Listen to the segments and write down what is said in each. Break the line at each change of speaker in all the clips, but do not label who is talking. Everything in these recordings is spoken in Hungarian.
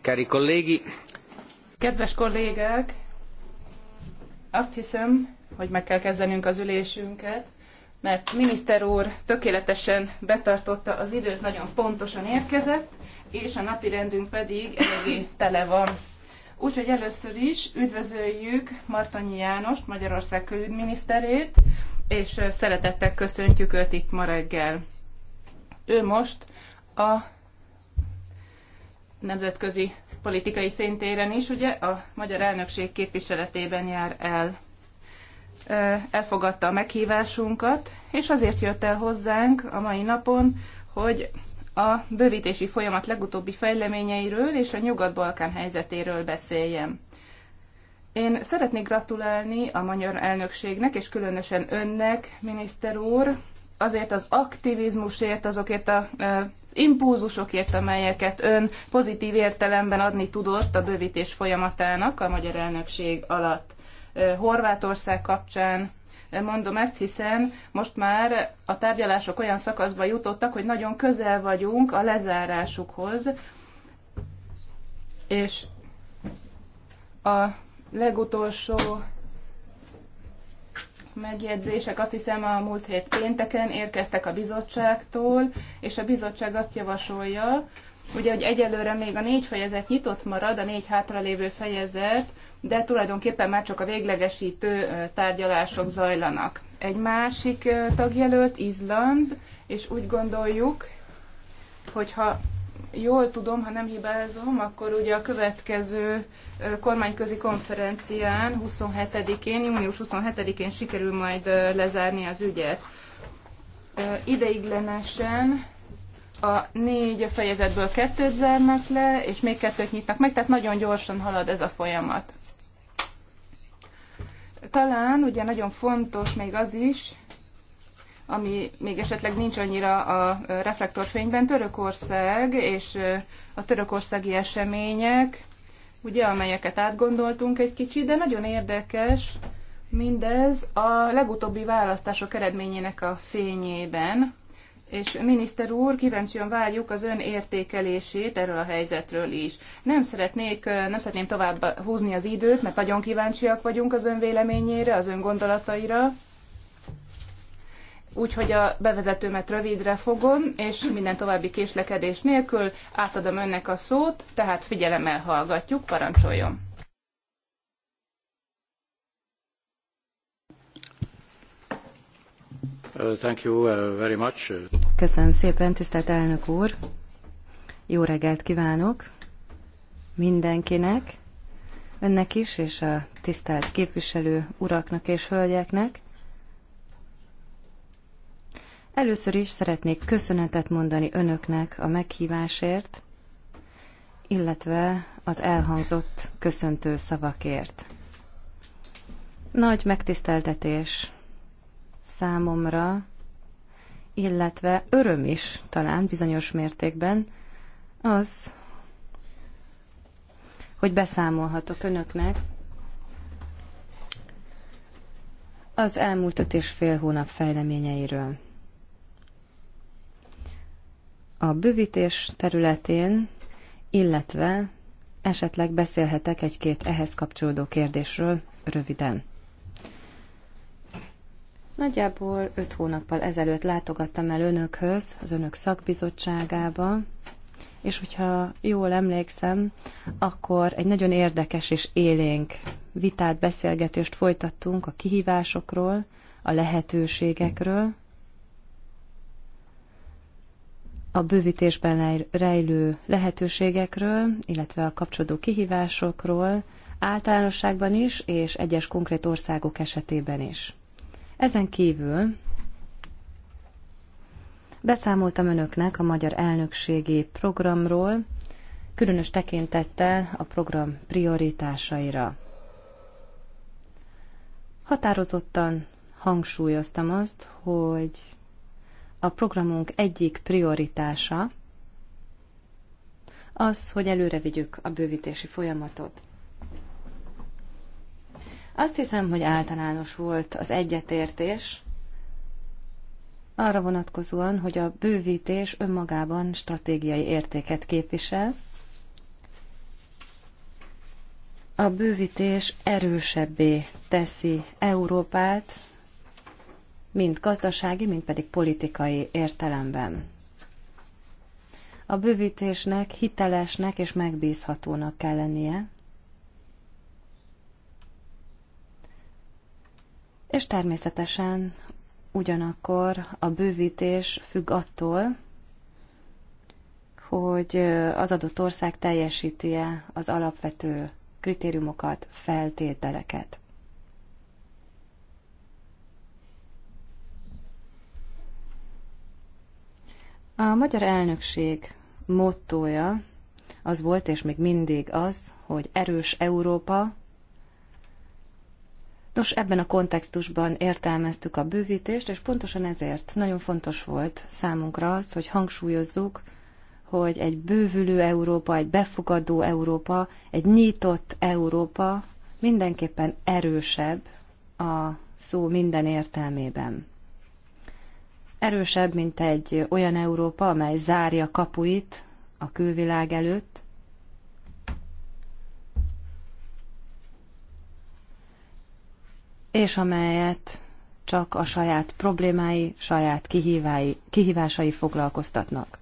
Cari colleghi.
Kedves kollégák, azt hiszem, hogy meg kell kezdenünk az ülésünket, mert miniszter úr tökéletesen betartotta az időt, nagyon pontosan érkezett, és a napi rendünk pedig eléggé tele van. Úgyhogy először is üdvözöljük Martonyi Jánost, Magyarország külügyminiszterét, és szeretettel köszöntjük őt itt ma reggel. Ő most a nemzetközi politikai szintéren is, ugye a magyar elnökség képviseletében jár el. Elfogadta a meghívásunkat, és azért jött el hozzánk a mai napon, hogy a bővítési folyamat legutóbbi fejleményeiről és a Nyugat-Balkán helyzetéről beszéljem. Én szeretnék gratulálni a magyar elnökségnek, és különösen önnek, miniszter úr, azért az aktivizmusért, azokért a impulzusokért, amelyeket ön pozitív értelemben adni tudott a bővítés folyamatának a magyar elnökség alatt. Horvátország kapcsán mondom ezt, hiszen most már a tárgyalások olyan szakaszba jutottak, hogy nagyon közel vagyunk a lezárásukhoz, és a legutolsó megjegyzések azt hiszem a múlt hét pénteken érkeztek a bizottságtól, és a bizottság azt javasolja, ugye, hogy egyelőre még a négy fejezet nyitott marad, a négy hátralévő fejezet, de tulajdonképpen már csak a véglegesítő tárgyalások zajlanak. Egy másik tagjelölt, Izland, és úgy gondoljuk, hogyha jól tudom, ha nem hibázom, akkor ugye a következő kormányközi konferencián 27-én, június 27-én sikerül majd lezárni az ügyet. Ideiglenesen a négy fejezetből kettőt zárnak le, és még kettőt nyitnak meg, tehát nagyon gyorsan halad ez a folyamat.
Talán ugye nagyon fontos még az is,
ami még esetleg nincs annyira a reflektorfényben, Törökország és a törökországi események, ugye, amelyeket átgondoltunk egy kicsit, de nagyon érdekes mindez a legutóbbi választások eredményének a fényében, és miniszter úr, kíváncsian várjuk az ön értékelését erről a helyzetről is. Nem szeretnék, nem szeretném tovább húzni az időt, mert nagyon kíváncsiak vagyunk az ön véleményére, az ön gondolataira úgyhogy a bevezetőmet rövidre fogom, és minden további késlekedés nélkül átadom önnek a szót, tehát figyelemmel hallgatjuk, parancsoljon.
Uh, thank you uh, very much.
Köszönöm szépen, tisztelt elnök úr! Jó reggelt kívánok mindenkinek, önnek is, és a tisztelt képviselő uraknak és hölgyeknek. Először is szeretnék köszönetet mondani önöknek a meghívásért, illetve az elhangzott köszöntő szavakért. Nagy megtiszteltetés számomra, illetve öröm is talán bizonyos mértékben az, hogy beszámolhatok önöknek az elmúlt öt és fél hónap fejleményeiről a bővítés területén, illetve esetleg beszélhetek egy-két ehhez kapcsolódó kérdésről röviden. Nagyjából öt hónappal ezelőtt látogattam el önökhöz, az önök szakbizottságába, és hogyha jól emlékszem, akkor egy nagyon érdekes és élénk vitát, beszélgetést folytattunk a kihívásokról, a lehetőségekről, a bővítésben rejlő lehetőségekről, illetve a kapcsolódó kihívásokról, általánosságban is, és egyes konkrét országok esetében is. Ezen kívül beszámoltam önöknek a magyar elnökségi programról, különös tekintettel a program prioritásaira. Határozottan hangsúlyoztam azt, hogy a programunk egyik prioritása az, hogy előre vigyük a bővítési folyamatot. Azt hiszem, hogy általános volt az egyetértés arra vonatkozóan, hogy a bővítés önmagában stratégiai értéket képvisel. A bővítés erősebbé teszi Európát, mind gazdasági, mind pedig politikai értelemben. A bővítésnek hitelesnek és megbízhatónak kell lennie, és természetesen ugyanakkor a bővítés függ attól, hogy az adott ország teljesíti-e az alapvető kritériumokat, feltételeket. A magyar elnökség mottója az volt, és még mindig az, hogy erős Európa. Nos, ebben a kontextusban értelmeztük a bővítést, és pontosan ezért nagyon fontos volt számunkra az, hogy hangsúlyozzuk, hogy egy bővülő Európa, egy befogadó Európa, egy nyitott Európa mindenképpen erősebb a szó minden értelmében erősebb, mint egy olyan Európa, amely zárja kapuit a külvilág előtt, és amelyet csak a saját problémái, saját kihívái, kihívásai foglalkoztatnak.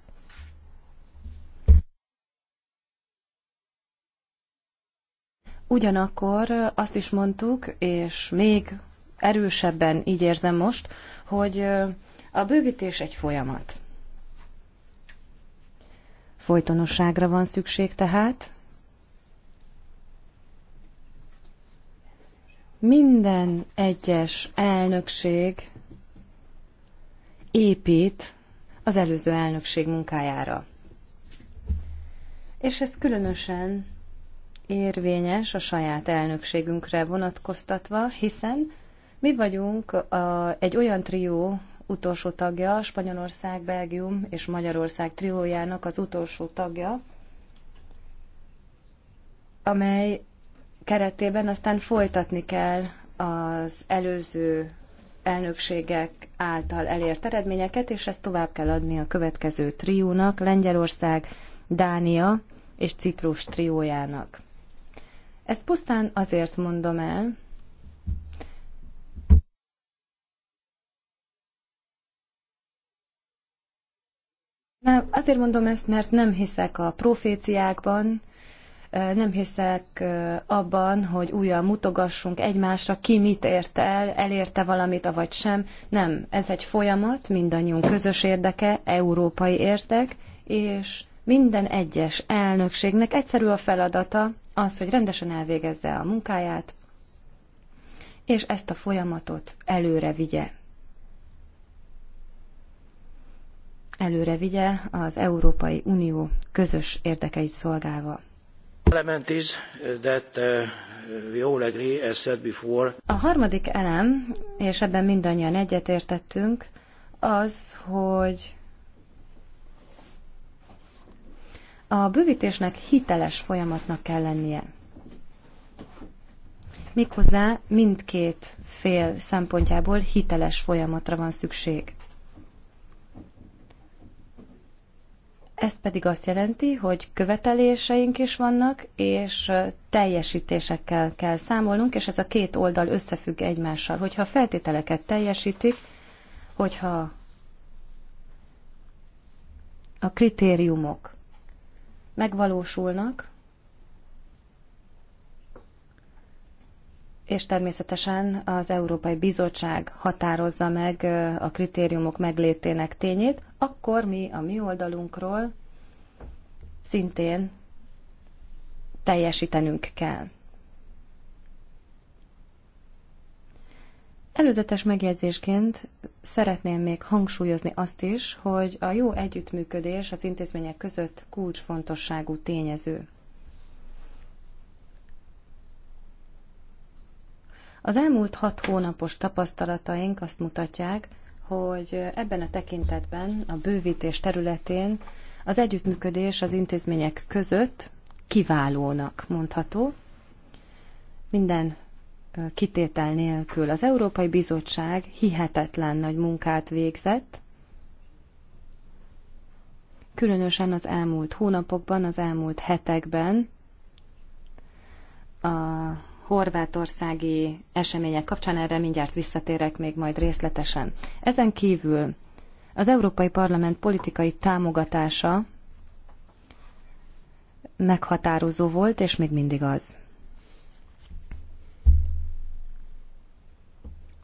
Ugyanakkor azt is mondtuk, és még erősebben így érzem most, hogy a bővítés egy folyamat. Folytonosságra van szükség tehát. Minden egyes elnökség épít az előző elnökség munkájára. És ez különösen érvényes a saját elnökségünkre vonatkoztatva, hiszen mi vagyunk a, egy olyan trió utolsó tagja, Spanyolország, Belgium és Magyarország triójának az utolsó tagja, amely keretében aztán folytatni kell az előző elnökségek által elért eredményeket, és ezt tovább kell adni a következő triónak, Lengyelország, Dánia és Ciprus triójának. Ezt pusztán azért mondom el, Azért mondom ezt, mert nem hiszek a proféciákban, nem hiszek abban, hogy újra mutogassunk egymásra, ki mit ért el, elérte valamit, avagy sem. Nem, ez egy folyamat, mindannyiunk közös érdeke, európai érdek, és minden egyes elnökségnek egyszerű a feladata az, hogy rendesen elvégezze a munkáját, és ezt a folyamatot előre vigye. előre vigye az Európai Unió közös érdekeit szolgálva. Uh, a harmadik elem, és ebben mindannyian egyetértettünk, az, hogy a bővítésnek hiteles folyamatnak kell lennie. Méghozzá mindkét fél szempontjából hiteles folyamatra van szükség. Ez pedig azt jelenti, hogy követeléseink is vannak, és teljesítésekkel kell számolnunk, és ez a két oldal összefügg egymással. Hogyha a feltételeket teljesítik, hogyha a kritériumok megvalósulnak, és természetesen az Európai Bizottság határozza meg a kritériumok meglétének tényét, akkor mi a mi oldalunkról szintén teljesítenünk kell. Előzetes megjegyzésként szeretném még hangsúlyozni azt is, hogy a jó együttműködés az intézmények között kulcsfontosságú tényező. Az elmúlt hat hónapos tapasztalataink azt mutatják, hogy ebben a tekintetben a bővítés területén az együttműködés az intézmények között kiválónak mondható. Minden kitétel nélkül az Európai Bizottság hihetetlen nagy munkát végzett, különösen az elmúlt hónapokban, az elmúlt hetekben a horvátországi események kapcsán, erre mindjárt visszatérek még majd részletesen. Ezen kívül az Európai Parlament politikai támogatása meghatározó volt, és még mindig az.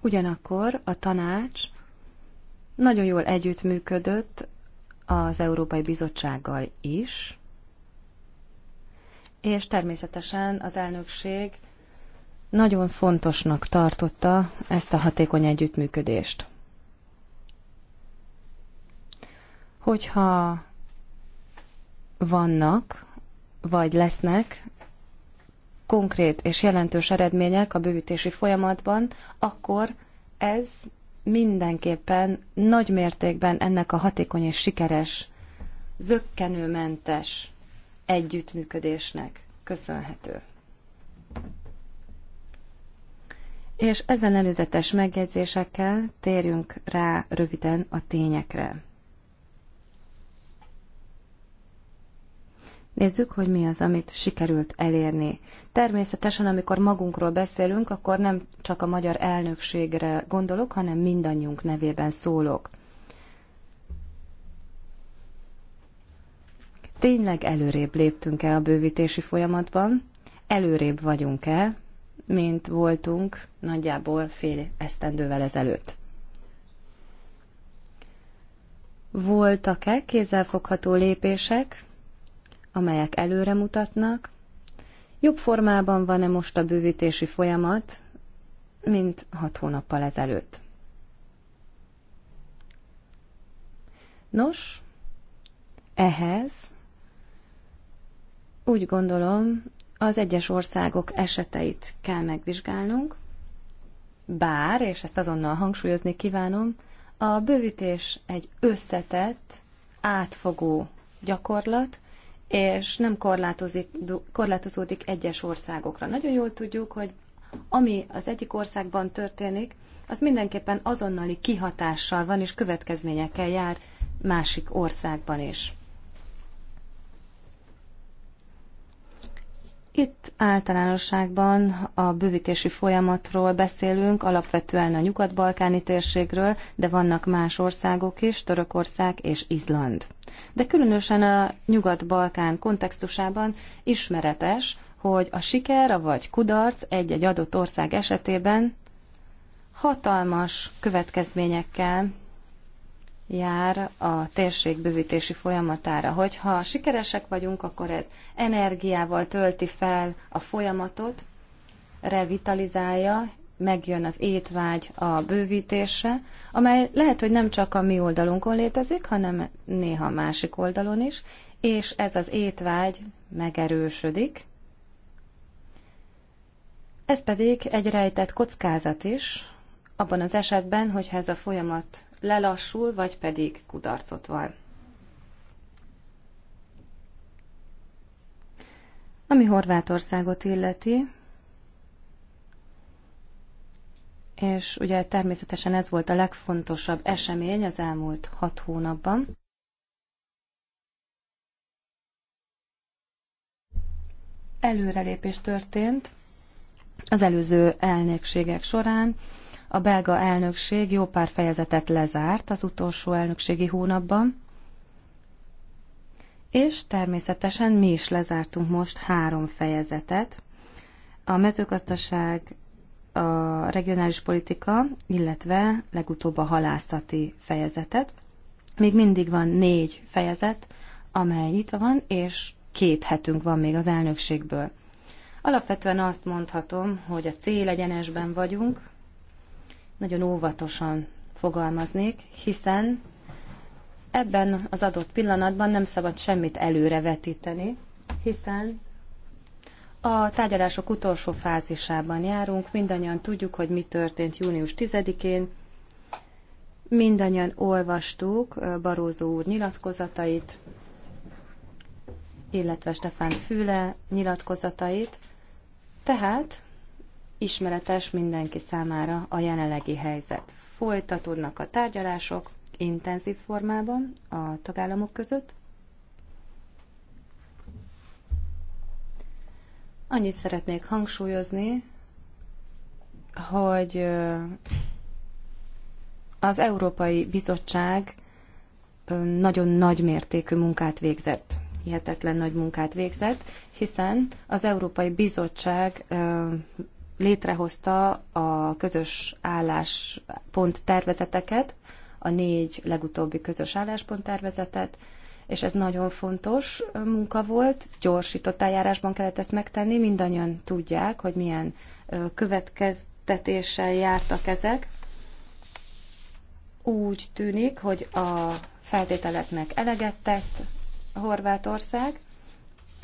Ugyanakkor a tanács nagyon jól együttműködött az Európai Bizottsággal is, és természetesen az elnökség nagyon fontosnak tartotta ezt a hatékony együttműködést. Hogyha vannak, vagy lesznek konkrét és jelentős eredmények a bővítési folyamatban, akkor ez mindenképpen nagy mértékben ennek a hatékony és sikeres, zöggenőmentes együttműködésnek köszönhető. És ezen előzetes megjegyzésekkel térjünk rá röviden a tényekre. Nézzük, hogy mi az, amit sikerült elérni. Természetesen, amikor magunkról beszélünk, akkor nem csak a magyar elnökségre gondolok, hanem mindannyiunk nevében szólok. Tényleg előrébb léptünk-e a bővítési folyamatban? Előrébb vagyunk-e, mint voltunk nagyjából fél esztendővel ezelőtt. Voltak-e kézzelfogható lépések, amelyek előre mutatnak? Jobb formában van-e most a bővítési folyamat, mint hat hónappal ezelőtt? Nos, ehhez úgy gondolom, az egyes országok eseteit kell megvizsgálnunk, bár, és ezt azonnal hangsúlyozni kívánom, a bővítés egy összetett, átfogó gyakorlat, és nem korlátozik, korlátozódik egyes országokra. Nagyon jól tudjuk, hogy ami az egyik országban történik, az mindenképpen azonnali kihatással van és következményekkel jár másik országban is. Itt általánosságban a bővítési folyamatról beszélünk, alapvetően a nyugat-balkáni térségről, de vannak más országok is, Törökország és Izland. De különösen a nyugat-balkán kontextusában ismeretes, hogy a siker vagy kudarc egy-egy adott ország esetében hatalmas következményekkel jár a térség bővítési folyamatára. Hogyha sikeresek vagyunk, akkor ez energiával tölti fel a folyamatot, revitalizálja, megjön az étvágy a bővítése, amely lehet, hogy nem csak a mi oldalunkon létezik, hanem néha másik oldalon is, és ez az étvágy megerősödik. Ez pedig egy rejtett kockázat is, abban az esetben, hogyha ez a folyamat lelassul, vagy pedig kudarcot van. Ami Horvátországot illeti, és ugye természetesen ez volt a legfontosabb esemény az elmúlt hat hónapban. Előrelépés történt az előző elnökségek során, a belga elnökség jó pár fejezetet lezárt az utolsó elnökségi hónapban, és természetesen mi is lezártunk most három fejezetet. A mezőgazdaság, a regionális politika, illetve legutóbb a halászati fejezetet. Még mindig van négy fejezet, amely itt van, és két hetünk van még az elnökségből. Alapvetően azt mondhatom, hogy a célegyenesben vagyunk, nagyon óvatosan fogalmaznék, hiszen ebben az adott pillanatban nem szabad semmit előrevetíteni, hiszen a tárgyalások utolsó fázisában járunk, mindannyian tudjuk, hogy mi történt június 10-én, mindannyian olvastuk Barózó úr nyilatkozatait, illetve Stefán Füle nyilatkozatait, tehát ismeretes mindenki számára a jelenlegi helyzet. Folytatódnak a tárgyalások intenzív formában a tagállamok között. Annyit szeretnék hangsúlyozni, hogy az Európai Bizottság nagyon nagy mértékű munkát végzett, hihetetlen nagy munkát végzett, hiszen az Európai Bizottság létrehozta a közös álláspont tervezeteket, a négy legutóbbi közös álláspont tervezetet, és ez nagyon fontos munka volt, gyorsított eljárásban kellett ezt megtenni, mindannyian tudják, hogy milyen következtetéssel jártak ezek. Úgy tűnik, hogy a feltételeknek eleget tett Horvátország,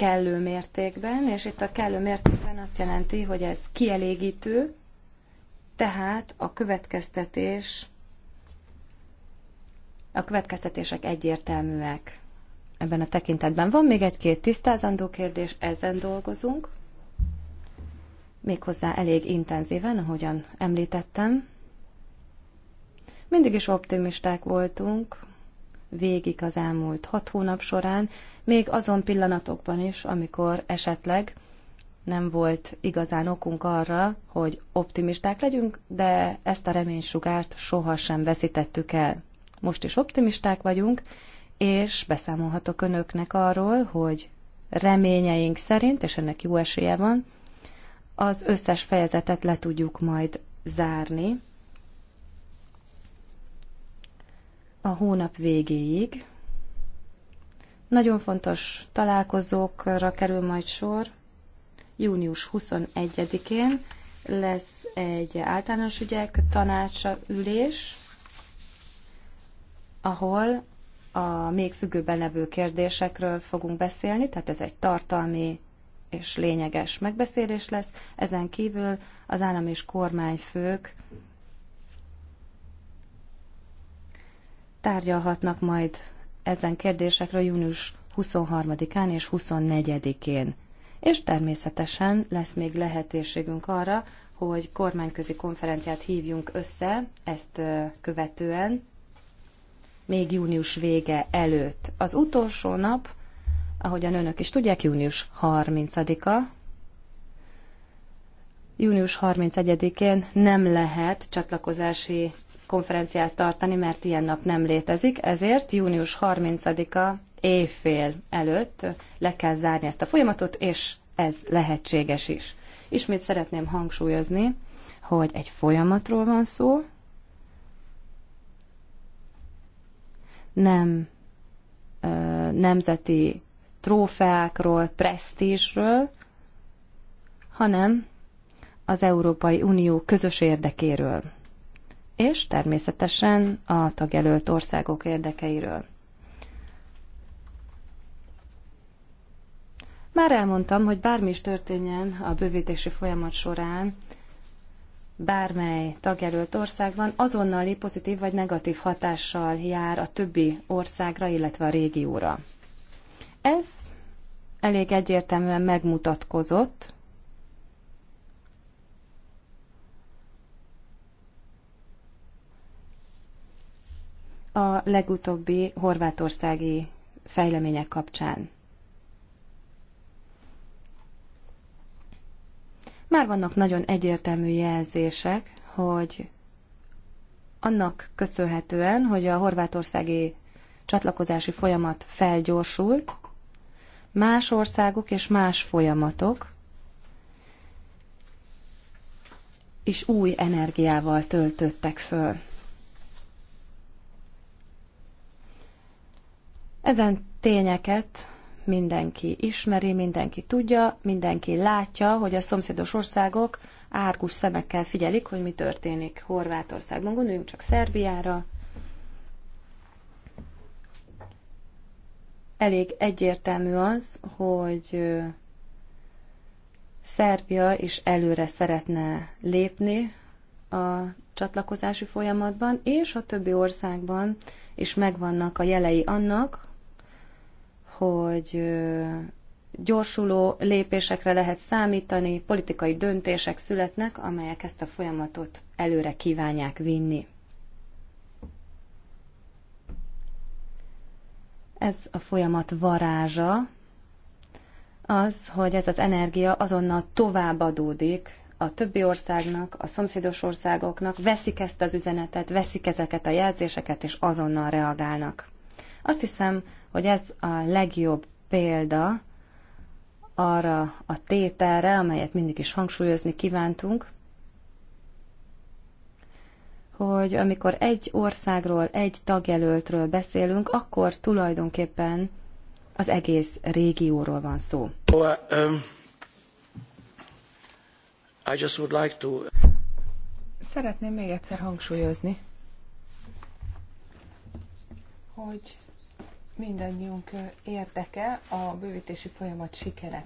kellő mértékben, és itt a kellő mértékben azt jelenti, hogy ez kielégítő, tehát a következtetés, a következtetések egyértelműek ebben a tekintetben. Van még egy-két tisztázandó kérdés, ezen dolgozunk, méghozzá elég intenzíven, ahogyan említettem. Mindig is optimisták voltunk, végig az elmúlt hat hónap során, még azon pillanatokban is, amikor esetleg nem volt igazán okunk arra, hogy optimisták legyünk, de ezt a reménysugárt sohasem veszítettük el. Most is optimisták vagyunk, és beszámolhatok önöknek arról, hogy reményeink szerint, és ennek jó esélye van, az összes fejezetet le tudjuk majd zárni, a hónap végéig. Nagyon fontos találkozókra kerül majd sor. Június 21-én lesz egy általános ügyek tanácsa ülés, ahol a még függőben levő kérdésekről fogunk beszélni, tehát ez egy tartalmi és lényeges megbeszélés lesz. Ezen kívül az állam és kormányfők tárgyalhatnak majd ezen kérdésekről június 23-án és 24-én. És természetesen lesz még lehetőségünk arra, hogy kormányközi konferenciát hívjunk össze ezt követően, még június vége előtt. Az utolsó nap, ahogyan önök is tudják, június 30-a. Június 31-én nem lehet csatlakozási konferenciát tartani, mert ilyen nap nem létezik, ezért június 30-a évfél előtt le kell zárni ezt a folyamatot, és ez lehetséges is. Ismét szeretném hangsúlyozni, hogy egy folyamatról van szó, nem ö, nemzeti trófeákról, presztízsről, hanem az Európai Unió közös érdekéről és természetesen a tagjelölt országok érdekeiről. Már elmondtam, hogy bármi is történjen a bővítési folyamat során, bármely tagjelölt országban azonnali pozitív vagy negatív hatással jár a többi országra, illetve a régióra. Ez elég egyértelműen megmutatkozott a legutóbbi horvátországi fejlemények kapcsán. Már vannak nagyon egyértelmű jelzések, hogy annak köszönhetően, hogy a horvátországi csatlakozási folyamat felgyorsult, más országok és más folyamatok is új energiával töltöttek föl. Ezen tényeket mindenki ismeri, mindenki tudja, mindenki látja, hogy a szomszédos országok árgus szemekkel figyelik, hogy mi történik Horvátországban. Gondoljunk csak Szerbiára. Elég egyértelmű az, hogy Szerbia is előre szeretne lépni a csatlakozási folyamatban, és a többi országban is megvannak a jelei annak, hogy gyorsuló lépésekre lehet számítani, politikai döntések születnek, amelyek ezt a folyamatot előre kívánják vinni. Ez a folyamat varázsa, az, hogy ez az energia azonnal továbbadódik a többi országnak, a szomszédos országoknak, veszik ezt az üzenetet, veszik ezeket a jelzéseket, és azonnal reagálnak. Azt hiszem, hogy ez a legjobb példa arra a tételre, amelyet mindig is hangsúlyozni kívántunk, hogy amikor egy országról, egy tagjelöltről beszélünk, akkor tulajdonképpen az egész régióról van szó.
Oh, um, I just would like to...
Szeretném még egyszer hangsúlyozni, hogy mindannyiunk érdeke a bővítési folyamat sikere.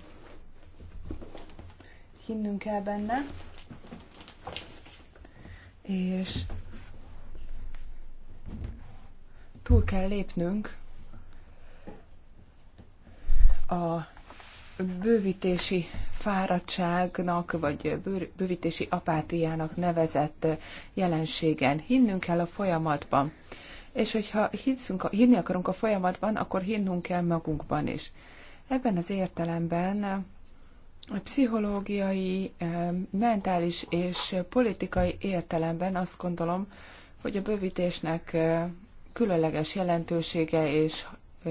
Hinnünk kell benne, és túl kell lépnünk a bővítési fáradtságnak, vagy bővítési apátiának nevezett jelenségen. Hinnünk kell a folyamatban és hogyha hiszünk, hinni akarunk a folyamatban, akkor hinnunk kell magunkban is. Ebben az értelemben a pszichológiai, e, mentális és politikai értelemben azt gondolom, hogy a bővítésnek e, különleges jelentősége és e,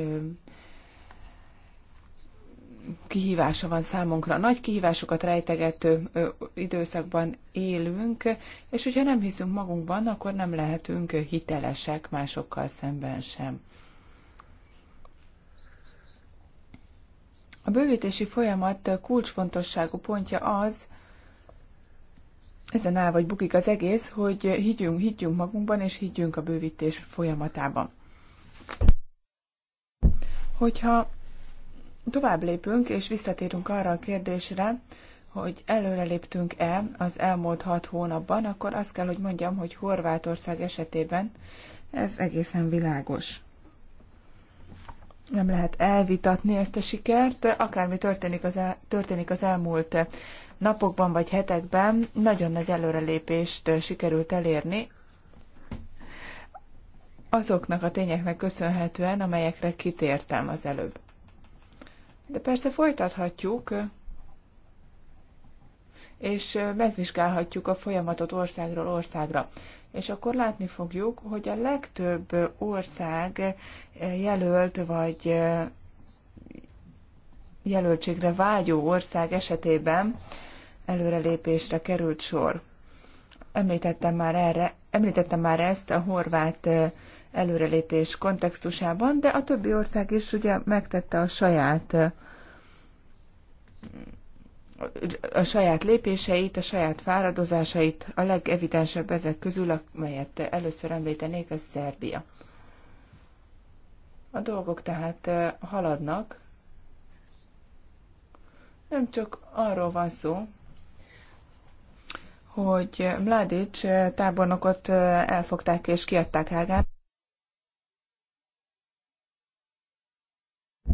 kihívása van számunkra. Nagy kihívásokat rejtegető időszakban élünk, és hogyha nem hiszünk magunkban, akkor nem lehetünk hitelesek másokkal szemben sem. A bővítési folyamat kulcsfontosságú pontja az, ezen áll vagy bukik az egész, hogy higgyünk, higgyünk magunkban, és higgyünk a bővítés folyamatában. Hogyha tovább lépünk, és visszatérünk arra a kérdésre, hogy előreléptünk-e az elmúlt hat hónapban, akkor azt kell, hogy mondjam, hogy Horvátország esetében ez egészen világos. Nem lehet elvitatni ezt a sikert, akármi történik az, el, történik az elmúlt napokban vagy hetekben, nagyon nagy előrelépést sikerült elérni, azoknak a tényeknek köszönhetően, amelyekre kitértem az előbb. De persze folytathatjuk, és megvizsgálhatjuk a folyamatot országról országra. És akkor látni fogjuk, hogy a legtöbb ország jelölt vagy jelöltségre vágyó ország esetében előrelépésre került sor. Említettem már, erre, említettem már ezt a horvát előrelépés kontextusában, de a többi ország is ugye megtette a saját a saját lépéseit, a saját fáradozásait, a legevidensebb ezek közül, amelyet először említenék, az Szerbia. A dolgok tehát eh, haladnak. Nem csak arról van szó, hogy Mladic eh, tábornokot eh, elfogták és kiadták Hágát.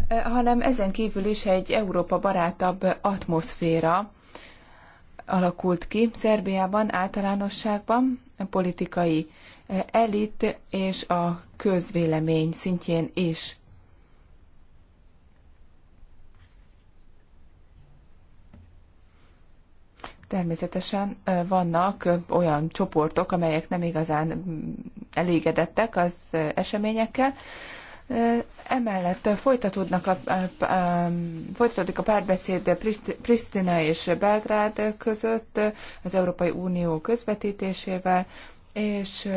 hanem ezen kívül is egy Európa barátabb atmoszféra alakult ki Szerbiában általánosságban, a politikai e, elit és a közvélemény szintjén is. Természetesen e, vannak olyan csoportok, amelyek nem igazán mm, elégedettek az e, eseményekkel, Emellett folytatódnak a, a, folytatódik a párbeszéd Pristina és Belgrád között az Európai Unió közvetítésével, és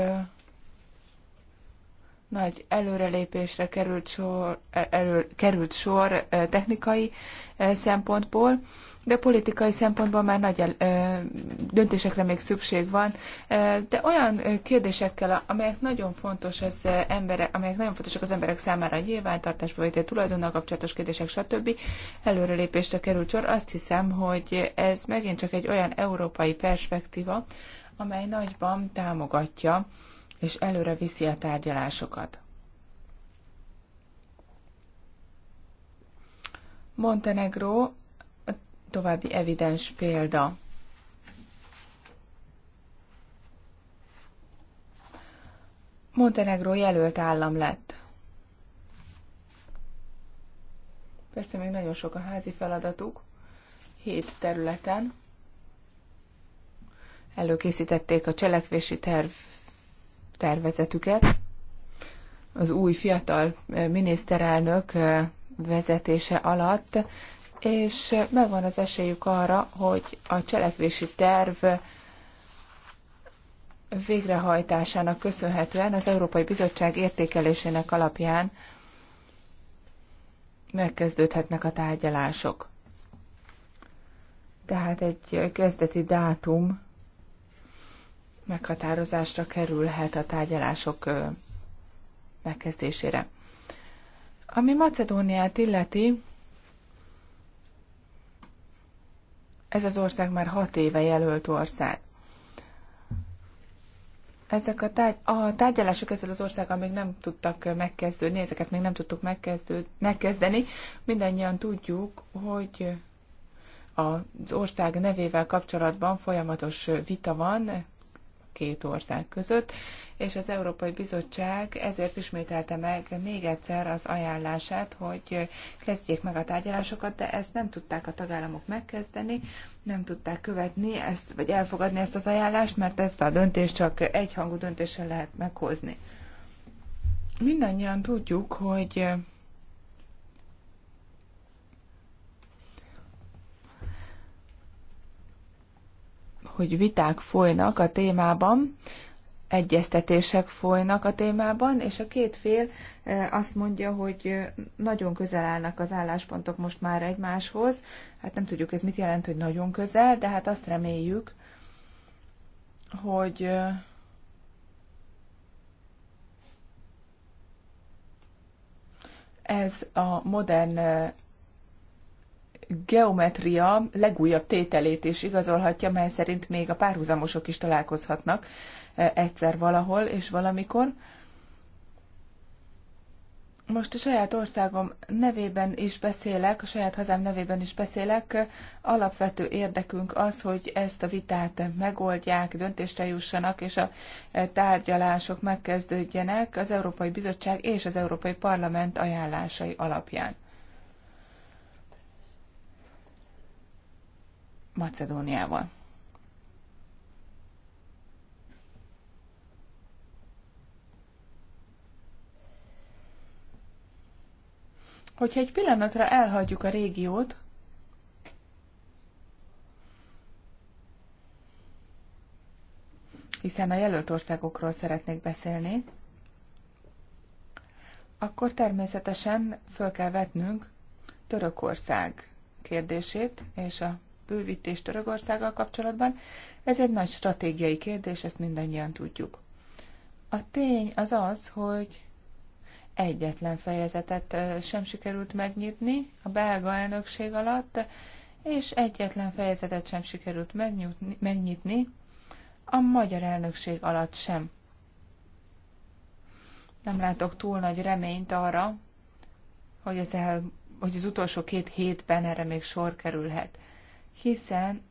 nagy előrelépésre került sor, e, elő, került sor e, technikai e, szempontból, de politikai szempontból már nagy döntésekre még szükség van, de olyan kérdésekkel, amelyek nagyon, fontos az emberek, amelyek nagyon fontosak az emberek számára, a nyilvántartásba vétel, tulajdonnal kapcsolatos kérdések, stb. előrelépésre került sor. Azt hiszem, hogy ez megint csak egy olyan európai perspektíva, amely nagyban támogatja és előre viszi a tárgyalásokat. Montenegro a további evidens példa. Montenegro jelölt állam lett. Persze még nagyon sok a házi feladatuk, hét területen. Előkészítették a cselekvési terv tervezetüket. Az új fiatal miniszterelnök vezetése alatt, és megvan az esélyük arra, hogy a cselekvési terv végrehajtásának köszönhetően az Európai Bizottság értékelésének alapján megkezdődhetnek a tárgyalások. Tehát egy kezdeti dátum meghatározásra kerülhet a tárgyalások megkezdésére. Ami Macedóniát illeti, ez az ország már hat éve jelölt ország. Ezek a, tárgy, a tárgyalások ezzel az országgal még nem tudtak megkezdődni, ezeket még nem tudtuk megkezdő megkezdeni. Mindennyian tudjuk, hogy az ország nevével kapcsolatban folyamatos vita van, két ország között, és az Európai Bizottság ezért ismételte meg még egyszer az ajánlását, hogy kezdjék meg a tárgyalásokat, de ezt nem tudták a tagállamok megkezdeni, nem tudták követni ezt, vagy elfogadni ezt az ajánlást, mert ezt a döntést csak egyhangú döntéssel lehet meghozni. Mindannyian tudjuk, hogy hogy viták folynak a témában, egyeztetések folynak a témában, és a két fél eh, azt mondja, hogy eh, nagyon közel állnak az álláspontok most már egymáshoz. Hát nem tudjuk ez mit jelent, hogy nagyon közel, de hát azt reméljük, hogy eh, ez a modern geometria legújabb tételét is igazolhatja, mely szerint még a párhuzamosok is találkozhatnak e, egyszer valahol és valamikor. Most a saját országom nevében is beszélek, a saját hazám nevében is beszélek. Alapvető érdekünk az, hogy ezt a vitát megoldják, döntésre jussanak, és a e, tárgyalások megkezdődjenek az Európai Bizottság és az Európai Parlament ajánlásai alapján. Macedóniával. Hogyha egy pillanatra elhagyjuk a régiót, hiszen a jelölt országokról szeretnék beszélni, akkor természetesen föl kell vetnünk Törökország kérdését és a bővítés Törökországgal kapcsolatban. Ez egy nagy stratégiai kérdés, ezt mindannyian tudjuk. A tény az az, hogy egyetlen fejezetet sem sikerült megnyitni a belga elnökség alatt, és egyetlen fejezetet sem sikerült megnyitni a magyar elnökség alatt sem. Nem látok túl nagy reményt arra, hogy az, el, hogy az utolsó két hétben erre még sor kerülhet hiszen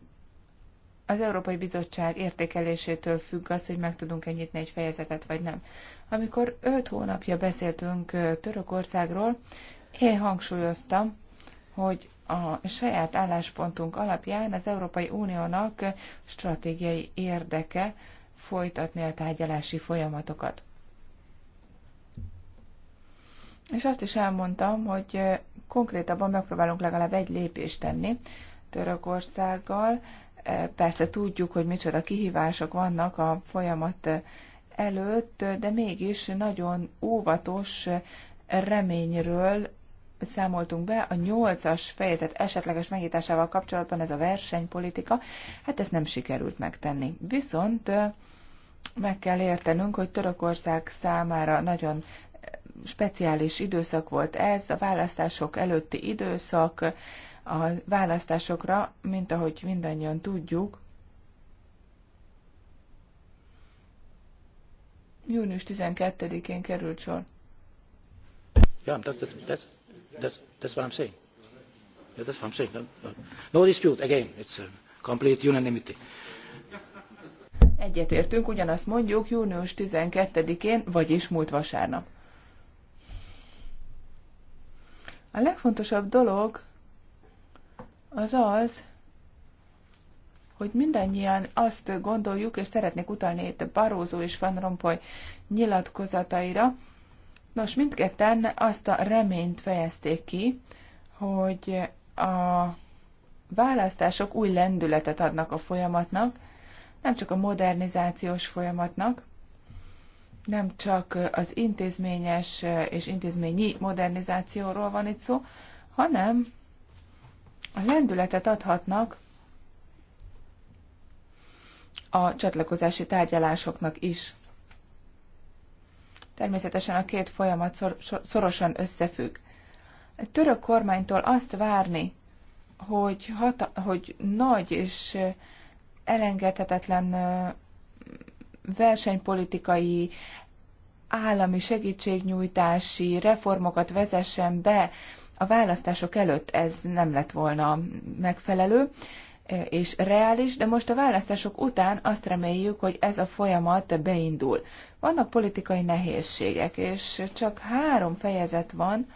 az Európai Bizottság értékelésétől függ az, hogy meg tudunk-e egy fejezetet, vagy nem. Amikor öt hónapja beszéltünk Törökországról, én hangsúlyoztam, hogy a saját álláspontunk alapján az Európai Uniónak stratégiai érdeke folytatni a tárgyalási folyamatokat. És azt is elmondtam, hogy konkrétabban megpróbálunk legalább egy lépést tenni, Törökországgal. E, persze tudjuk, hogy micsoda kihívások vannak a folyamat előtt, de mégis nagyon óvatos reményről számoltunk be a nyolcas fejezet esetleges megnyitásával kapcsolatban ez a versenypolitika, hát ezt nem sikerült megtenni. Viszont e, meg kell értenünk, hogy Törökország számára nagyon e, speciális időszak volt ez, a választások előtti időszak, a választásokra, mint ahogy mindannyian tudjuk, június 12-én került sor.
Yeah, that's, that's, that's, that's, that's what I'm saying. Yeah, that's what I'm saying. No,
no, no dispute, again, it's a complete unanimity. Egyetértünk, ugyanazt mondjuk június 12-én, vagyis múlt vasárnap. A legfontosabb dolog az az, hogy mindannyian azt gondoljuk, és szeretnék utalni itt Barózó és Van Rompuy nyilatkozataira. Nos, mindketten azt a reményt fejezték ki, hogy a választások új lendületet adnak a folyamatnak, nem csak a modernizációs folyamatnak, nem csak az intézményes és intézményi modernizációról van itt szó, hanem a lendületet adhatnak a csatlakozási tárgyalásoknak is. Természetesen a két folyamat szorosan összefügg. A török kormánytól azt várni, hogy, hata, hogy nagy és elengedhetetlen versenypolitikai, állami segítségnyújtási reformokat vezessen be a választások előtt ez nem lett volna megfelelő e, és reális, de most a választások után azt reméljük, hogy ez a folyamat beindul. Vannak politikai nehézségek, és csak három fejezet van,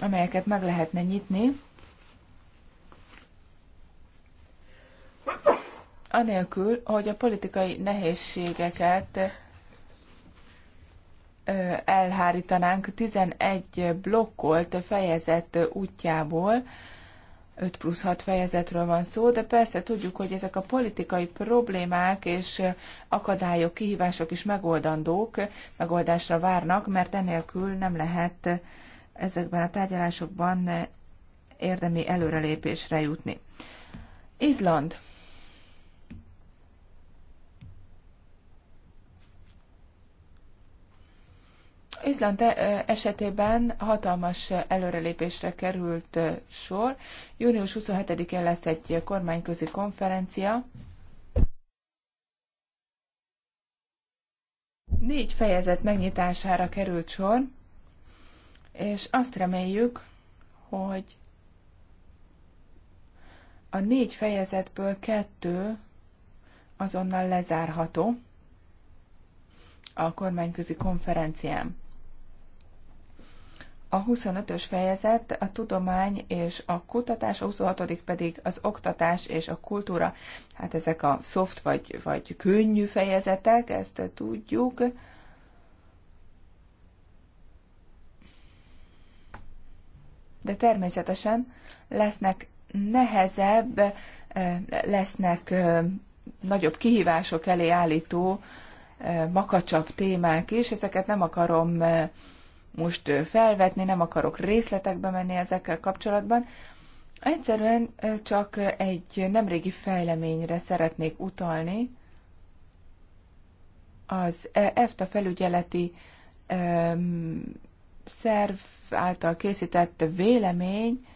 amelyeket meg lehetne nyitni, anélkül, hogy a politikai nehézségeket elhárítanánk 11 blokkolt fejezet útjából, 5 plusz 6 fejezetről van szó, de persze tudjuk, hogy ezek a politikai problémák és akadályok, kihívások is megoldandók, megoldásra várnak, mert enélkül nem lehet ezekben a tárgyalásokban érdemi előrelépésre jutni. Izland. Izland eh, esetében hatalmas eh, előrelépésre került eh, sor. Június 27-én lesz egy kormányközi konferencia. Négy fejezet megnyitására került sor, és azt reméljük, hogy a négy fejezetből kettő azonnal lezárható a kormányközi konferencián a 25-ös fejezet a tudomány és a kutatás, a 26 pedig az oktatás és a kultúra. Hát ezek a soft vagy, vagy könnyű fejezetek, ezt tudjuk. De természetesen lesznek nehezebb, eh, lesznek eh, nagyobb kihívások elé állító eh, makacsabb témák is, ezeket nem akarom most felvetni, nem akarok részletekbe menni ezekkel kapcsolatban. Egyszerűen csak egy nemrégi fejleményre szeretnék utalni. Az EFTA felügyeleti um, szerv által készített vélemény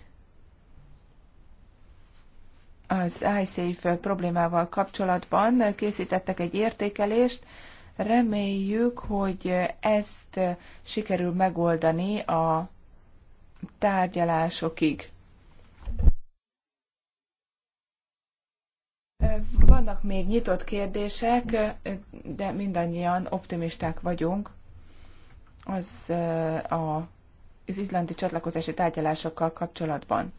az iSafe problémával kapcsolatban készítettek egy értékelést, Reméljük, hogy ezt sikerül megoldani a tárgyalásokig. Vannak még nyitott kérdések, de mindannyian optimisták vagyunk az, a, az izlandi csatlakozási tárgyalásokkal kapcsolatban.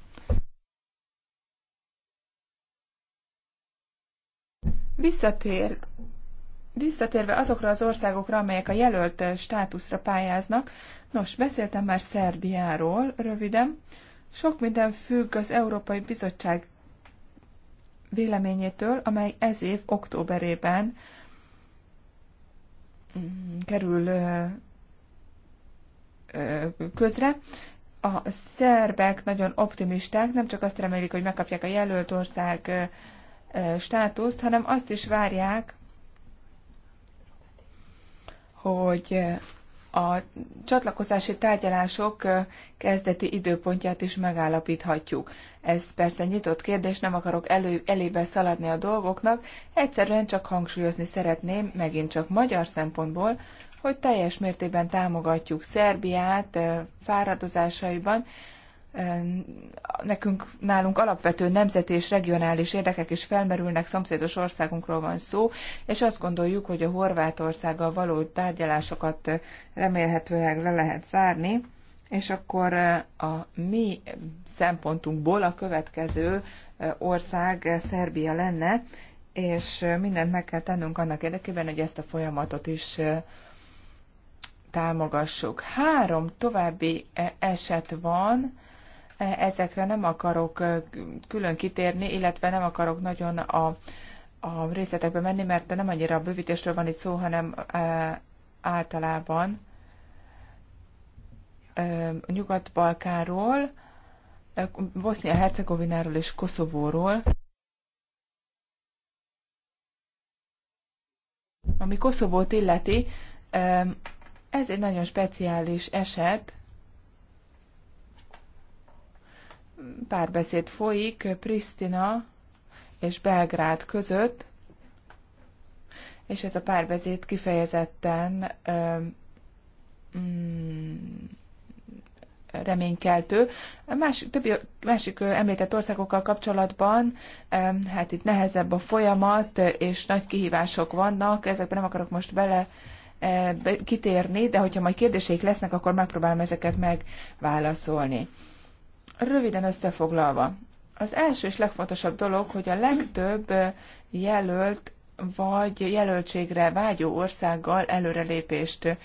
Visszatér Visszatérve azokra az országokra, amelyek a jelölt eh, státuszra pályáznak, nos, beszéltem már Szerbiáról röviden. Sok minden függ az Európai Bizottság véleményétől, amely ez év októberében mm, kerül eh, eh, közre. A szerbek nagyon optimisták, nem csak azt remélik, hogy megkapják a jelölt ország státuszt, hanem azt is várják, hogy a csatlakozási tárgyalások kezdeti időpontját is megállapíthatjuk. Ez persze nyitott kérdés, nem akarok elő, elébe szaladni a dolgoknak, egyszerűen csak hangsúlyozni szeretném, megint csak magyar szempontból, hogy teljes mértékben támogatjuk Szerbiát eh, fáradozásaiban, nekünk nálunk alapvető nemzeti és regionális érdekek is felmerülnek, szomszédos országunkról van szó, és azt gondoljuk, hogy a Horvátországgal való tárgyalásokat remélhetőleg le lehet zárni, és akkor a mi szempontunkból a következő ország Szerbia lenne, és mindent meg kell tennünk annak érdekében, hogy ezt a folyamatot is támogassuk. Három további eset van, Ezekre nem akarok külön kitérni, illetve nem akarok nagyon a, a részletekbe menni, mert nem annyira a bővítésről van itt szó, hanem általában Nyugat-Balkáról, Bosznia-Hercegovináról és Koszovóról. Ami Koszovót illeti, ez egy nagyon speciális eset, párbeszéd folyik Pristina és Belgrád között, és ez a párbeszéd kifejezetten mm, reménykeltő. A másik, többi, másik említett országokkal kapcsolatban, hát itt nehezebb a folyamat, és nagy kihívások vannak, ezekben nem akarok most bele kitérni, de hogyha majd kérdéseik lesznek, akkor megpróbálom ezeket megválaszolni. Röviden összefoglalva, az első és legfontosabb dolog, hogy a legtöbb jelölt vagy jelöltségre vágyó országgal előrelépést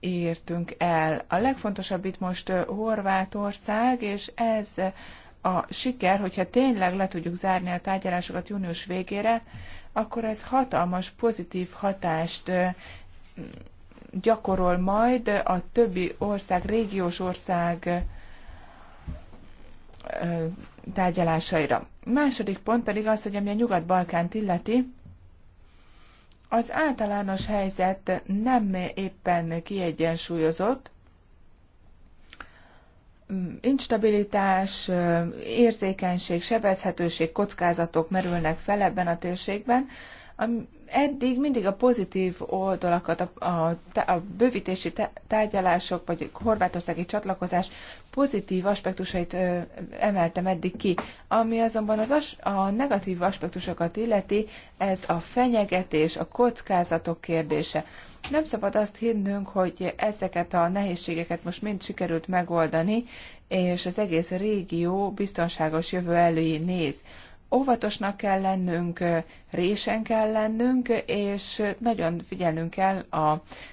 értünk el. A legfontosabb itt most Horvátország, és ez a siker, hogyha tényleg le tudjuk zárni a tárgyalásokat június végére, akkor ez hatalmas pozitív hatást gyakorol majd a többi ország, régiós ország tárgyalásaira. Második pont pedig az, hogy ami a Nyugat-Balkánt illeti, az általános helyzet nem éppen kiegyensúlyozott, instabilitás, érzékenység, sebezhetőség, kockázatok merülnek fel ebben a térségben. Eddig mindig a pozitív oldalakat, a, a, a bővítési tárgyalások, vagy horvátországi csatlakozás pozitív aspektusait emeltem eddig ki. Ami azonban az as, a negatív aspektusokat illeti, ez a fenyegetés, a kockázatok kérdése. Nem szabad azt hinnünk, hogy ezeket a nehézségeket most mind sikerült megoldani, és az egész régió biztonságos jövő elői néz óvatosnak kell lennünk, résen kell lennünk, és nagyon figyelnünk kell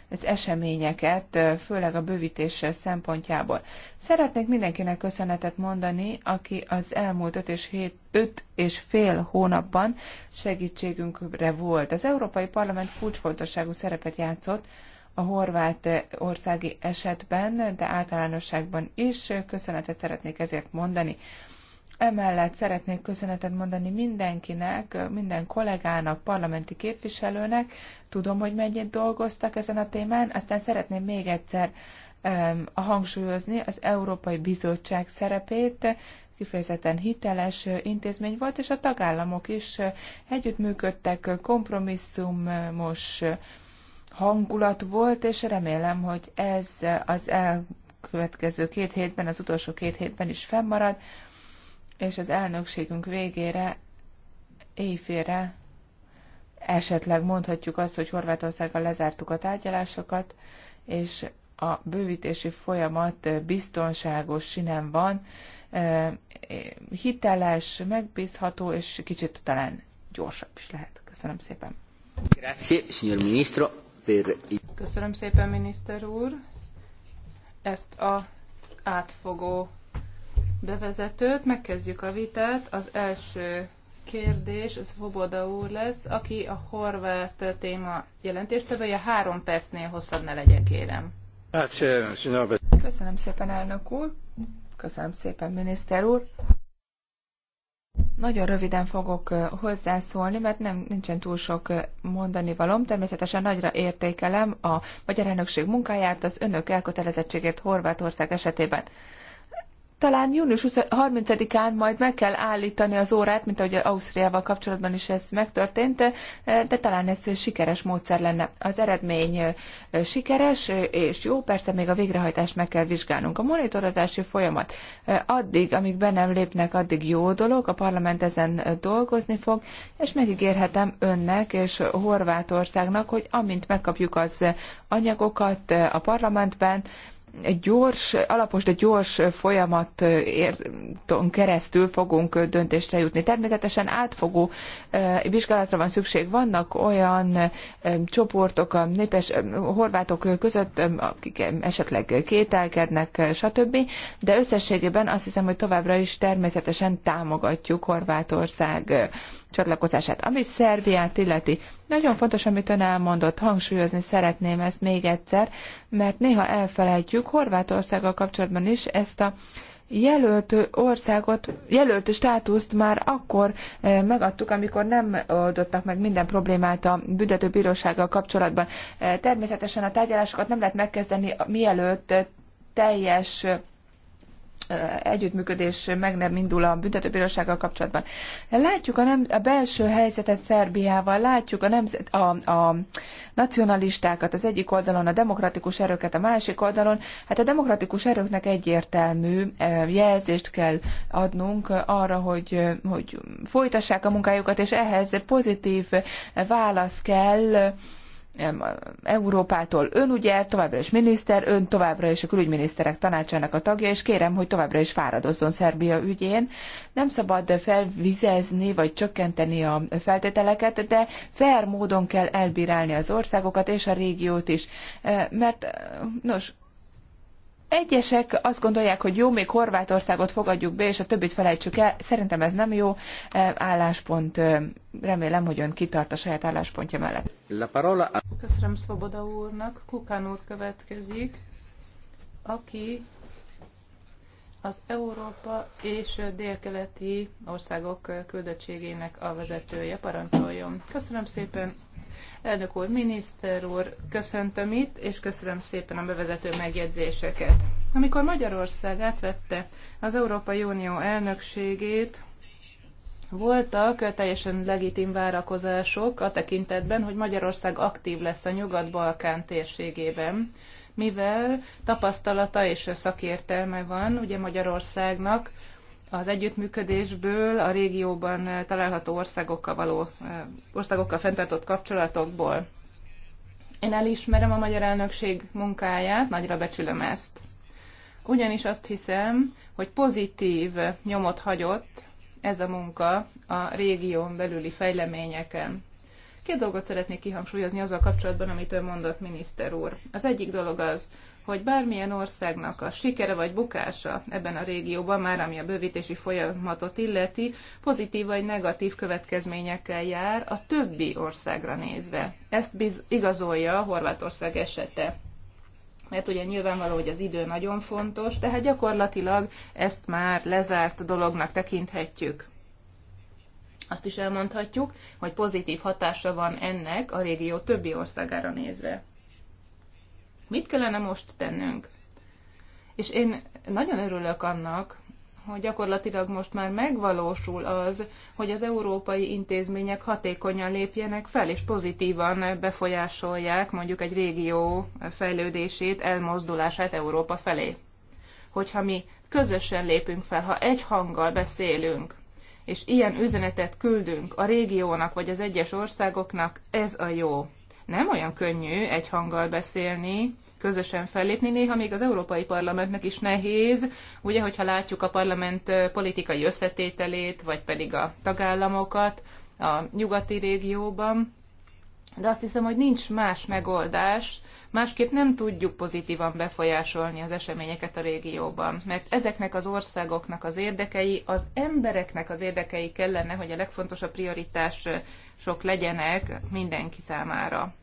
az eseményeket, főleg a bővítés szempontjából. Szeretnék mindenkinek köszönetet mondani, aki az elmúlt 5 és 7, 5 és fél hónapban segítségünkre volt. Az Európai Parlament kulcsfontosságú szerepet játszott, a horvát országi esetben, de általánosságban is köszönetet szeretnék ezért mondani. Emellett szeretnék köszönetet mondani mindenkinek, minden kollégának, parlamenti képviselőnek. Tudom, hogy mennyit dolgoztak ezen a témán. Aztán szeretném még egyszer a hangsúlyozni az Európai Bizottság szerepét, kifejezetten hiteles intézmény volt, és a tagállamok is együttműködtek, kompromisszumos hangulat volt, és remélem, hogy ez az elkövetkező két hétben, az utolsó két hétben is fennmarad, és az elnökségünk végére, éjfélre esetleg mondhatjuk azt, hogy Horvátországgal lezártuk a tárgyalásokat, és a bővítési folyamat biztonságos sinem van, hiteles, megbízható, és kicsit talán gyorsabb is lehet. Köszönöm szépen. Grazie,
signor ministro, per... Köszönöm szépen, miniszter úr, ezt a átfogó bevezetőt, megkezdjük a vitát. Az első kérdés Voboda úr lesz, aki a horvát téma a Három percnél hosszabb ne legyen, kérem.
Köszönöm szépen, elnök úr. Köszönöm szépen, miniszter úr. Nagyon röviden fogok hozzászólni, mert nem nincsen túl sok mondani valom. Természetesen nagyra értékelem a magyar elnökség munkáját, az önök elkötelezettségét Horvátország esetében. Talán június 30-án majd meg kell állítani az órát, mint ahogy Ausztriával kapcsolatban is ez megtörtént, eh, de talán ez sikeres módszer lenne. Az eredmény eh, sikeres eh, és jó, persze még a végrehajtást meg kell vizsgálnunk. A monitorozási folyamat addig, amíg be nem lépnek, addig jó dolog, a parlament ezen dolgozni fog, és megígérhetem önnek és Horvátországnak, hogy amint megkapjuk az anyagokat a parlamentben, gyors, alapos, de gyors folyamaton keresztül fogunk döntésre jutni. Természetesen átfogó vizsgálatra van szükség. Vannak olyan csoportok, a népes horvátok között, akik esetleg kételkednek, stb. De összességében azt hiszem, hogy továbbra is természetesen támogatjuk Horvátország csatlakozását. Ami Szerbiát illeti, nagyon fontos, amit ön elmondott, hangsúlyozni szeretném ezt még egyszer, mert néha elfelejtjük Horvátországgal kapcsolatban is ezt a jelölt országot, jelölt státuszt már akkor eh, megadtuk, amikor nem oldottak meg minden problémát a büntetőbírósággal kapcsolatban. Eh, természetesen a tárgyalásokat nem lehet megkezdeni, mielőtt teljes együttműködés meg nem indul a büntetőbírósággal kapcsolatban. Látjuk a, nem, a belső helyzetet Szerbiával, látjuk a, nemzet, a, a nacionalistákat az egyik oldalon, a demokratikus erőket a másik oldalon. Hát a demokratikus erőknek egyértelmű jelzést kell adnunk arra, hogy, hogy folytassák a munkájukat, és ehhez pozitív válasz kell Európától. Ön ugye továbbra is miniszter, ön továbbra is a külügyminiszterek tanácsának a tagja, és kérem, hogy továbbra is fáradozzon Szerbia ügyén. Nem szabad felvizezni vagy csökkenteni a feltételeket, de fair módon kell elbírálni az országokat és a régiót is. Eh, mert, eh, nos, Egyesek azt gondolják, hogy jó, még Horvátországot fogadjuk be, és a többit felejtsük el. Szerintem ez nem jó e, álláspont. E, remélem, hogy ön kitart a saját álláspontja mellett.
La parola... Köszönöm Szoboda úrnak. Kukán úr következik, aki az Európa és délkeleti országok küldöttségének a vezetője. Parancsoljon. Köszönöm szépen, Elnök úr, miniszter úr, köszöntöm itt, és köszönöm szépen a bevezető megjegyzéseket. Amikor Magyarország átvette az Európai Unió elnökségét, voltak teljesen legitim várakozások a tekintetben, hogy Magyarország aktív lesz a Nyugat-Balkán térségében, mivel tapasztalata és szakértelme van ugye Magyarországnak az együttműködésből, a régióban eh, található országokkal való, eh, országokkal fenntartott kapcsolatokból. Én elismerem a magyar elnökség munkáját, nagyra becsülöm ezt. Ugyanis azt hiszem, hogy pozitív nyomot hagyott ez a munka a régión belüli fejleményeken. Két dolgot szeretnék kihangsúlyozni azzal kapcsolatban, amit ön mondott, miniszter úr. Az egyik dolog az, hogy bármilyen országnak a sikere vagy bukása ebben a régióban, már ami a bővítési folyamatot illeti, pozitív vagy negatív következményekkel jár a többi országra nézve. Ezt biz- igazolja a Horvátország esete mert ugye nyilvánvaló, hogy az idő nagyon fontos, tehát gyakorlatilag ezt már lezárt dolognak tekinthetjük. Azt is elmondhatjuk, hogy pozitív hatása van ennek a régió többi országára nézve. Mit kellene most tennünk? És én nagyon örülök annak, hogy gyakorlatilag most már megvalósul az, hogy az európai intézmények hatékonyan lépjenek fel, és pozitívan befolyásolják mondjuk egy régió fejlődését, elmozdulását Európa felé. Hogyha mi közösen lépünk fel, ha egy hanggal beszélünk, és ilyen üzenetet küldünk a régiónak vagy az egyes országoknak, ez a jó nem olyan könnyű egy hanggal beszélni, közösen fellépni. Néha még az Európai Parlamentnek is nehéz, ugye, hogyha látjuk a parlament politikai összetételét, vagy pedig a tagállamokat a nyugati régióban. De azt hiszem, hogy nincs más megoldás, Másképp nem tudjuk pozitívan befolyásolni az eseményeket a régióban, mert ezeknek az országoknak az érdekei, az embereknek az érdekei kellene, hogy a legfontosabb prioritások legyenek mindenki számára.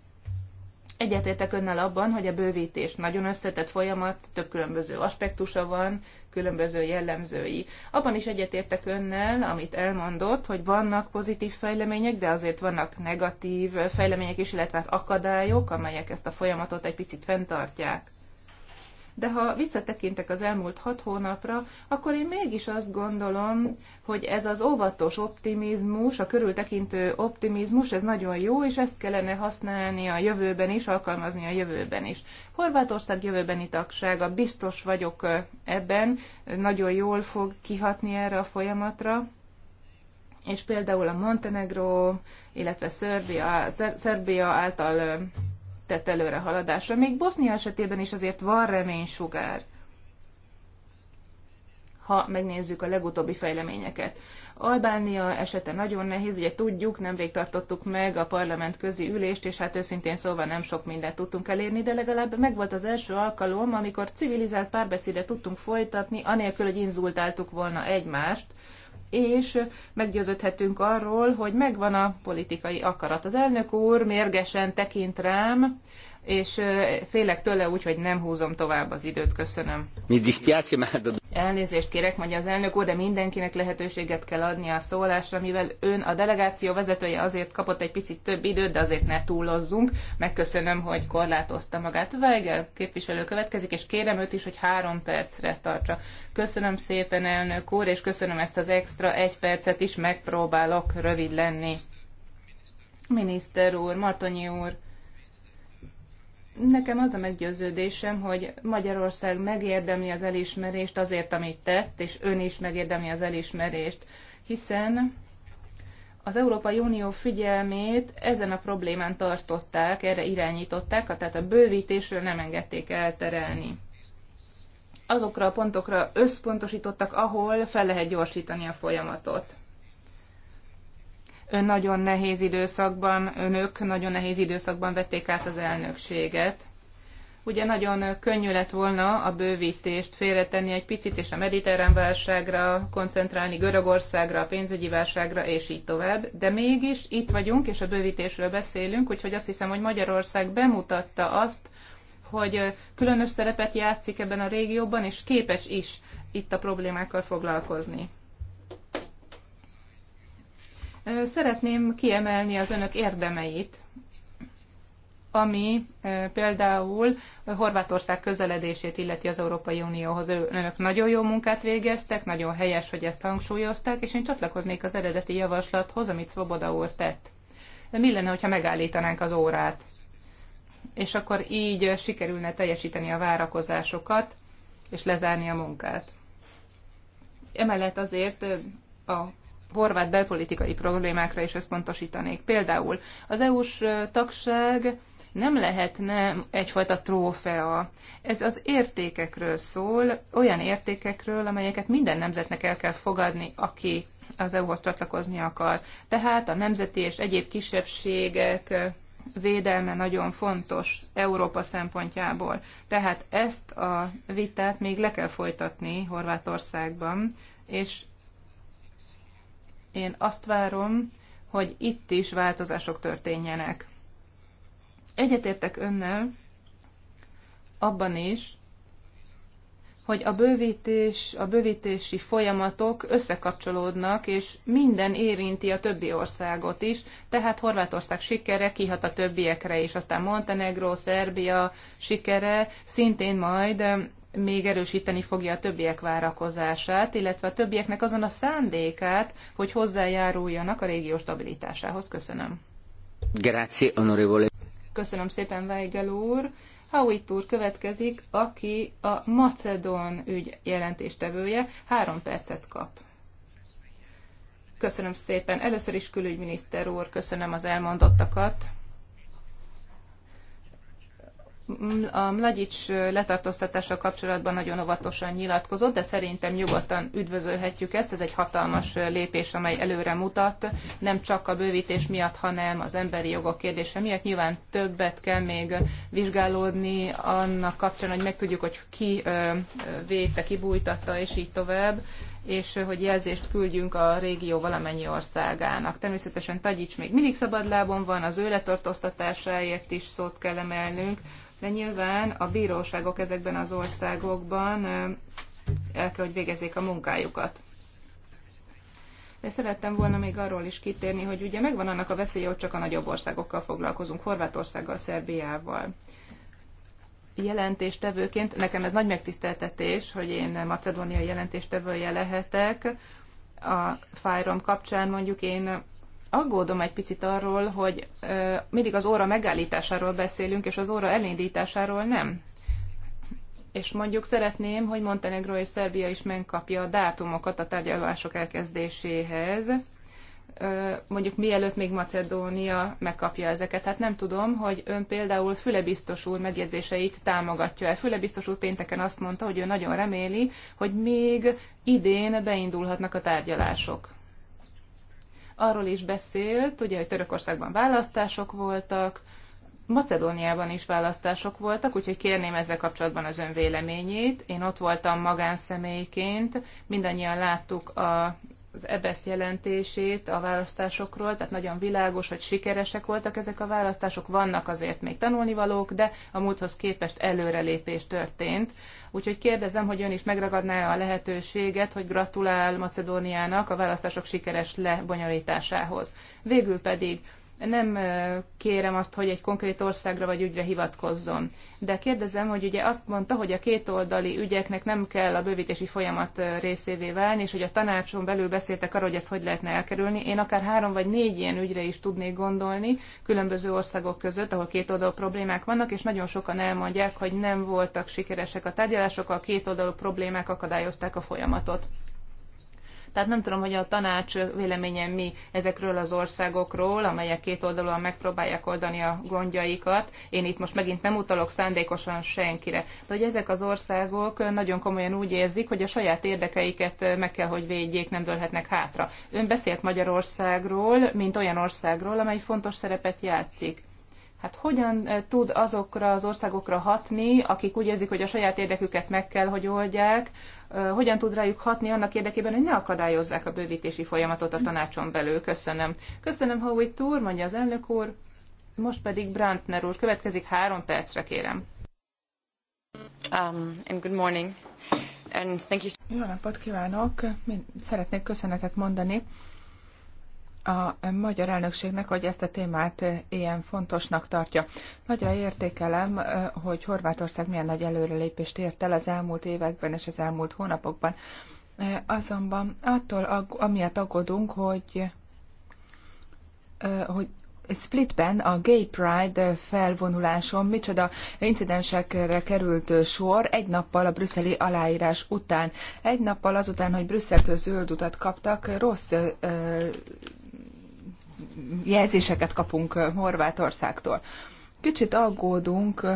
Egyetértek önnel abban, hogy a bővítés nagyon összetett folyamat, több különböző aspektusa van, különböző jellemzői. Abban is egyetértek önnel, amit elmondott, hogy vannak pozitív fejlemények, de azért vannak negatív fejlemények is, illetve hát akadályok, amelyek ezt a folyamatot egy picit fenntartják de ha visszatekintek az elmúlt hat hónapra, akkor én mégis azt gondolom, hogy ez az óvatos optimizmus, a körültekintő optimizmus, ez nagyon jó, és ezt kellene használni a jövőben is, alkalmazni a jövőben is. Horvátország jövőbeni tagsága, biztos vagyok ebben, nagyon jól fog kihatni erre a folyamatra, és például a Montenegro, illetve Szerbia, Szerbia által tett előre haladásra. Még Bosznia esetében is azért van sugár. ha megnézzük a legutóbbi fejleményeket. Albánia esete nagyon nehéz, ugye tudjuk, nemrég tartottuk meg a parlament közi ülést, és hát őszintén szóval nem sok mindent tudtunk elérni, de legalább megvolt az első alkalom, amikor civilizált párbeszédet tudtunk folytatni, anélkül, hogy inzultáltuk volna egymást, és meggyőződhetünk arról, hogy megvan a politikai akarat. Az elnök úr mérgesen tekint rám, és félek tőle úgy, hogy nem húzom tovább az időt. Köszönöm. Mi dispiace, mert... Elnézést kérek, mondja az elnök úr, de mindenkinek lehetőséget kell adni a szólásra, mivel ön a delegáció vezetője azért kapott egy picit több időt, de azért ne túlozzunk. Megköszönöm, hogy korlátozta magát. Weigel képviselő következik, és kérem őt is, hogy három percre tartsa. Köszönöm szépen, elnök úr, és köszönöm ezt az extra egy percet is, megpróbálok rövid lenni. Miniszter úr, Martonyi úr, Nekem az a meggyőződésem, hogy Magyarország megérdemli az elismerést azért, amit tett, és ön is megérdemli az elismerést, hiszen az Európai Unió figyelmét ezen a problémán tartották, erre irányították, tehát a bővítésről nem engedték elterelni. Azokra a pontokra összpontosítottak, ahol fel lehet gyorsítani a folyamatot nagyon nehéz időszakban, önök nagyon nehéz időszakban vették át az elnökséget. Ugye nagyon könnyű lett volna a bővítést félretenni egy picit, és a mediterrán válságra koncentrálni, Görögországra, a pénzügyi válságra, és így tovább. De mégis itt vagyunk, és a bővítésről beszélünk, úgyhogy azt hiszem, hogy Magyarország bemutatta azt, hogy különös szerepet játszik ebben a régióban, és képes is itt a problémákkal foglalkozni. Szeretném kiemelni az önök érdemeit, ami például Horvátország közeledését illeti az Európai Unióhoz. Önök nagyon jó munkát végeztek, nagyon helyes, hogy ezt hangsúlyozták, és én csatlakoznék az eredeti javaslathoz, amit Svoboda úr tett. mi lenne, hogyha megállítanánk az órát? És akkor így sikerülne teljesíteni a várakozásokat, és lezárni a munkát. Emellett azért a horvát belpolitikai problémákra is összpontosítanék. Például az EU-s tagság nem lehetne egyfajta trófea. Ez az értékekről szól, olyan értékekről, amelyeket minden nemzetnek el kell fogadni, aki az EU-hoz csatlakozni akar. Tehát a nemzeti és egyéb kisebbségek védelme nagyon fontos Európa szempontjából. Tehát ezt a vitát még le kell folytatni Horvátországban, és én azt várom, hogy itt is változások történjenek. Egyetértek önnel abban is, hogy a, bővítés, a bővítési folyamatok összekapcsolódnak, és minden érinti a többi országot is, tehát Horvátország sikere kihat a többiekre is, aztán Montenegro, Szerbia sikere szintén majd még erősíteni fogja a többiek várakozását, illetve a többieknek azon a szándékát, hogy hozzájáruljanak a régió stabilitásához. Köszönöm.
Grazie, onorevole.
Köszönöm szépen, Weigel úr. Howitt úr következik, aki a Macedon ügy jelentéstevője. Három percet kap. Köszönöm szépen. Először is külügyminiszter úr, köszönöm az elmondottakat a Mladics letartóztatása kapcsolatban nagyon óvatosan nyilatkozott, de szerintem nyugodtan üdvözölhetjük ezt. Ez egy hatalmas lépés, amely előre mutat, nem csak a bővítés miatt, hanem az emberi jogok kérdése miatt. Nyilván többet kell még vizsgálódni annak kapcsán, hogy megtudjuk, hogy ki védte, ki bújtatta, és így tovább és hogy jelzést küldjünk a régió valamennyi országának. Természetesen Tagyics még mindig szabadlábon van, az ő letartóztatásáért is szót kell emelnünk, de nyilván a bíróságok ezekben az országokban el kell, hogy végezzék a munkájukat. De szerettem volna még arról is kitérni, hogy ugye megvan annak a veszélye, hogy csak a nagyobb országokkal foglalkozunk, Horvátországgal, Szerbiával. Jelentéstevőként nekem ez nagy megtiszteltetés, hogy én macedóniai jelentéstevője lehetek. A fájrom kapcsán mondjuk én aggódom egy picit arról, hogy mindig az óra megállításáról beszélünk, és az óra elindításáról nem. És mondjuk szeretném, hogy Montenegro és Szerbia is megkapja a dátumokat a tárgyalások elkezdéséhez, mondjuk mielőtt még Macedónia megkapja ezeket. Hát nem tudom, hogy ön például Füle biztos úr megjegyzéseit támogatja-e. Füle biztos úr pénteken azt mondta, hogy ő nagyon reméli, hogy még idén beindulhatnak a tárgyalások arról is beszélt, ugye, hogy Törökországban választások voltak, Macedóniában is választások voltak, úgyhogy kérném ezzel kapcsolatban az ön véleményét. Én ott voltam magánszemélyként, mindannyian láttuk a az EBESZ jelentését a választásokról, tehát nagyon világos, hogy sikeresek voltak ezek a választások, vannak azért még tanulnivalók, de a múlthoz képest előrelépés történt. Úgyhogy kérdezem, hogy ön is megragadná a lehetőséget, hogy gratulál Macedóniának a választások sikeres lebonyolításához. Végül pedig nem kérem azt, hogy egy konkrét országra vagy ügyre hivatkozzon. De kérdezem, hogy ugye azt mondta, hogy a kétoldali ügyeknek nem kell a bővítési folyamat részévé válni, és hogy a tanácson belül beszéltek arról, hogy ezt hogy lehetne elkerülni. Én akár három vagy négy ilyen ügyre is tudnék gondolni különböző országok között, ahol kétoldalú problémák vannak, és nagyon sokan elmondják, hogy nem voltak sikeresek a tárgyalások, a kétoldalú problémák akadályozták a folyamatot. Tehát nem tudom, hogy a tanács véleményen mi ezekről az országokról, amelyek két oldalon megpróbálják oldani a gondjaikat. Én itt most megint nem utalok szándékosan senkire. De hogy ezek az országok nagyon komolyan úgy érzik, hogy a saját érdekeiket meg kell, hogy védjék, nem dőlhetnek hátra. Ön beszélt Magyarországról, mint olyan országról, amely fontos szerepet játszik. Hát hogyan eh, tud azokra az országokra hatni, akik úgy érzik, hogy a saját érdeküket meg kell, hogy oldják, hogyan tud rájuk hatni annak érdekében, hogy ne akadályozzák a bővítési folyamatot a tanácson belül. Köszönöm. Köszönöm, Howitt úr, mondja az elnök úr. Most pedig Brandner úr, következik három percre, kérem. Um, and good morning.
And thank you. Jó napot kívánok! Szeretnék köszönetet mondani a magyar elnökségnek, hogy ezt a témát ilyen fontosnak tartja. Nagyra értékelem, hogy Horvátország milyen nagy előrelépést ért el az elmúlt években és az elmúlt hónapokban. Azonban attól, amiatt aggódunk, hogy, hogy Splitben a Gay Pride felvonuláson micsoda incidensekre került sor egy nappal a brüsszeli aláírás után. Egy nappal azután, hogy Brüsszeltől zöld utat kaptak, rossz jelzéseket kapunk Horvátországtól. Kicsit aggódunk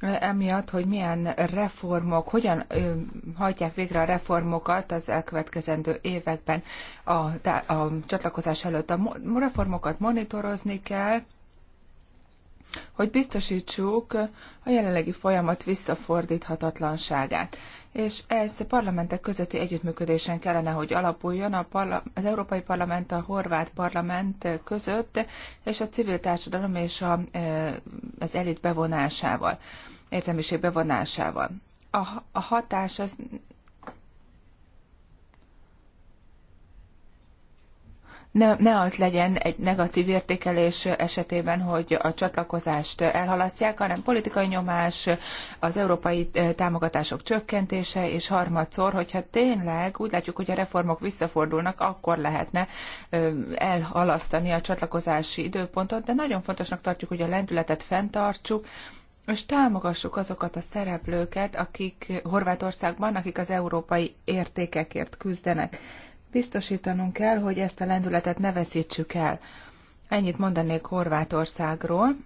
emiatt, hogy milyen reformok, hogyan hajtják végre a reformokat az elkövetkezendő években a, a csatlakozás előtt. A reformokat monitorozni kell, hogy biztosítsuk a jelenlegi folyamat visszafordíthatatlanságát és ez parlamentek közötti együttműködésen kellene, hogy alapuljon a parla- az Európai Parlament, a Horvát Parlament között, és a civil társadalom és a, e, az elit bevonásával, értelmiség bevonásával. A, a hatás az ne, ne az legyen egy negatív értékelés esetében, hogy a csatlakozást elhalasztják, hanem politikai nyomás, az európai eh, támogatások csökkentése, és harmadszor, hogyha tényleg úgy látjuk, hogy a reformok visszafordulnak, akkor lehetne eh, elhalasztani a csatlakozási időpontot, de nagyon fontosnak tartjuk, hogy a lendületet fenntartsuk, és támogassuk azokat a szereplőket, akik Horvátországban, akik az európai értékekért küzdenek. Biztosítanunk kell, hogy ezt a lendületet ne veszítsük el. Ennyit mondanék Horvátországról.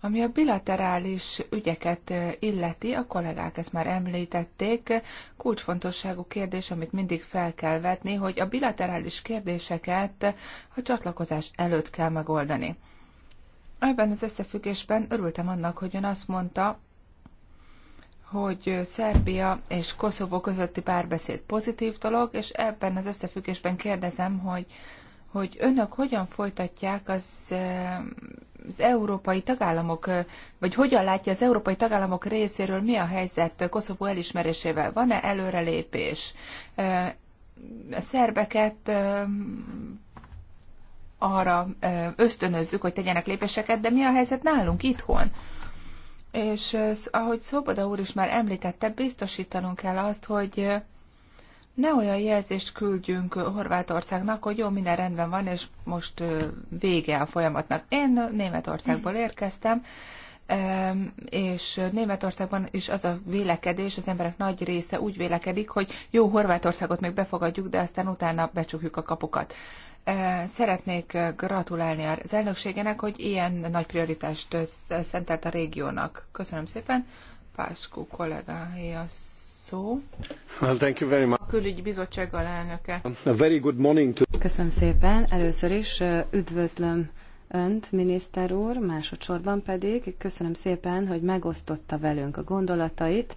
Ami a bilaterális ügyeket illeti, a kollégák ezt már említették, kulcsfontosságú kérdés, amit mindig fel kell vetni, hogy a bilaterális kérdéseket a csatlakozás előtt kell megoldani. Ebben az összefüggésben örültem annak, hogy ön azt mondta, hogy Szerbia és Koszovó közötti párbeszéd pozitív dolog, és ebben az összefüggésben kérdezem, hogy, hogy önök hogyan folytatják az, eh, az európai tagállamok, eh, vagy hogyan látja az európai tagállamok részéről, mi a helyzet Koszovó elismerésével? Van-e előrelépés? Eh, a szerbeket arra ösztönözzük, hogy tegyenek lépéseket, de mi a helyzet nálunk itthon? És ahogy Szoboda úr is már említette, biztosítanunk kell azt, hogy ne olyan jelzést küldjünk Horvátországnak, hogy jó, minden rendben van, és most vége a folyamatnak. Én Németországból érkeztem, és Németországban is az a vélekedés, az emberek nagy része úgy vélekedik, hogy jó, Horvátországot még befogadjuk, de aztán utána becsukjuk a kapukat. Szeretnék gratulálni az elnökségenek, hogy ilyen nagy prioritást szentelt a régiónak. Köszönöm szépen. Páskó kollégája
szó.
Well, thank you very much. A
külügyi bizottság elnöke.
A very good morning to... Köszönöm
szépen. Először is üdvözlöm Önt, miniszter úr, másodszorban pedig köszönöm szépen, hogy megosztotta velünk a gondolatait,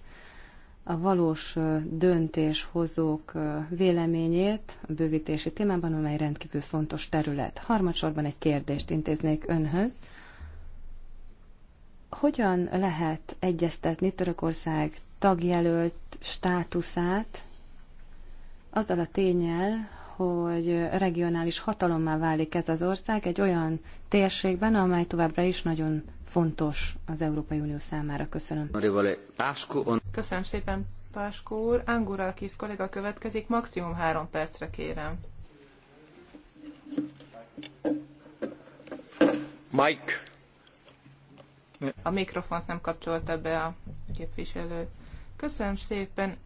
a valós döntéshozók véleményét a bővítési témában, amely rendkívül fontos terület. Harmadsorban egy kérdést intéznék önhöz. Hogyan lehet egyeztetni Törökország tagjelölt státuszát azzal a tényel, hogy regionális hatalommá válik ez az ország egy olyan térségben, amely továbbra is nagyon fontos az Európai Unió számára. Köszönöm. Köszönöm szépen, Páskó
úr. Angura kis kolléga következik, maximum három percre kérem. Mike. A mikrofont nem kapcsolta be a képviselő. Köszönöm szépen,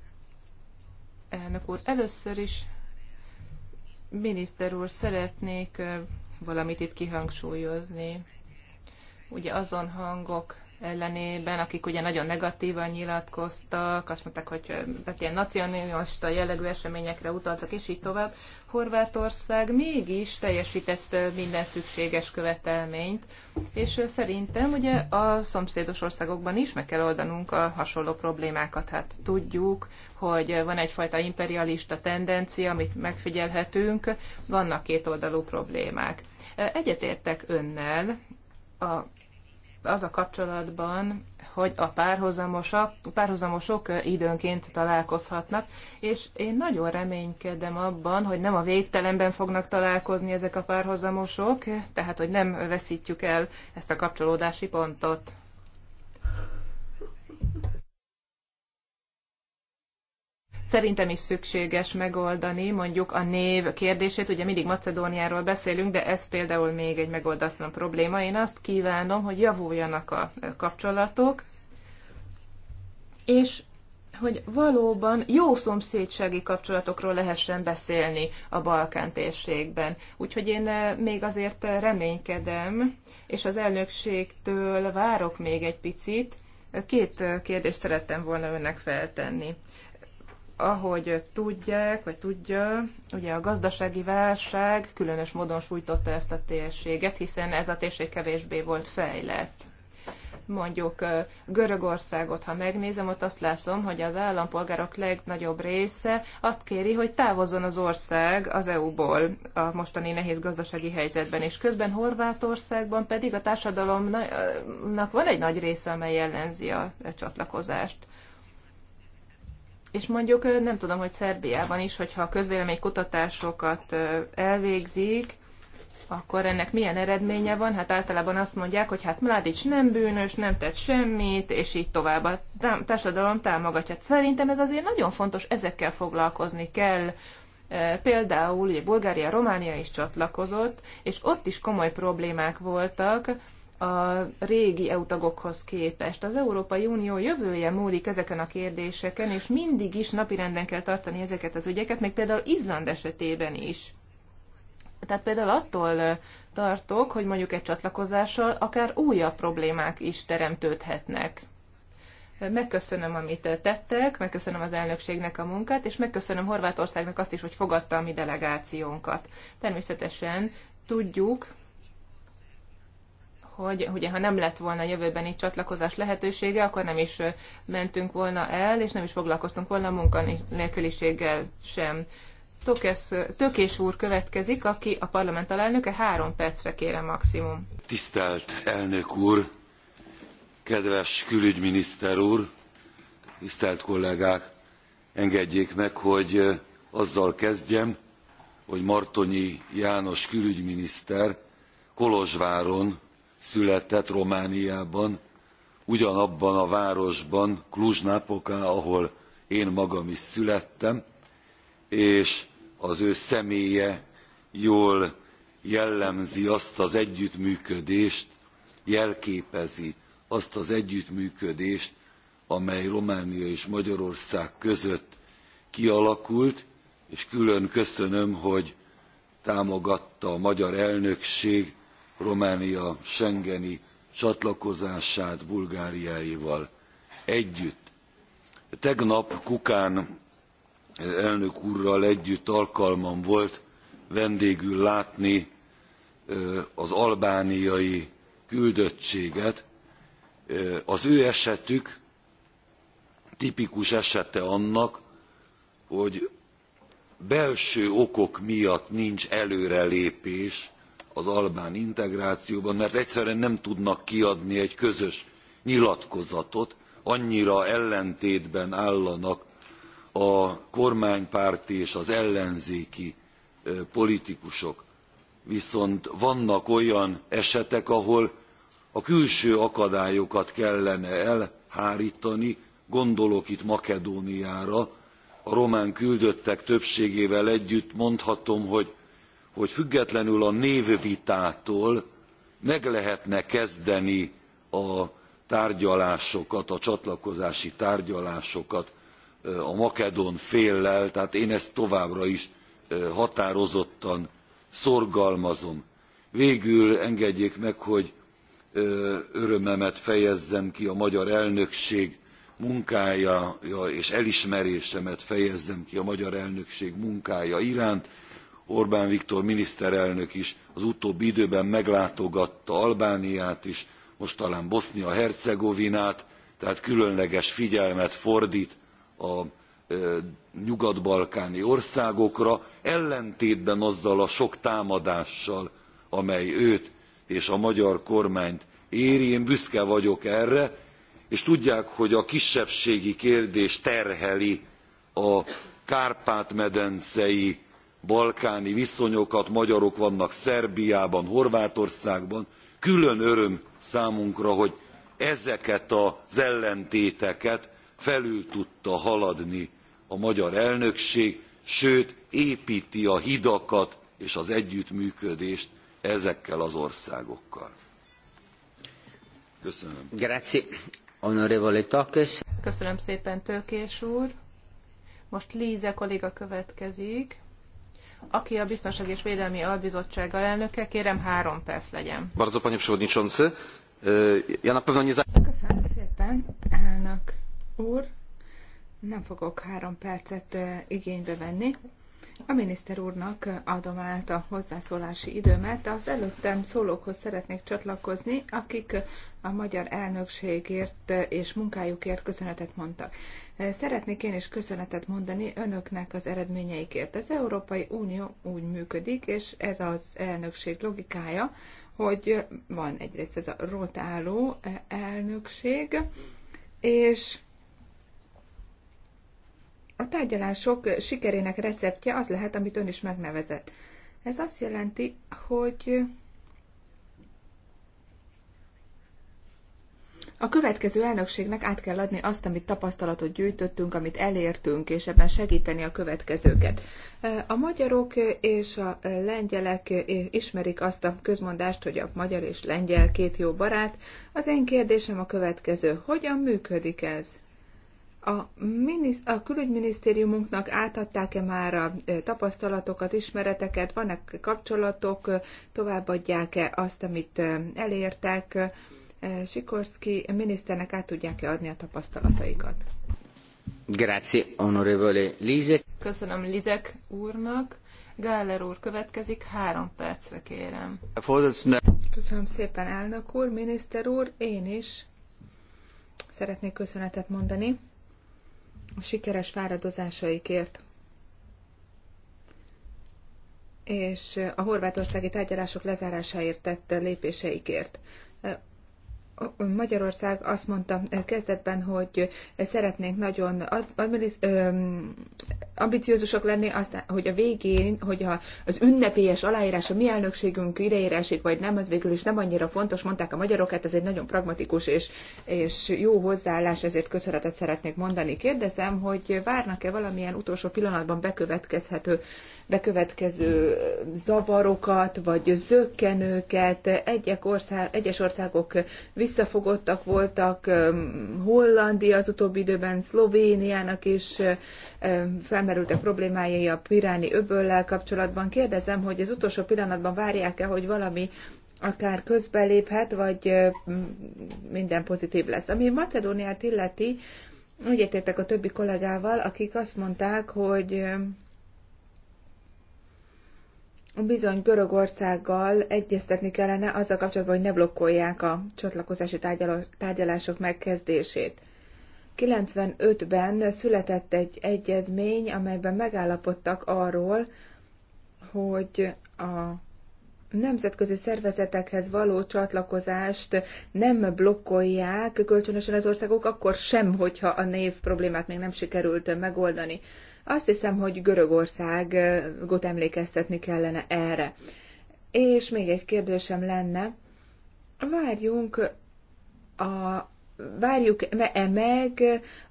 elnök úr. Először is Miniszter úr, szeretnék valamit itt kihangsúlyozni. Ugye azon hangok ellenében, akik ugye nagyon negatívan nyilatkoztak, azt mondták, hogy tehát ilyen nacionalista jellegű eseményekre utaltak, és így tovább. Horvátország mégis teljesített minden szükséges követelményt, és szerintem ugye a szomszédos országokban is meg kell oldanunk a hasonló problémákat. Hát tudjuk, hogy van egyfajta imperialista tendencia, amit megfigyelhetünk, vannak kétoldalú problémák. Egyetértek önnel a, az a kapcsolatban, hogy a párhuzamosok, párhuzamosok időnként találkozhatnak, és én nagyon reménykedem abban, hogy nem a végtelenben fognak találkozni ezek a párhuzamosok, tehát hogy nem veszítjük el ezt a kapcsolódási pontot. szerintem is szükséges megoldani mondjuk a név kérdését. Ugye mindig Macedóniáról beszélünk, de ez például még egy megoldatlan probléma. Én azt kívánom, hogy javuljanak a kapcsolatok, és hogy valóban jó szomszédsági kapcsolatokról lehessen beszélni a Balkán térségben. Úgyhogy én eh, még azért reménykedem, és az elnökségtől várok még egy picit. Két eh, kérdést szerettem volna önnek feltenni ahogy tudják, vagy tudja, ugye a gazdasági válság különös módon sújtotta ezt a térséget, hiszen ez a térség kevésbé volt fejlett. Mondjuk Görögországot, ha megnézem, ott azt látom, hogy az állampolgárok legnagyobb része azt kéri, hogy távozzon az ország az EU-ból a mostani nehéz gazdasági helyzetben, és közben Horvátországban pedig a társadalomnak van egy nagy része, amely ellenzi a csatlakozást és mondjuk nem tudom, hogy Szerbiában is, hogyha a kutatásokat elvégzik, akkor ennek milyen eredménye van? Hát általában azt mondják, hogy hát Mladic nem bűnös, nem tett semmit, és így tovább a társadalom támogatja. Szerintem ez azért nagyon fontos, ezekkel foglalkozni kell. Például ugye Bulgária, Románia is csatlakozott, és ott is komoly problémák voltak, a régi eutagokhoz képest. Az Európai Unió jövője múlik ezeken a kérdéseken, és mindig is napirenden kell tartani ezeket az ügyeket, még például Izland esetében is. Tehát például attól tartok, hogy mondjuk egy csatlakozással akár újabb problémák is teremtődhetnek. Megköszönöm, amit tettek, megköszönöm az elnökségnek a munkát, és megköszönöm Horvátországnak azt is, hogy fogadta a mi delegációnkat. Természetesen tudjuk, hogy ugye ha nem lett volna jövőbeni csatlakozás lehetősége, akkor nem is mentünk volna el, és nem is foglalkoztunk volna a munkanélküliséggel sem. Tökes, Tökés úr következik, aki a parlament alelnöke, három percre kérem maximum.
Tisztelt elnök úr, kedves külügyminiszter úr, tisztelt kollégák, engedjék meg, hogy azzal kezdjem, hogy Martonyi János külügyminiszter Kolozsváron született romániában ugyanabban a városban cluj napoca ahol én magam is születtem és az ő személye jól jellemzi azt az együttműködést jelképezi azt az együttműködést amely románia és magyarország között kialakult és külön köszönöm hogy támogatta a magyar elnökség Románia schengeni csatlakozását Bulgáriáival együtt. Tegnap Kukán eh, elnök úrral együtt alkalmam volt vendégül látni eh, az albániai küldöttséget. Eh, az ő esetük tipikus esete annak, hogy belső okok miatt nincs előrelépés az albán integrációban mert egyszerűen nem tudnak kiadni egy közös nyilatkozatot annyira ellentétben állanak a kormánypárti és az ellenzéki politikusok. viszont vannak olyan esetek ahol a külső akadályokat kellene elhártani gondolok itt makedóniára a román küldöttek többségével együtt mondhatom hogy hogy függetlenül a névvitától meg lehetne kezdeni a tárgyalásokat a csatlakozási tárgyalásokat a makedón féllel tehát én ezt továbbra is határozottan szorgalmazom. végül engedjék meg hogy örömömet fejezzem ki a magyar elnökség munkája és elismerésemet fejezzem ki a magyar elnökség munkája iránt orbán viktor miniszterelnök is az utóbbi időben meglátogatta albániát is most talán bosznia hercegovinát tehát különleges figyelmet fordt a nyugat balkáni országokra ellentétben azzal a sok támadással amely őt és a magyar kormányt éri. én büszke vagyok erre és tudják hogy a kisebbségi kérdés terheli a kárpát medencei balkáni viszonyokat magyarok vannak szerbiában horvátországban külön öröm számunkra hogy ezeket az ellentéteket felül tudta haladni a magyar elnökség sőt épti a hidakat és az együttműködést ezekkel az országokkal. Köszönöm.
Köszönöm szépen, Tőkés úr. Most Líze kolléga következik aki a Biztonság és Védelmi Albizottság alelnöke, kérem három perc legyen.
Bardzo, panie przewodniczący. E, ja na pewno nie...
Köszönöm szépen, elnök úr. Nem fogok három percet e, igénybe venni. A miniszter úrnak adom át a hozzászólási időmet. Az előttem szólókhoz szeretnék csatlakozni, akik a magyar elnökségért e, és munkájukért köszönetet mondtak. Szeretnék én is köszönetet mondani önöknek az eredményeikért. Az Európai Unió úgy működik, és ez az elnökség logikája, hogy van egyrészt ez a rotáló eh, elnökség, és a tárgyalások sikerének receptje az lehet, amit ön is megnevezett. Ez azt jelenti, hogy A következő elnökségnek át kell adni azt, amit tapasztalatot gyűjtöttünk, amit elértünk, és ebben segíteni a következőket. A magyarok és a lengyelek ismerik azt a közmondást, hogy a magyar és lengyel két jó barát. Az én kérdésem a következő. Hogyan működik ez? a, minisz, a külügyminisztériumunknak átadták-e már a tapasztalatokat, ismereteket, vannak kapcsolatok, továbbadják-e azt, amit elértek, Eh, Sikorski miniszternek át tudják-e adni a tapasztalataikat? Grazie, onorevole
Lizek.
Köszönöm Lizek úrnak. Gáller úr következik, három
percre kérem. Köszönöm szépen, elnök úr, miniszter úr, én is szeretnék köszönetet mondani a sikeres fáradozásaikért és a horvátországi tárgyalások lezárásáért tett lépéseikért. Magyarország azt mondta eh, kezdetben, hogy szeretnénk nagyon ambiciózusak lenni, aztán, hogy a végén, hogy a, az ünnepélyes aláírás a mi elnökségünk idejére esik, vagy nem, az végül is nem annyira fontos, mondták a magyarok, hát ez egy nagyon pragmatikus és, és jó hozzáállás, ezért köszönetet szeretnék mondani. Kérdezem, hogy várnak-e valamilyen utolsó pillanatban bekövetkezhető bekövetkező zavarokat, vagy zöggenőket, egyes országok visszafogottak voltak, Hollandia az utóbbi időben, Szlovéniának is felmerültek problémájai a Piráni öböllel kapcsolatban. Kérdezem, hogy az utolsó pillanatban várják-e, hogy valami akár közbeléphet, vagy minden pozitív lesz. Ami Macedóniát illeti, úgy értek a többi kollégával, akik azt mondták, hogy bizony Görögországgal egyeztetni kellene azzal kapcsolatban, hogy ne blokkolják a csatlakozási tárgyalások megkezdését. 95-ben született egy egyezmény, amelyben megállapodtak arról, hogy a nemzetközi szervezetekhez való csatlakozást nem blokkolják kölcsönösen az országok, akkor sem, hogyha a név problémát még nem sikerült megoldani. Azt hiszem, hogy Görögországot emlékeztetni kellene erre. És még egy kérdésem lenne, várjunk a várjuk -e meg,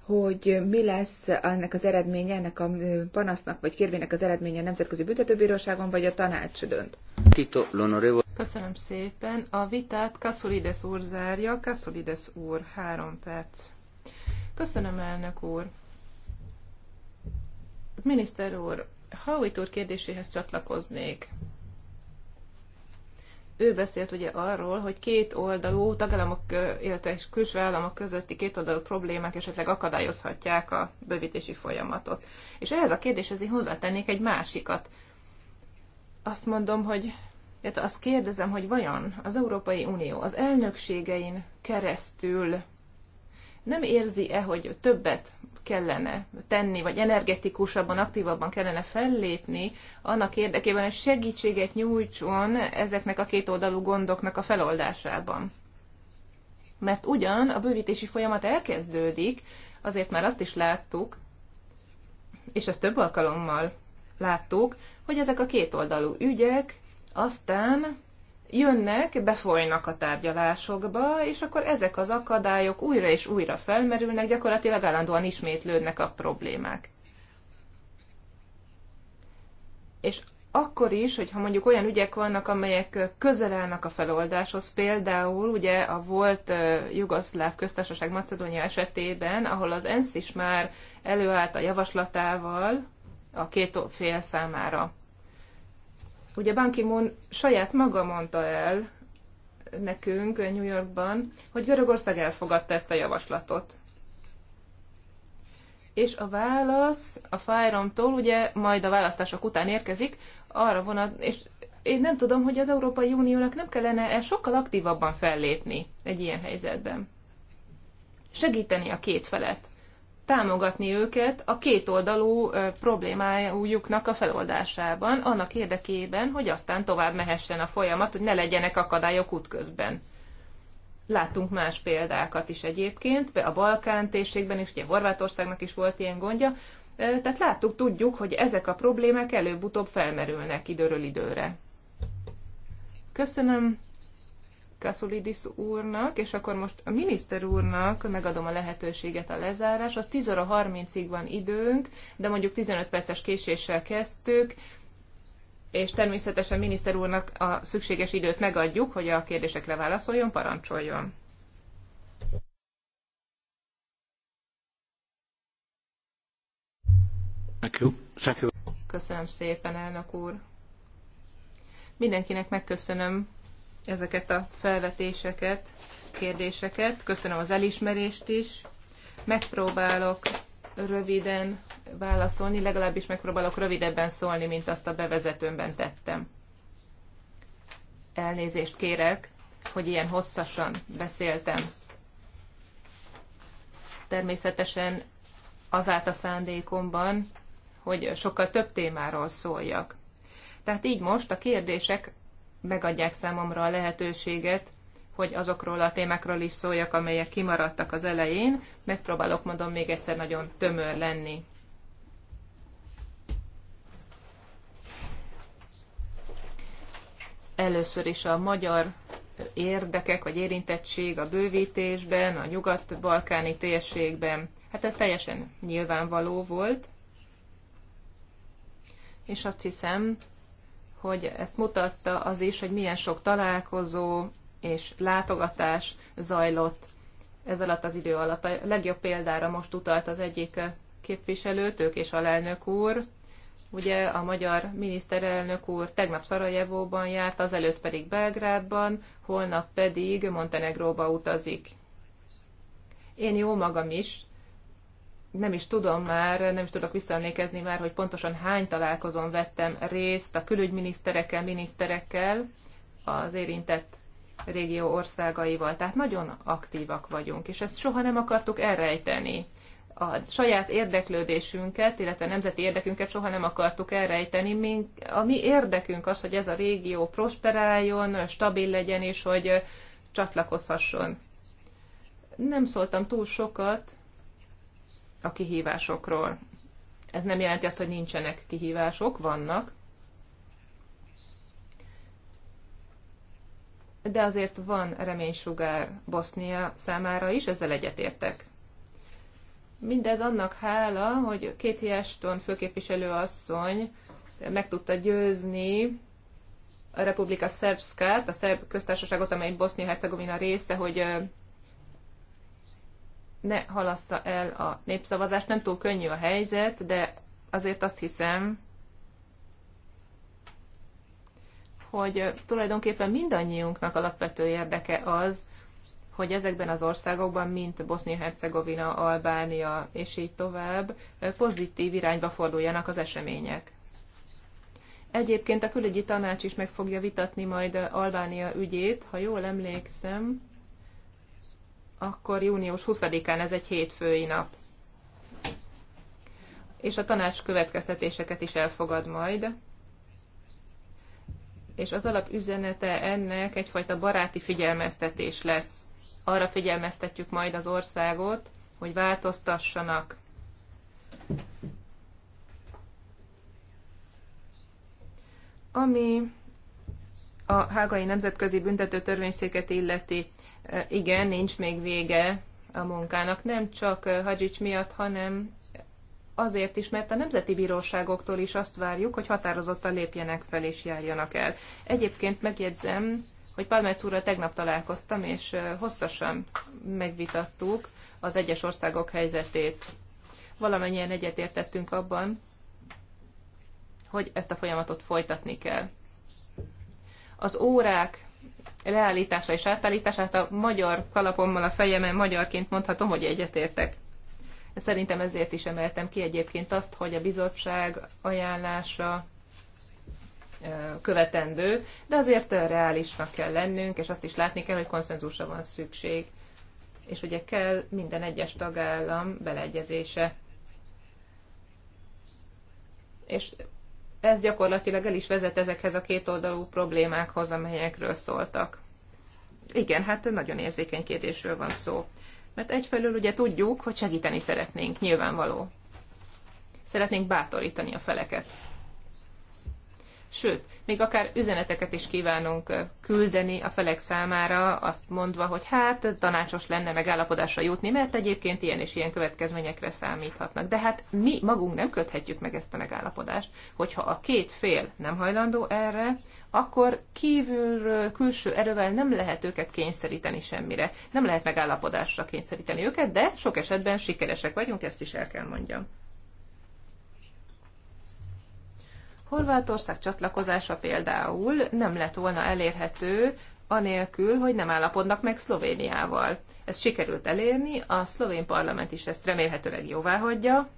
hogy mi lesz ennek az eredménye, ennek a panasznak vagy kérvének az eredménye a Nemzetközi Büntetőbíróságon, vagy a tanács dönt? Köszönöm szépen.
A vitát Kasszulides úr zárja. Kasszulides úr, három perc. Köszönöm, elnök úr. Miniszter úr, Howitt úr kérdéséhez csatlakoznék. Ő beszélt ugye arról, hogy két oldalú tagállamok, illetve külső államok közötti két oldalú problémák esetleg akadályozhatják a bővítési folyamatot. És ehhez a kérdéshez én hozzátennék egy másikat. Azt mondom, hogy tehát azt kérdezem, hogy vajon az Európai Unió az elnökségein keresztül nem érzi-e, hogy többet kellene tenni, vagy energetikusabban, aktívabban kellene fellépni annak érdekében, hogy segítséget nyújtson ezeknek a kétoldalú gondoknak a feloldásában. Mert ugyan a bővítési folyamat elkezdődik, azért már azt is láttuk, és ezt több alkalommal láttuk, hogy ezek a kétoldalú ügyek aztán jönnek, befolynak a tárgyalásokba, és akkor ezek az akadályok újra és újra felmerülnek, gyakorlatilag állandóan ismétlődnek a problémák. És akkor is, hogyha mondjuk olyan ügyek vannak, amelyek közel állnak a feloldáshoz, például ugye a volt Jugoszláv köztársaság Macedónia esetében, ahol az ENSZ is már előállt a javaslatával a két fél számára Ugye Ban Ki-moon saját maga mondta el nekünk New Yorkban, hogy Görögország elfogadta ezt a javaslatot. És a válasz a Fájromtól ugye majd a választások után érkezik, arra vonat, és én nem tudom, hogy az Európai Uniónak nem kellene -e sokkal aktívabban fellépni egy ilyen helyzetben. Segíteni a két felet támogatni őket a kétoldalú problémájuknak a feloldásában, annak érdekében, hogy aztán tovább mehessen a folyamat, hogy ne legyenek akadályok útközben. Láttunk más példákat is egyébként, a Balkán térségben is, ugye Horvátországnak is volt ilyen gondja, tehát láttuk, tudjuk, hogy ezek a problémák előbb-utóbb felmerülnek időről időre. Köszönöm Kasulidis úrnak, és akkor most a miniszter úrnak megadom a lehetőséget a lezárás. Az 10 óra 30-ig van időnk, de mondjuk 15 perces késéssel kezdtük, és természetesen miniszter úrnak a szükséges időt megadjuk, hogy a kérdésekre válaszoljon, parancsoljon.
Thank you. Thank you.
Köszönöm szépen, elnök úr. Mindenkinek megköszönöm ezeket a felvetéseket, kérdéseket. Köszönöm az elismerést is. Megpróbálok röviden válaszolni, legalábbis megpróbálok rövidebben szólni, mint azt a bevezetőmben tettem. Elnézést kérek, hogy ilyen hosszasan beszéltem. Természetesen az állt a szándékomban, hogy sokkal több témáról szóljak. Tehát így most a kérdések megadják számomra a lehetőséget, hogy azokról a témákról is szóljak, amelyek kimaradtak az elején. Megpróbálok, mondom, még egyszer nagyon tömör lenni. Először is a magyar érdekek vagy érintettség a bővítésben, a nyugat-balkáni térségben. Hát ez teljesen nyilvánvaló volt. És azt hiszem, hogy ezt mutatta az is, hogy milyen sok találkozó és látogatás zajlott ez alatt az idő alatt. A legjobb példára most utalt az egyik képviselőtők és alelnök úr. Ugye a magyar miniszterelnök úr tegnap Szarajevóban járt, azelőtt pedig Belgrádban, holnap pedig Montenegróba utazik. Én jó magam is nem is tudom már, nem is tudok visszaemlékezni már, hogy pontosan hány találkozón vettem részt a külügyminiszterekkel, miniszterekkel az érintett régió országaival. Tehát nagyon aktívak vagyunk, és ezt soha nem akartuk elrejteni. A saját érdeklődésünket, illetve a nemzeti érdekünket soha nem akartuk elrejteni. Mi, a mi érdekünk az, hogy ez a régió prosperáljon, stabil legyen, és hogy csatlakozhasson. Nem szóltam túl sokat, a kihívásokról. Ez nem jelenti azt, hogy nincsenek kihívások, vannak. De azért van reménysugár Bosznia számára is, ezzel egyetértek. Mindez annak hála, hogy két hiáston főképviselő asszony meg tudta győzni a Republika Szerbszkát, a szerb köztársaságot, amely Bosznia-Hercegovina része, hogy ne halassza el a népszavazást. Nem túl könnyű a helyzet, de azért azt hiszem, hogy tulajdonképpen mindannyiunknak alapvető érdeke az, hogy ezekben az országokban, mint Bosznia-Hercegovina, Albánia és így tovább, pozitív irányba forduljanak az események. Egyébként a külügyi tanács is meg fogja vitatni majd Albánia ügyét, ha jól emlékszem akkor június 20-án ez egy hétfői nap. És a tanács következtetéseket is elfogad majd. És az alap üzenete ennek egyfajta baráti figyelmeztetés lesz. Arra figyelmeztetjük majd az országot, hogy változtassanak ami a Hágai Nemzetközi Büntető Törvényszéket illeti igen, nincs még vége a munkának, nem csak Hadzsics miatt, hanem azért is, mert a nemzeti bíróságoktól is azt várjuk, hogy határozottan lépjenek fel és járjanak el. Egyébként megjegyzem, hogy Palmerc úrral tegnap találkoztam, és hosszasan megvitattuk az egyes országok helyzetét. Valamennyien egyetértettünk abban, hogy ezt a folyamatot folytatni kell. Az órák leállítása és hát a magyar kalapommal a fejemen magyarként mondhatom, hogy egyetértek. Szerintem ezért is emeltem ki egyébként azt, hogy a bizottság ajánlása követendő, de azért reálisnak kell lennünk, és azt is látni kell, hogy konszenzusra van szükség, és ugye kell minden egyes tagállam beleegyezése. És ez gyakorlatilag el is vezet ezekhez a kétoldalú problémákhoz, amelyekről szóltak. Igen, hát nagyon érzékeny kérdésről van szó. Mert egyfelől ugye tudjuk, hogy segíteni szeretnénk, nyilvánvaló. Szeretnénk bátorítani a feleket sőt, még akár üzeneteket is kívánunk küldeni a felek számára, azt mondva, hogy hát tanácsos lenne megállapodásra jutni, mert egyébként ilyen és ilyen következményekre számíthatnak. De hát mi magunk nem köthetjük meg ezt a megállapodást, hogyha a két fél nem hajlandó erre, akkor kívülről, külső erővel nem lehet őket kényszeríteni semmire. Nem lehet megállapodásra kényszeríteni őket, de sok esetben sikeresek vagyunk, ezt is el kell mondjam. Horvátország csatlakozása például nem lett volna elérhető anélkül, hogy nem állapodnak meg Szlovéniával. Ez sikerült elérni, a szlovén parlament is ezt remélhetőleg jóvá hagyja,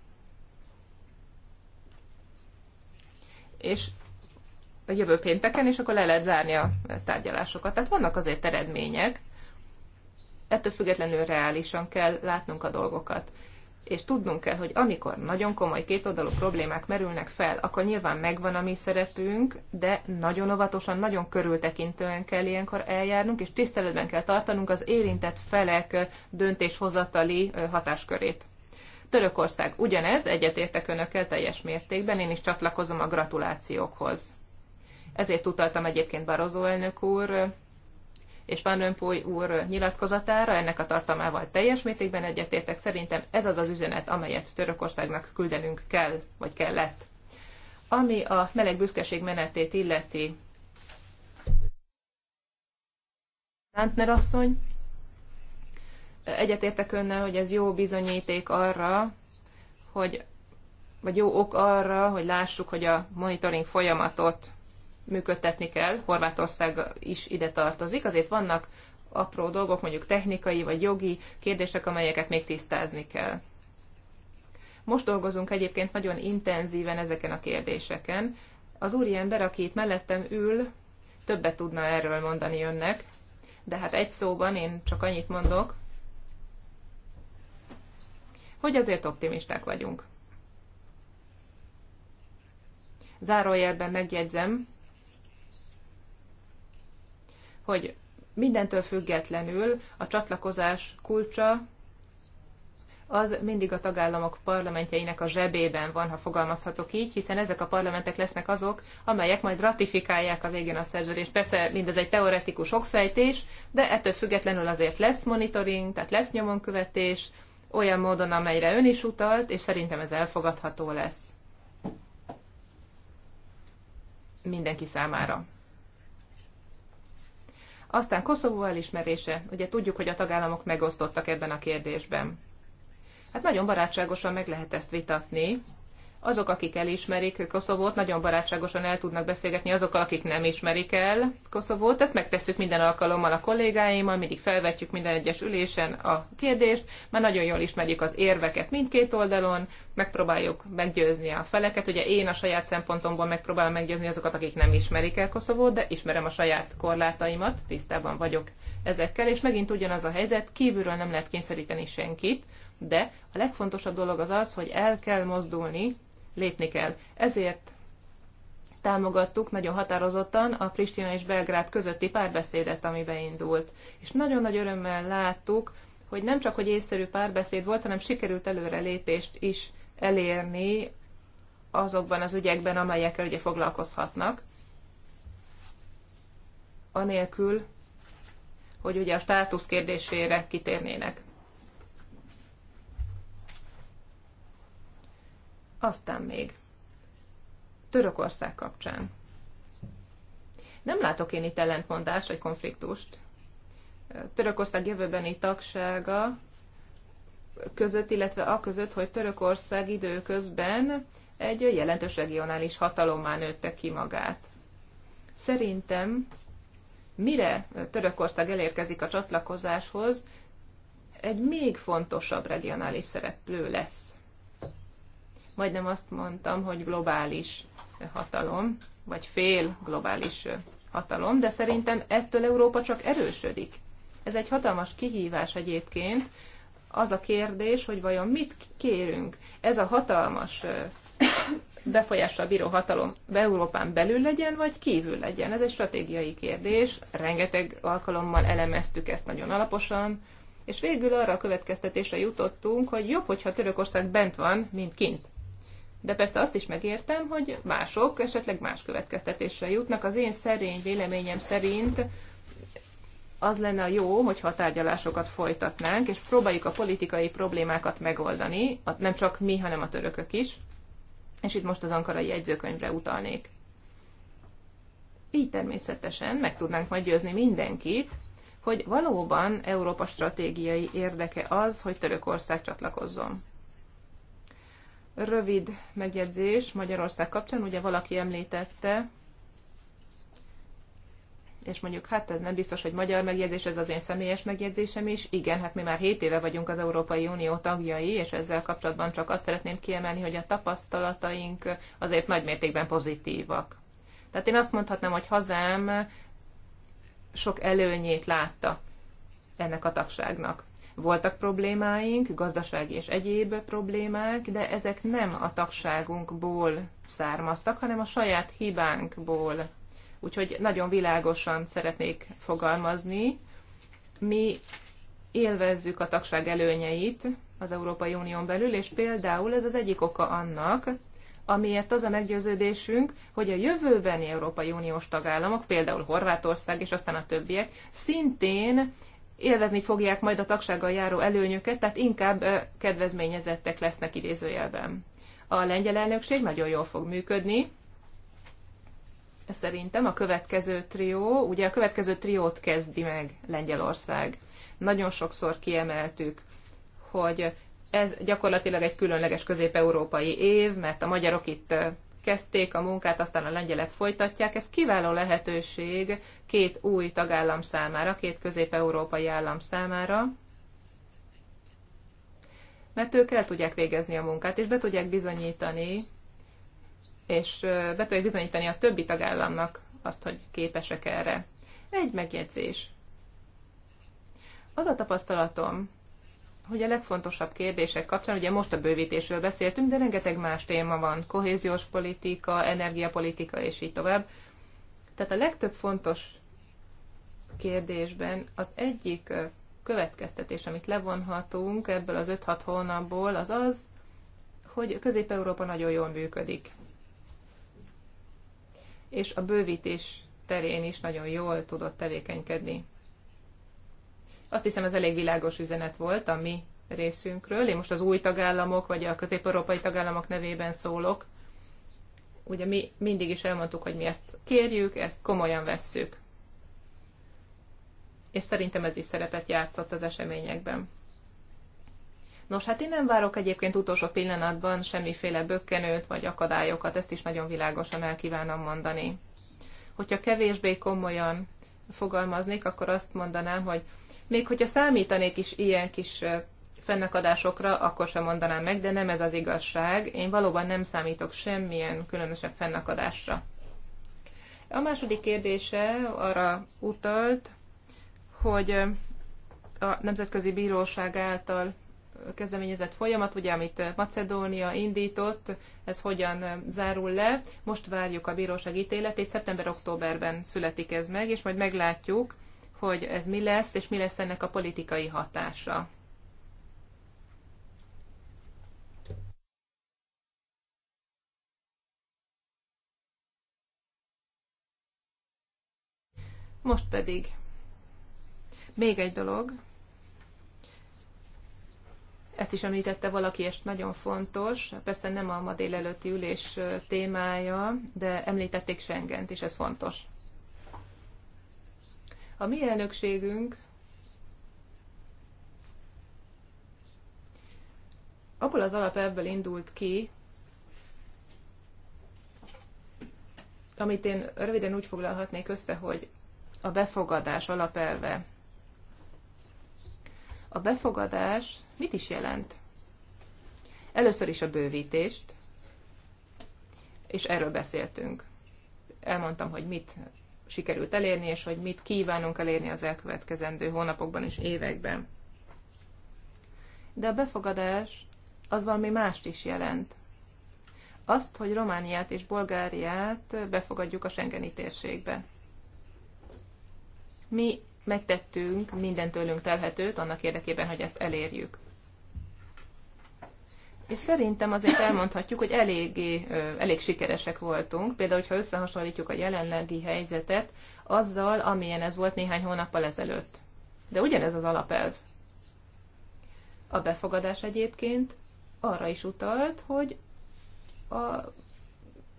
és a jövő pénteken, és akkor le lehet zárni a tárgyalásokat. Tehát vannak azért eredmények, ettől függetlenül reálisan kell látnunk a dolgokat és tudnunk kell, hogy amikor nagyon komoly kétoldalú problémák merülnek fel, akkor nyilván megvan a mi szerepünk, de nagyon óvatosan, nagyon körültekintően kell ilyenkor eljárnunk, és tiszteletben kell tartanunk az érintett felek döntéshozatali hatáskörét. Törökország ugyanez, egyetértek önökkel teljes mértékben, én is csatlakozom a gratulációkhoz. Ezért utaltam egyébként Barozó elnök úr és Van Rompuy úr nyilatkozatára, ennek a tartalmával teljes mértékben egyetértek, szerintem ez az az üzenet, amelyet Törökországnak küldenünk kell, vagy kellett. Ami a meleg büszkeség menetét illeti, Lantner asszony, egyetértek önnel, hogy ez jó bizonyíték arra, hogy, vagy jó ok arra, hogy lássuk, hogy a monitoring folyamatot működtetni kell, Horvátország is ide tartozik, azért vannak apró dolgok, mondjuk technikai vagy jogi kérdések, amelyeket még tisztázni kell. Most dolgozunk egyébként nagyon intenzíven ezeken a kérdéseken. Az úriember, aki itt mellettem ül, többet tudna erről mondani önnek, de hát egy szóban én csak annyit mondok, hogy azért optimisták vagyunk. Zárójelben megjegyzem, hogy mindentől függetlenül a csatlakozás kulcsa az mindig a tagállamok parlamentjeinek a zsebében van, ha fogalmazhatok így, hiszen ezek a parlamentek lesznek azok, amelyek majd ratifikálják a végén a szerződést. Persze mindez egy teoretikus okfejtés, de ettől függetlenül azért lesz monitoring, tehát lesz nyomonkövetés, olyan módon, amelyre ön is utalt, és szerintem ez elfogadható lesz mindenki számára. Aztán Koszovó elismerése. Ugye tudjuk, hogy a tagállamok megosztottak ebben a kérdésben. Hát nagyon barátságosan meg lehet ezt vitatni, azok, akik elismerik Koszovót, nagyon barátságosan el tudnak beszélgetni azokkal, akik nem ismerik el Koszovót. Ezt megtesszük minden alkalommal a kollégáimmal, mindig felvetjük minden egyes ülésen a kérdést, mert nagyon jól ismerjük az érveket mindkét oldalon, megpróbáljuk meggyőzni a feleket. Ugye én a saját szempontomból megpróbálom meggyőzni azokat, akik nem ismerik el Koszovót, de ismerem a saját korlátaimat, tisztában vagyok ezekkel, és megint ugyanaz a helyzet, kívülről nem lehet kényszeríteni senkit, de a legfontosabb dolog az az, hogy el kell mozdulni lépni kell. Ezért támogattuk nagyon határozottan a Pristina és Belgrád közötti párbeszédet, ami beindult. És nagyon nagy örömmel láttuk, hogy nem csak, hogy észszerű párbeszéd volt, hanem sikerült előrelépést is elérni azokban az ügyekben, amelyekkel ugye foglalkozhatnak. Anélkül, hogy ugye a státusz kérdésére kitérnének. Aztán még Törökország kapcsán. Nem látok én itt ellentmondást vagy konfliktust. Törökország jövőbeni tagsága között, illetve a között, hogy Törökország időközben egy jelentős regionális hatalommá nőtte ki magát. Szerintem mire Törökország elérkezik a csatlakozáshoz, egy még fontosabb regionális szereplő lesz majdnem azt mondtam, hogy globális hatalom, vagy fél globális hatalom, de szerintem ettől Európa csak erősödik. Ez egy hatalmas kihívás egyébként, az a kérdés, hogy vajon mit kérünk. Ez a hatalmas befolyással bíró hatalom be Európán belül legyen, vagy kívül legyen. Ez egy stratégiai kérdés, rengeteg alkalommal elemeztük ezt nagyon alaposan, és végül arra a következtetésre jutottunk, hogy jobb, hogyha Törökország bent van, mint kint. De persze azt is megértem, hogy mások esetleg más következtetésre jutnak. Az én szerény véleményem szerint az lenne a jó, hogyha a tárgyalásokat folytatnánk, és próbáljuk a politikai problémákat megoldani, nem csak mi, hanem a törökök is. És itt most az ankarai jegyzőkönyvre utalnék. Így természetesen meg tudnánk majd győzni mindenkit, hogy valóban Európa stratégiai érdeke az, hogy Törökország csatlakozzon. Rövid megjegyzés Magyarország kapcsán, ugye valaki említette, és mondjuk hát ez nem biztos, hogy magyar megjegyzés, ez az én személyes megjegyzésem is. Igen, hát mi már 7 éve vagyunk az Európai Unió tagjai, és ezzel kapcsolatban csak azt szeretném kiemelni, hogy a tapasztalataink azért nagymértékben pozitívak. Tehát én azt mondhatnám, hogy hazám sok előnyét látta ennek a tagságnak. Voltak problémáink, gazdasági és egyéb problémák, de ezek nem a tagságunkból származtak, hanem a saját hibánkból. Úgyhogy nagyon világosan szeretnék fogalmazni. Mi élvezzük a tagság előnyeit az Európai Unión belül, és például ez az egyik oka annak, amiért az a meggyőződésünk, hogy a jövőbeni Európai Uniós tagállamok, például Horvátország és aztán a többiek, szintén élvezni fogják majd a tagsággal járó előnyöket, tehát inkább kedvezményezettek lesznek idézőjelben. A lengyel elnökség nagyon jól fog működni, szerintem a következő trió, ugye a következő triót kezdi meg Lengyelország. Nagyon sokszor kiemeltük, hogy ez gyakorlatilag egy különleges közép-európai év, mert a magyarok itt megkezdték a munkát, aztán a lengyelek folytatják. Ez kiváló lehetőség két új tagállam számára, két közép-európai állam számára, mert ők el tudják végezni a munkát, és be tudják bizonyítani, és be tudják bizonyítani a többi tagállamnak azt, hogy képesek erre. Egy megjegyzés. Az a tapasztalatom, hogy a legfontosabb kérdések kapcsán, ugye most a bővítésről beszéltünk, de rengeteg más téma van, kohéziós politika, energiapolitika és így tovább. Tehát a legtöbb fontos kérdésben az egyik következtetés, amit levonhatunk ebből az 5-6 hónapból, az az, hogy Közép-Európa nagyon jól működik. És a bővítés terén is nagyon jól tudott tevékenykedni. Azt hiszem ez elég világos üzenet volt a mi részünkről. Én most az új tagállamok, vagy a közép-európai tagállamok nevében szólok. Ugye mi mindig is elmondtuk, hogy mi ezt kérjük, ezt komolyan vesszük. És szerintem ez is szerepet játszott az eseményekben. Nos, hát én nem várok egyébként utolsó pillanatban semmiféle bökkenőt vagy akadályokat, ezt is nagyon világosan el kívánom mondani. Hogyha kevésbé komolyan fogalmaznék, akkor azt mondanám, hogy még hogyha számítanék is ilyen kis fennakadásokra, akkor sem mondanám meg, de nem ez az igazság. Én valóban nem számítok semmilyen különösebb fennakadásra. A második kérdése arra utalt, hogy a Nemzetközi Bíróság által kezdeményezett folyamat, ugye, amit Macedónia indított, ez hogyan zárul le. Most várjuk a bíróság ítéletét, szeptember-októberben születik ez meg, és majd meglátjuk, hogy ez mi lesz, és mi lesz ennek a politikai hatása. Most pedig még egy dolog, ezt is említette valaki, és nagyon fontos, persze nem a ma délelőtti ülés témája, de említették Schengent, és ez fontos. A mi elnökségünk abból az alapelvből indult ki, amit én röviden úgy foglalhatnék össze, hogy a befogadás alapelve. A befogadás mit is jelent? Először is a bővítést, és erről beszéltünk. Elmondtam, hogy mit sikerült elérni, és hogy mit kívánunk elérni az elkövetkezendő hónapokban és években. De a befogadás az valami mást is jelent. Azt, hogy Romániát és Bulgáriát befogadjuk a Schengeni térségbe. Mi megtettünk minden tőlünk telhetőt annak érdekében, hogy ezt elérjük. És szerintem azért elmondhatjuk, hogy eléggé, elég sikeresek voltunk. Például, hogyha összehasonlítjuk a jelenlegi helyzetet azzal, amilyen ez volt néhány hónappal ezelőtt. De ugyanez az alapelv. A befogadás egyébként arra is utalt, hogy a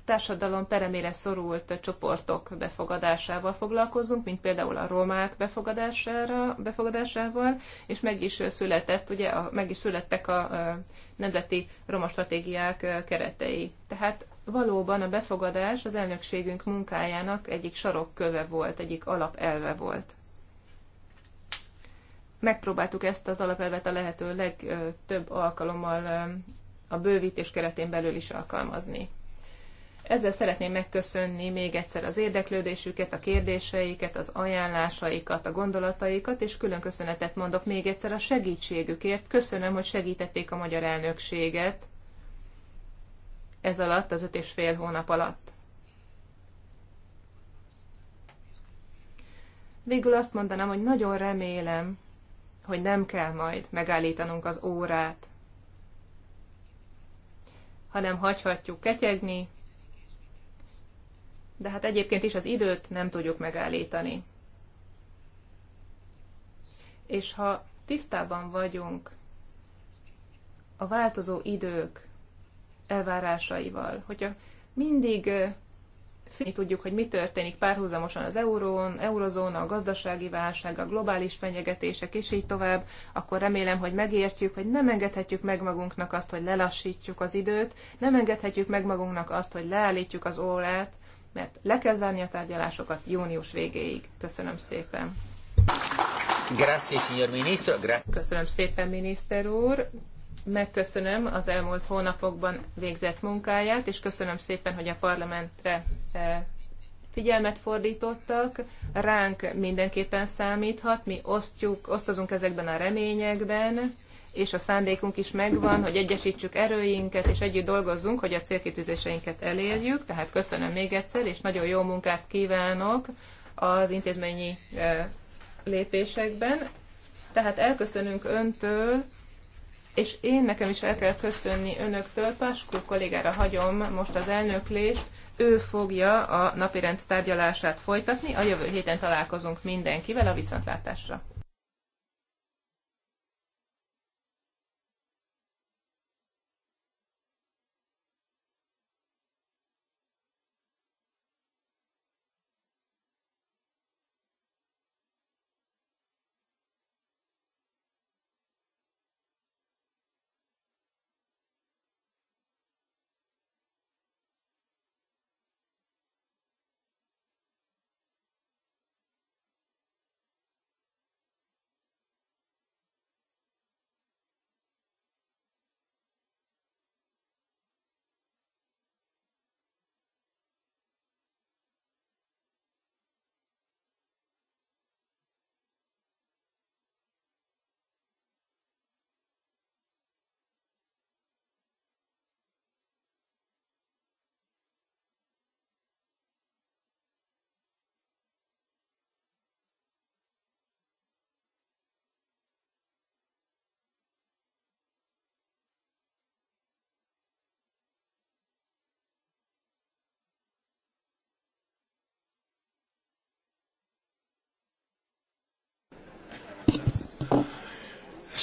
társadalom peremére szorult csoportok befogadásával foglalkozunk, mint például a romák befogadására, befogadásával, és meg is született, ugye, a, meg is születtek a, a nemzeti roma stratégiák keretei. Tehát valóban a befogadás az elnökségünk munkájának egyik sarokköve volt, egyik alapelve volt. Megpróbáltuk ezt az alapelvet a lehető legtöbb alkalommal a bővítés keretén belül is alkalmazni. Ezzel szeretném megköszönni még egyszer az érdeklődésüket, a kérdéseiket, az ajánlásaikat, a gondolataikat, és külön köszönetet mondok még egyszer a segítségükért. Köszönöm, hogy segítették a magyar elnökséget ez alatt, az öt és fél hónap alatt. Végül azt mondanám, hogy nagyon remélem, hogy nem kell majd megállítanunk az órát, hanem hagyhatjuk ketyegni, de hát egyébként is az időt nem tudjuk megállítani. És ha tisztában vagyunk a változó idők elvárásaival, hogyha mindig mi tudjuk, hogy mi történik párhuzamosan az eurón, eurozóna, a gazdasági válság, a globális fenyegetések, és így tovább, akkor remélem, hogy megértjük, hogy nem engedhetjük meg magunknak azt, hogy lelassítjuk az időt, nem engedhetjük meg magunknak azt, hogy leállítjuk az órát, mert le kell zárni a tárgyalásokat június végéig. Köszönöm szépen.
Grazie, signor ministro. Gra-
Köszönöm szépen, miniszter úr. Megköszönöm az elmúlt hónapokban végzett munkáját, és köszönöm szépen, hogy a parlamentre eh, figyelmet fordítottak, ránk mindenképpen számíthat, mi osztjuk, osztozunk ezekben a reményekben, és a szándékunk is megvan, hogy egyesítsük erőinket, és együtt dolgozzunk, hogy a célkitűzéseinket elérjük. Tehát köszönöm még egyszer, és nagyon jó munkát kívánok az intézményi e, lépésekben. Tehát elköszönünk öntől, és én nekem is el kell köszönni önöktől, Paskó kollégára hagyom most az elnöklést, ő fogja a napirend tárgyalását folytatni, a jövő héten találkozunk mindenkivel a viszontlátásra.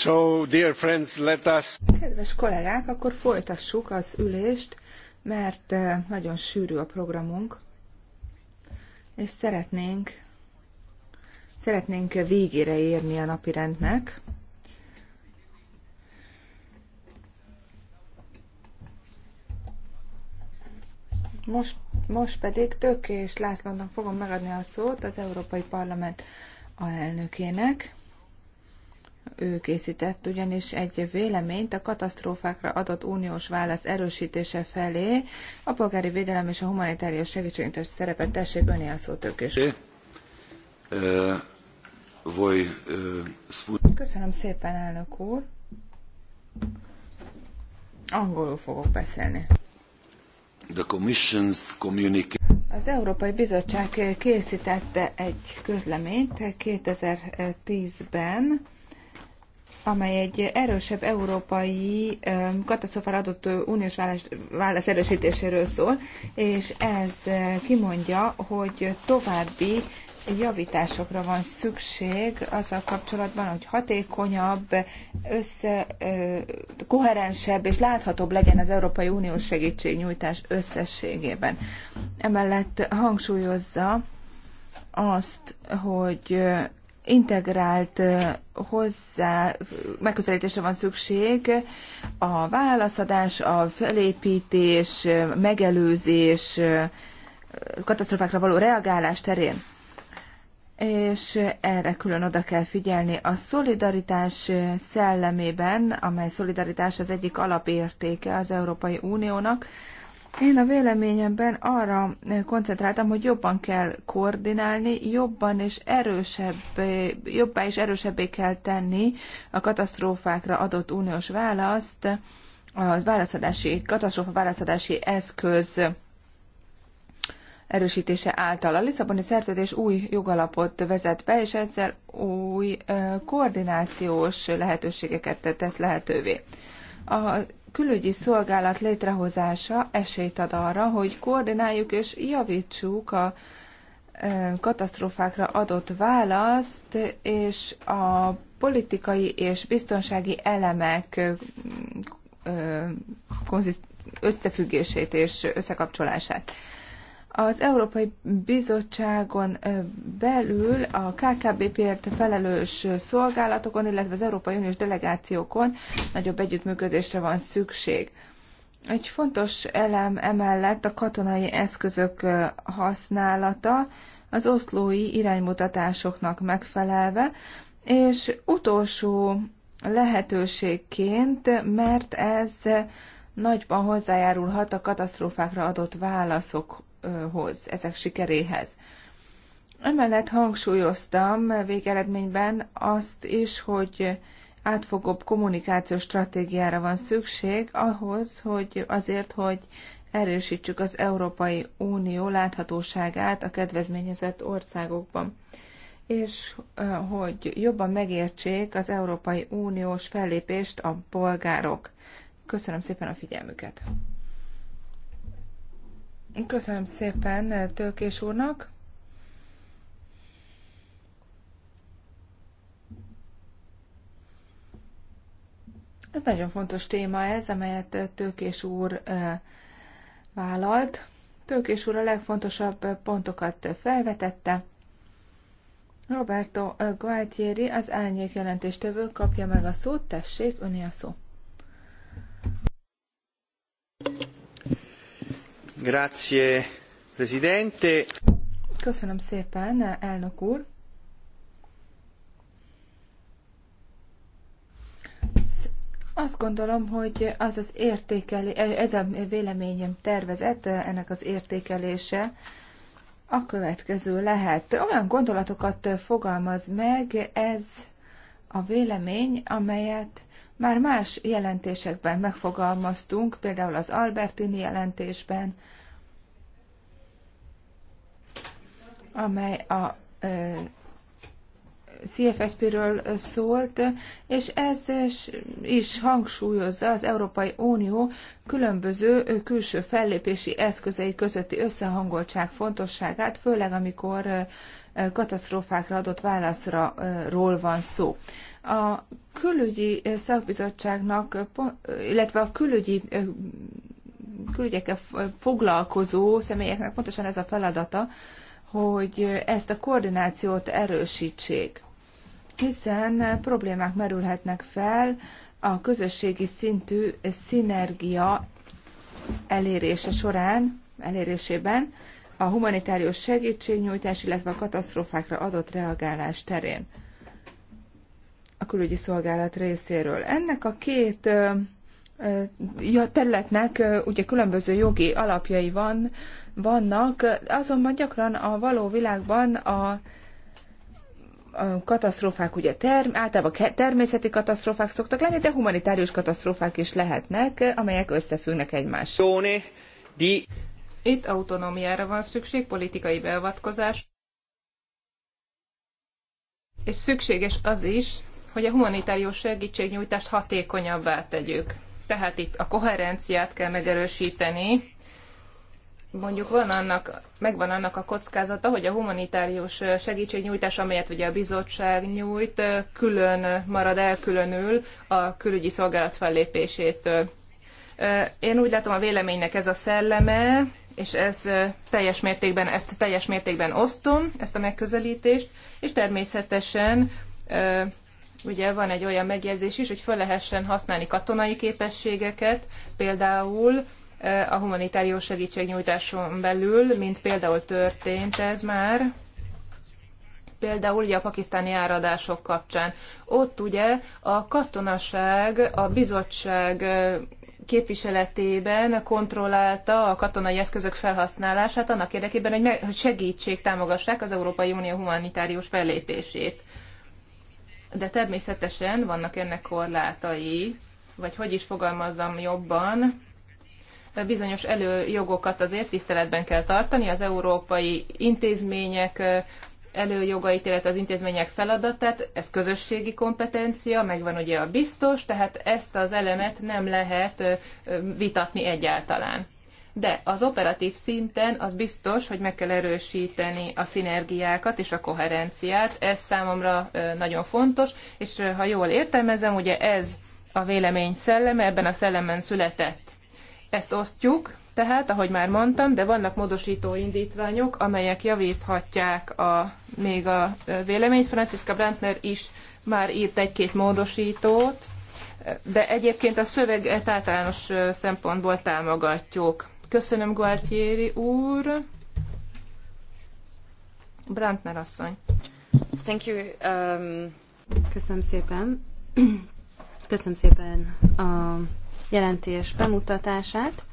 So, dear friends, let us...
Kedves kollégák, akkor folytassuk az ülést, mert eh, nagyon sűrű a programunk, és szeretnénk, szeretnénk végére érni a napirendnek. Most, most pedig Tök és Lászlónak fogom megadni a szót az Európai Parlament alelnökének. Ő készített ugyanis egy véleményt a katasztrófákra adott uniós válasz erősítése felé. A polgári védelem és a humanitárius segítségnyújtás szerepet tessék öné a szótők is. Köszönöm szépen, elnök úr. Angolul fogok beszélni.
The Commission's communication.
Az Európai Bizottság készítette egy közleményt 2010-ben amely egy erősebb európai katasztrofára adott uniós válasz, válasz erősítéséről szól, és ez kimondja, hogy további javításokra van szükség azzal kapcsolatban, hogy hatékonyabb, össze, koherensebb és láthatóbb legyen az Európai Uniós segítségnyújtás összességében. Emellett hangsúlyozza azt, hogy integrált hozzá megközelítésre van szükség a válaszadás, a felépítés, megelőzés, katasztrofákra való reagálás terén. És erre külön oda kell figyelni. A szolidaritás szellemében, amely szolidaritás az egyik alapértéke az Európai Uniónak, én a véleményemben arra eh, koncentráltam, hogy jobban kell koordinálni, jobban és erősebb, jobbá és erősebbé kell tenni a katasztrófákra adott uniós választ, a válaszadási, katasztrófa válaszadási eszköz erősítése által. A Lisszaboni szerződés új jogalapot vezet be, és ezzel új eh, koordinációs lehetőségeket tesz lehetővé. A külügyi szolgálat létrehozása esélyt ad arra, hogy koordináljuk és javítsuk a katasztrófákra adott választ, és a politikai és biztonsági elemek összefüggését és összekapcsolását. Az Európai Bizottságon belül a KKBP-ért felelős szolgálatokon, illetve az Európai Uniós delegációkon nagyobb együttműködésre van szükség. Egy fontos elem emellett a katonai eszközök használata az oszlói iránymutatásoknak megfelelve, és utolsó lehetőségként, mert ez nagyban hozzájárulhat a katasztrófákra adott válaszok hoz ezek sikeréhez. Emellett hangsúlyoztam végeredményben azt is, hogy átfogóbb kommunikációs stratégiára van szükség ahhoz, hogy azért, hogy erősítsük az Európai Unió láthatóságát a kedvezményezett országokban, és hogy jobban megértsék az Európai Uniós fellépést a polgárok. Köszönöm szépen a figyelmüket! Köszönöm szépen eh, Tőkés úrnak. Ez nagyon fontos téma ez, amelyet eh, Tőkés úr eh, vállalt. Tőkés úr a legfontosabb pontokat felvetette. Roberto Gualtieri, az álnyék jelentéstevő kapja meg a szót, tessék, öni a szót.
Grazie, Presidente.
Köszönöm szépen, elnök úr. Azt gondolom, hogy az az értékelé, ez a véleményem tervezett, ennek az értékelése a következő lehet. Olyan gondolatokat fogalmaz meg ez a vélemény, amelyet már más jelentésekben megfogalmaztunk, például az Albertini jelentésben, amely a ö, CFSP-ről szólt, és ez is hangsúlyozza az Európai Unió különböző külső fellépési eszközei közötti összehangoltság fontosságát, főleg amikor katasztrófákra adott válaszra ról van szó. A külügyi eh, szakbizottságnak, eh, illetve a külügyi eh, külügyekkel foglalkozó személyeknek pontosan ez a feladata, hogy ezt a koordinációt erősítsék, hiszen problémák merülhetnek fel a közösségi szintű szinergia elérése során, elérésében, a humanitárius segítségnyújtás, illetve a katasztrófákra adott reagálás terén a külügyi szolgálat részéről. Ennek a két területnek ugye különböző jogi alapjai van, vannak, azonban gyakran a való világban a katasztrófák, ugye term, általában természeti katasztrófák szoktak lenni, de humanitárius katasztrófák is lehetnek, amelyek összefüggnek egymással.
Itt autonómiára van szükség, politikai beavatkozás, és szükséges az is, hogy a humanitárius segítségnyújtást hatékonyabbá tegyük. Tehát itt a koherenciát kell megerősíteni. Mondjuk van annak, megvan annak a kockázata, hogy a humanitárius segítségnyújtás, amelyet ugye a bizottság nyújt, külön marad elkülönül a külügyi szolgálat fellépésétől. Én úgy látom a véleménynek ez a szelleme, és ez teljes mértékben, ezt teljes mértékben osztom, ezt a megközelítést, és természetesen ugye van egy olyan megjegyzés is, hogy föl lehessen használni katonai képességeket, például a humanitárius segítségnyújtáson belül, mint például történt ez már, például ugye a pakisztáni áradások kapcsán. Ott ugye a katonaság, a bizottság képviseletében kontrollálta a katonai eszközök felhasználását annak érdekében, hogy, segítség segítsék, támogassák az Európai Unió humanitárius fellépését de természetesen vannak ennek korlátai, vagy hogy is fogalmazzam jobban, bizonyos előjogokat azért tiszteletben kell tartani, az európai intézmények előjogait, illetve az intézmények feladatát, ez közösségi kompetencia, megvan ugye a biztos, tehát ezt az elemet nem lehet vitatni egyáltalán de az operatív szinten az biztos, hogy meg kell erősíteni a szinergiákat és a koherenciát. Ez számomra nagyon fontos, és ha jól értelmezem, ugye ez a vélemény szelleme, ebben a szellemen született. Ezt osztjuk, tehát, ahogy már mondtam, de vannak módosító indítványok, amelyek javíthatják a, még a véleményt. Franciska Brandner is már írt egy-két módosítót, de egyébként a szöveget általános szempontból támogatjuk. Köszönöm, Gualtieri
úr. Brandner asszony. Thank you. Um... Köszönöm szépen. Köszönöm szépen a jelentés bemutatását.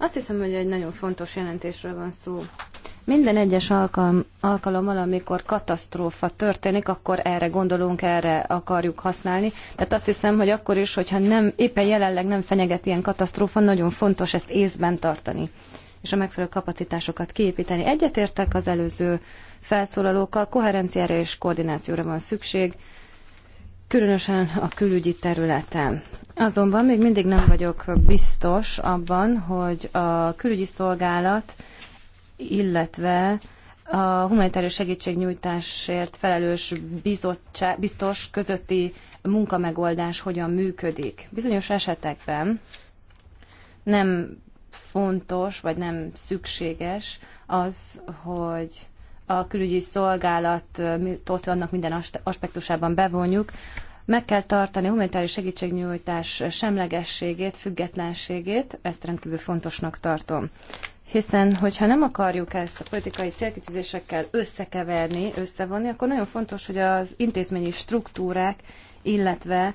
Azt hiszem, hogy egy nagyon fontos jelentésről van szó. Minden egyes alkalom, alkalommal, amikor katasztrófa történik, akkor erre gondolunk, erre akarjuk használni. Tehát azt hiszem, hogy akkor is, hogyha nem, éppen jelenleg nem fenyeget ilyen katasztrófa, nagyon fontos ezt észben tartani és a megfelelő kapacitásokat kiépíteni. Egyetértek az előző felszólalókkal, koherenciára és koordinációra van szükség, különösen a külügyi területen. Azonban még mindig nem vagyok biztos abban, hogy a külügyi szolgálat, illetve a humanitárius segítségnyújtásért felelős bizottság, biztos közötti munkamegoldás hogyan működik. Bizonyos esetekben nem fontos, vagy nem szükséges az, hogy a külügyi szolgálat annak minden aspektusában bevonjuk. Meg kell tartani humanitári segítségnyújtás semlegességét, függetlenségét, ezt rendkívül fontosnak tartom. Hiszen, hogyha nem akarjuk ezt a politikai célkitűzésekkel összekeverni, összevonni, akkor nagyon fontos, hogy az intézményi struktúrák, illetve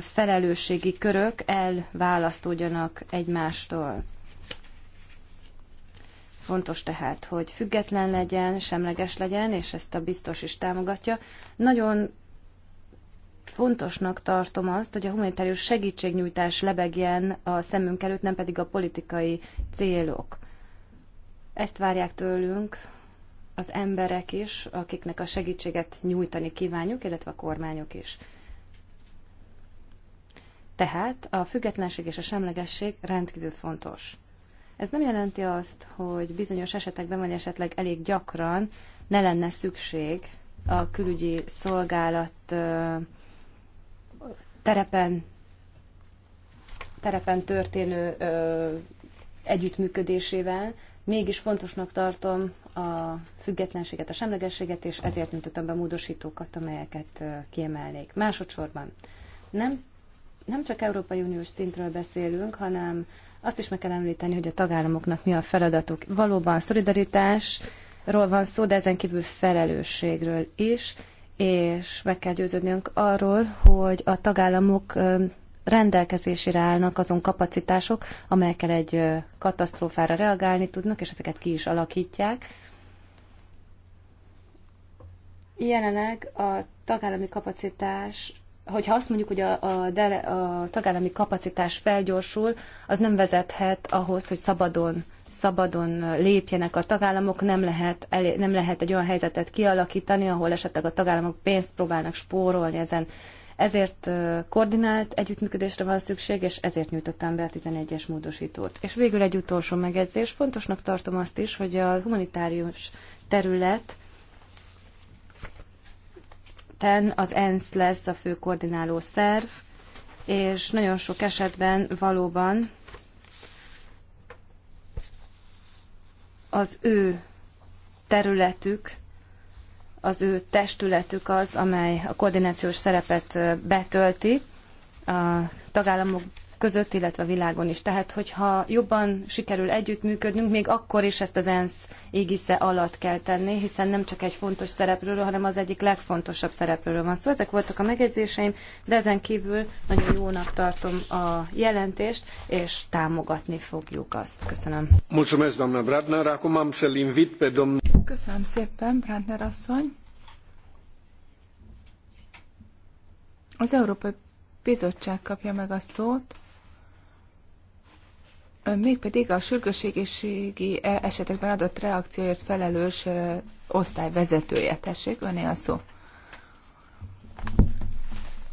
felelősségi körök elválasztódjanak egymástól. Fontos tehát, hogy független legyen, semleges legyen, és ezt a biztos is támogatja. Nagyon fontosnak tartom azt, hogy a humanitárius segítségnyújtás lebegjen a szemünk előtt, nem pedig a politikai célok. Ezt várják tőlünk az emberek is, akiknek a segítséget nyújtani kívánjuk, illetve a kormányok is. Tehát a függetlenség és a semlegesség rendkívül fontos. Ez nem jelenti azt, hogy bizonyos esetekben, vagy esetleg elég gyakran ne lenne szükség a külügyi szolgálat terepen, terepen történő együttműködésével. Mégis fontosnak tartom a függetlenséget, a semlegességet, és ezért nyújtottam be módosítókat, amelyeket kiemelnék. Másodszorban nem, nem csak Európai Uniós szintről beszélünk, hanem azt is meg kell említeni, hogy a tagállamoknak mi a feladatuk. Valóban szolidaritásról van szó, de ezen kívül felelősségről is, és meg kell győződnünk arról, hogy a tagállamok rendelkezésére állnak azon kapacitások, amelyekkel egy katasztrófára reagálni tudnak, és ezeket ki is alakítják. Jelenleg a tagállami kapacitás hogyha azt mondjuk, hogy a, a, dele, a tagállami kapacitás felgyorsul, az nem vezethet ahhoz, hogy szabadon szabadon lépjenek a tagállamok, nem lehet, elé, nem lehet egy olyan helyzetet kialakítani, ahol esetleg a tagállamok pénzt próbálnak spórolni ezen. Ezért koordinált együttműködésre van szükség, és ezért nyújtottam be a 11-es módosítót. És végül egy utolsó megjegyzés. Fontosnak tartom azt is, hogy a humanitárius terület területen az ENSZ lesz a fő koordináló szerv, és nagyon sok esetben valóban az ő területük, az ő testületük az, amely a koordinációs szerepet betölti a tagállamok között, illetve a világon is. Tehát, hogyha jobban sikerül együttműködnünk, még akkor is ezt az ENSZ égisze alatt kell tenni, hiszen nem csak egy fontos szereplőről, hanem az egyik legfontosabb szereplőről van szó. Szóval ezek voltak a megjegyzéseim, de ezen kívül nagyon jónak tartom a jelentést, és támogatni fogjuk azt. Köszönöm.
Köszönöm szépen,
Brandner asszony.
Az Európai Bizottság kapja meg a szót mégpedig a sürgősségiségi esetekben adott reakcióért felelős osztály Tessék, öné a szó.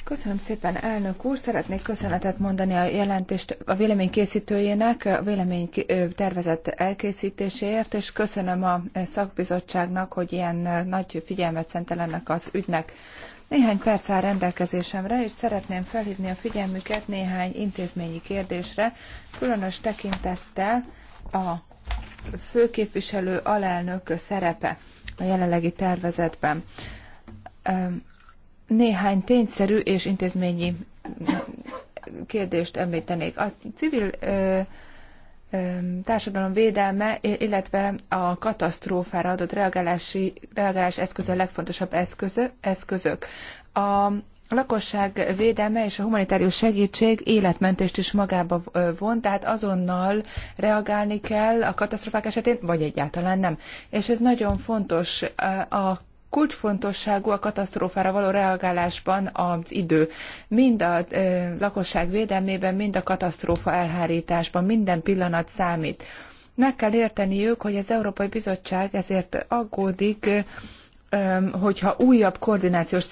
Köszönöm szépen, elnök úr. Szeretnék köszönetet mondani a jelentést a vélemény készítőjének, a vélemény tervezett elkészítéséért, és köszönöm a szakbizottságnak, hogy ilyen nagy figyelmet szentel ennek az ügynek. Néhány perc áll rendelkezésemre, és szeretném felhívni a figyelmüket néhány intézményi kérdésre, különös tekintettel a főképviselő alelnök szerepe a jelenlegi tervezetben. Néhány tényszerű és intézményi kérdést említenék. A civil társadalom védelme, illetve a katasztrófára adott reagálási, reagálás eszköze a legfontosabb eszközö, eszközök. A lakosság védelme és a humanitárius segítség életmentést is magába von, tehát azonnal reagálni kell a katasztrofák esetén, vagy egyáltalán nem. És ez nagyon fontos a kulcsfontosságú a katasztrófára való reagálásban az idő. Mind a lakosság védelmében, mind a katasztrófa elhárításban minden pillanat számít. Meg kell érteniük, hogy az Európai Bizottság ezért aggódik, hogyha újabb koordinációs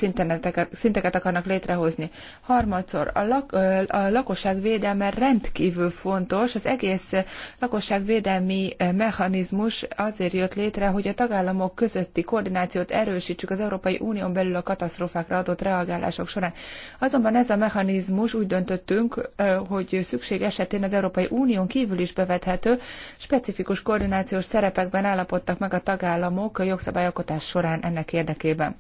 szinteket akarnak létrehozni. Harmadszor, a, lak, a lakosságvédelme védelme rendkívül fontos, az egész lakosságvédelmi mechanizmus azért jött létre, hogy a tagállamok közötti koordinációt erősítsük az Európai Unión belül a katasztrófákra adott reagálások során. Azonban ez a mechanizmus úgy döntöttünk, hogy szükség esetén az Európai Unión kívül is bevethető, specifikus koordinációs szerepekben állapodtak meg a tagállamok a jogszabályalkotás során ennek érdekében.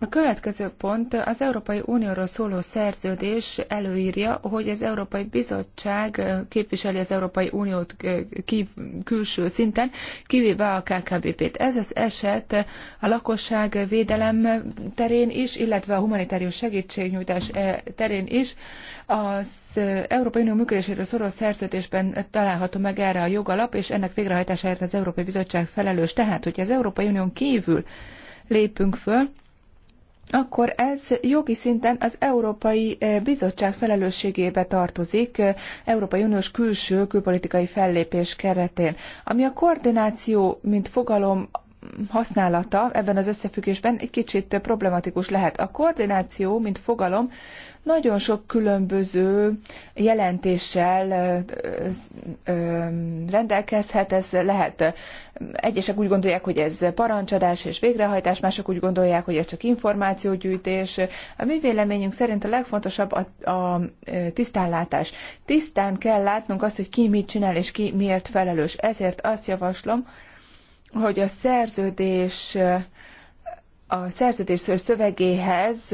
A következő pont az Európai Unióról szóló szerződés előírja, hogy az Európai Bizottság képviseli az Európai Uniót kív, külső szinten, kivéve a KKBP-t. Ez az eset a lakosság védelem terén is, illetve a humanitárius segítségnyújtás eh, terén is. Az eh, Európai Unió működéséről szóló szerződésben található meg erre a jogalap, és ennek végrehajtásáért az Európai Bizottság felelős. Tehát, hogyha az Európai Unión kívül lépünk föl, akkor ez jogi szinten az Európai eh, Bizottság felelősségébe tartozik eh, Európai Uniós külső külpolitikai fellépés keretén. Ami a koordináció, mint fogalom használata ebben az összefüggésben egy kicsit problematikus lehet. A koordináció, mint fogalom, nagyon sok különböző jelentéssel rendelkezhet, ez lehet. Egyesek úgy gondolják, hogy ez parancsadás és végrehajtás, mások úgy gondolják, hogy ez csak információgyűjtés. A mi véleményünk szerint a legfontosabb a, a tisztánlátás. Tisztán kell látnunk azt, hogy ki mit csinál és ki miért felelős. Ezért azt javaslom, hogy a szerződés a szerződés szövegéhez